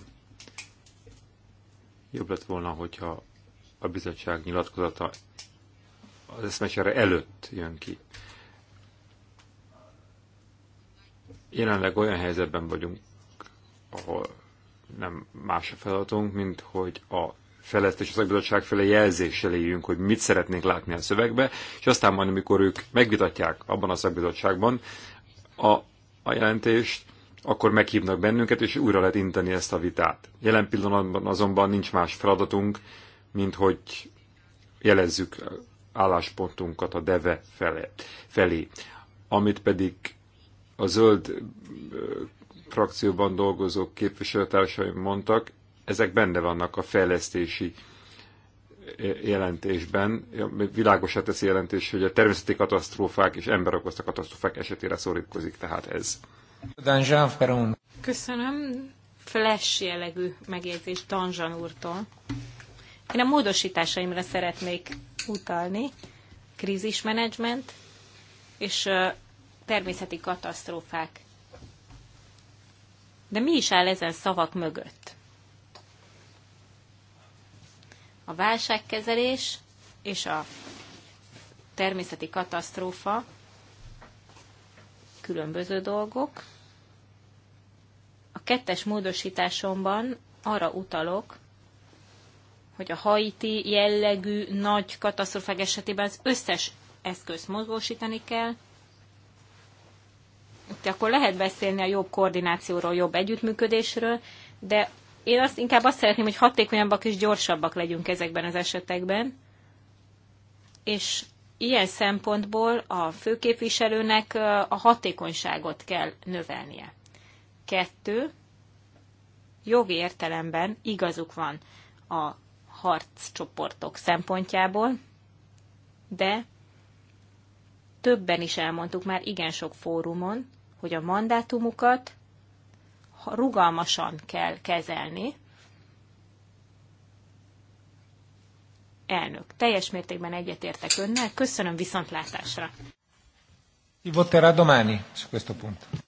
Jobb lett volna, hogyha a bizottság nyilatkozata az eszmecsere előtt jön ki. Jelenleg olyan helyzetben vagyunk, ahol nem más a feladatunk, mint hogy a a szakbizottság felé jelzéssel éljünk, hogy mit szeretnénk látni a szövegbe, és aztán majd, amikor ők megvitatják abban a szakbizottságban a, a jelentést, akkor meghívnak bennünket, és újra lehet inteni ezt a vitát. Jelen pillanatban azonban nincs más feladatunk, mint hogy jelezzük álláspontunkat a deve fele, felé. Amit pedig a zöld frakcióban dolgozó képviselőtársaim mondtak, ezek benne vannak a fejlesztési jelentésben. Világosá teszi jelentés, hogy a természeti katasztrófák és ember okozta katasztrófák esetére szorítkozik, tehát ez. Köszönöm. Flash jellegű megjegyzés Danzsan úrtól. Én a módosításaimra szeretnék utalni, krízismenedzsment és természeti katasztrófák. De mi is áll ezen szavak mögött? A válságkezelés és a természeti katasztrófa különböző dolgok. A kettes módosításomban arra utalok, hogy a haiti jellegű nagy katasztrofák esetében az összes eszközt mozgósítani kell. Itt akkor lehet beszélni a jobb koordinációról, jobb együttműködésről, de én azt inkább azt szeretném, hogy hatékonyabbak és gyorsabbak legyünk ezekben az esetekben. És ilyen szempontból a főképviselőnek a hatékonyságot kell növelnie. Kettő, jogi értelemben igazuk van a harccsoportok szempontjából, de többen is elmondtuk már igen sok fórumon, hogy a mandátumukat rugalmasan kell kezelni. Elnök, teljes mértékben egyetértek önnel, köszönöm viszontlátásra. Voterá domani su questo punto.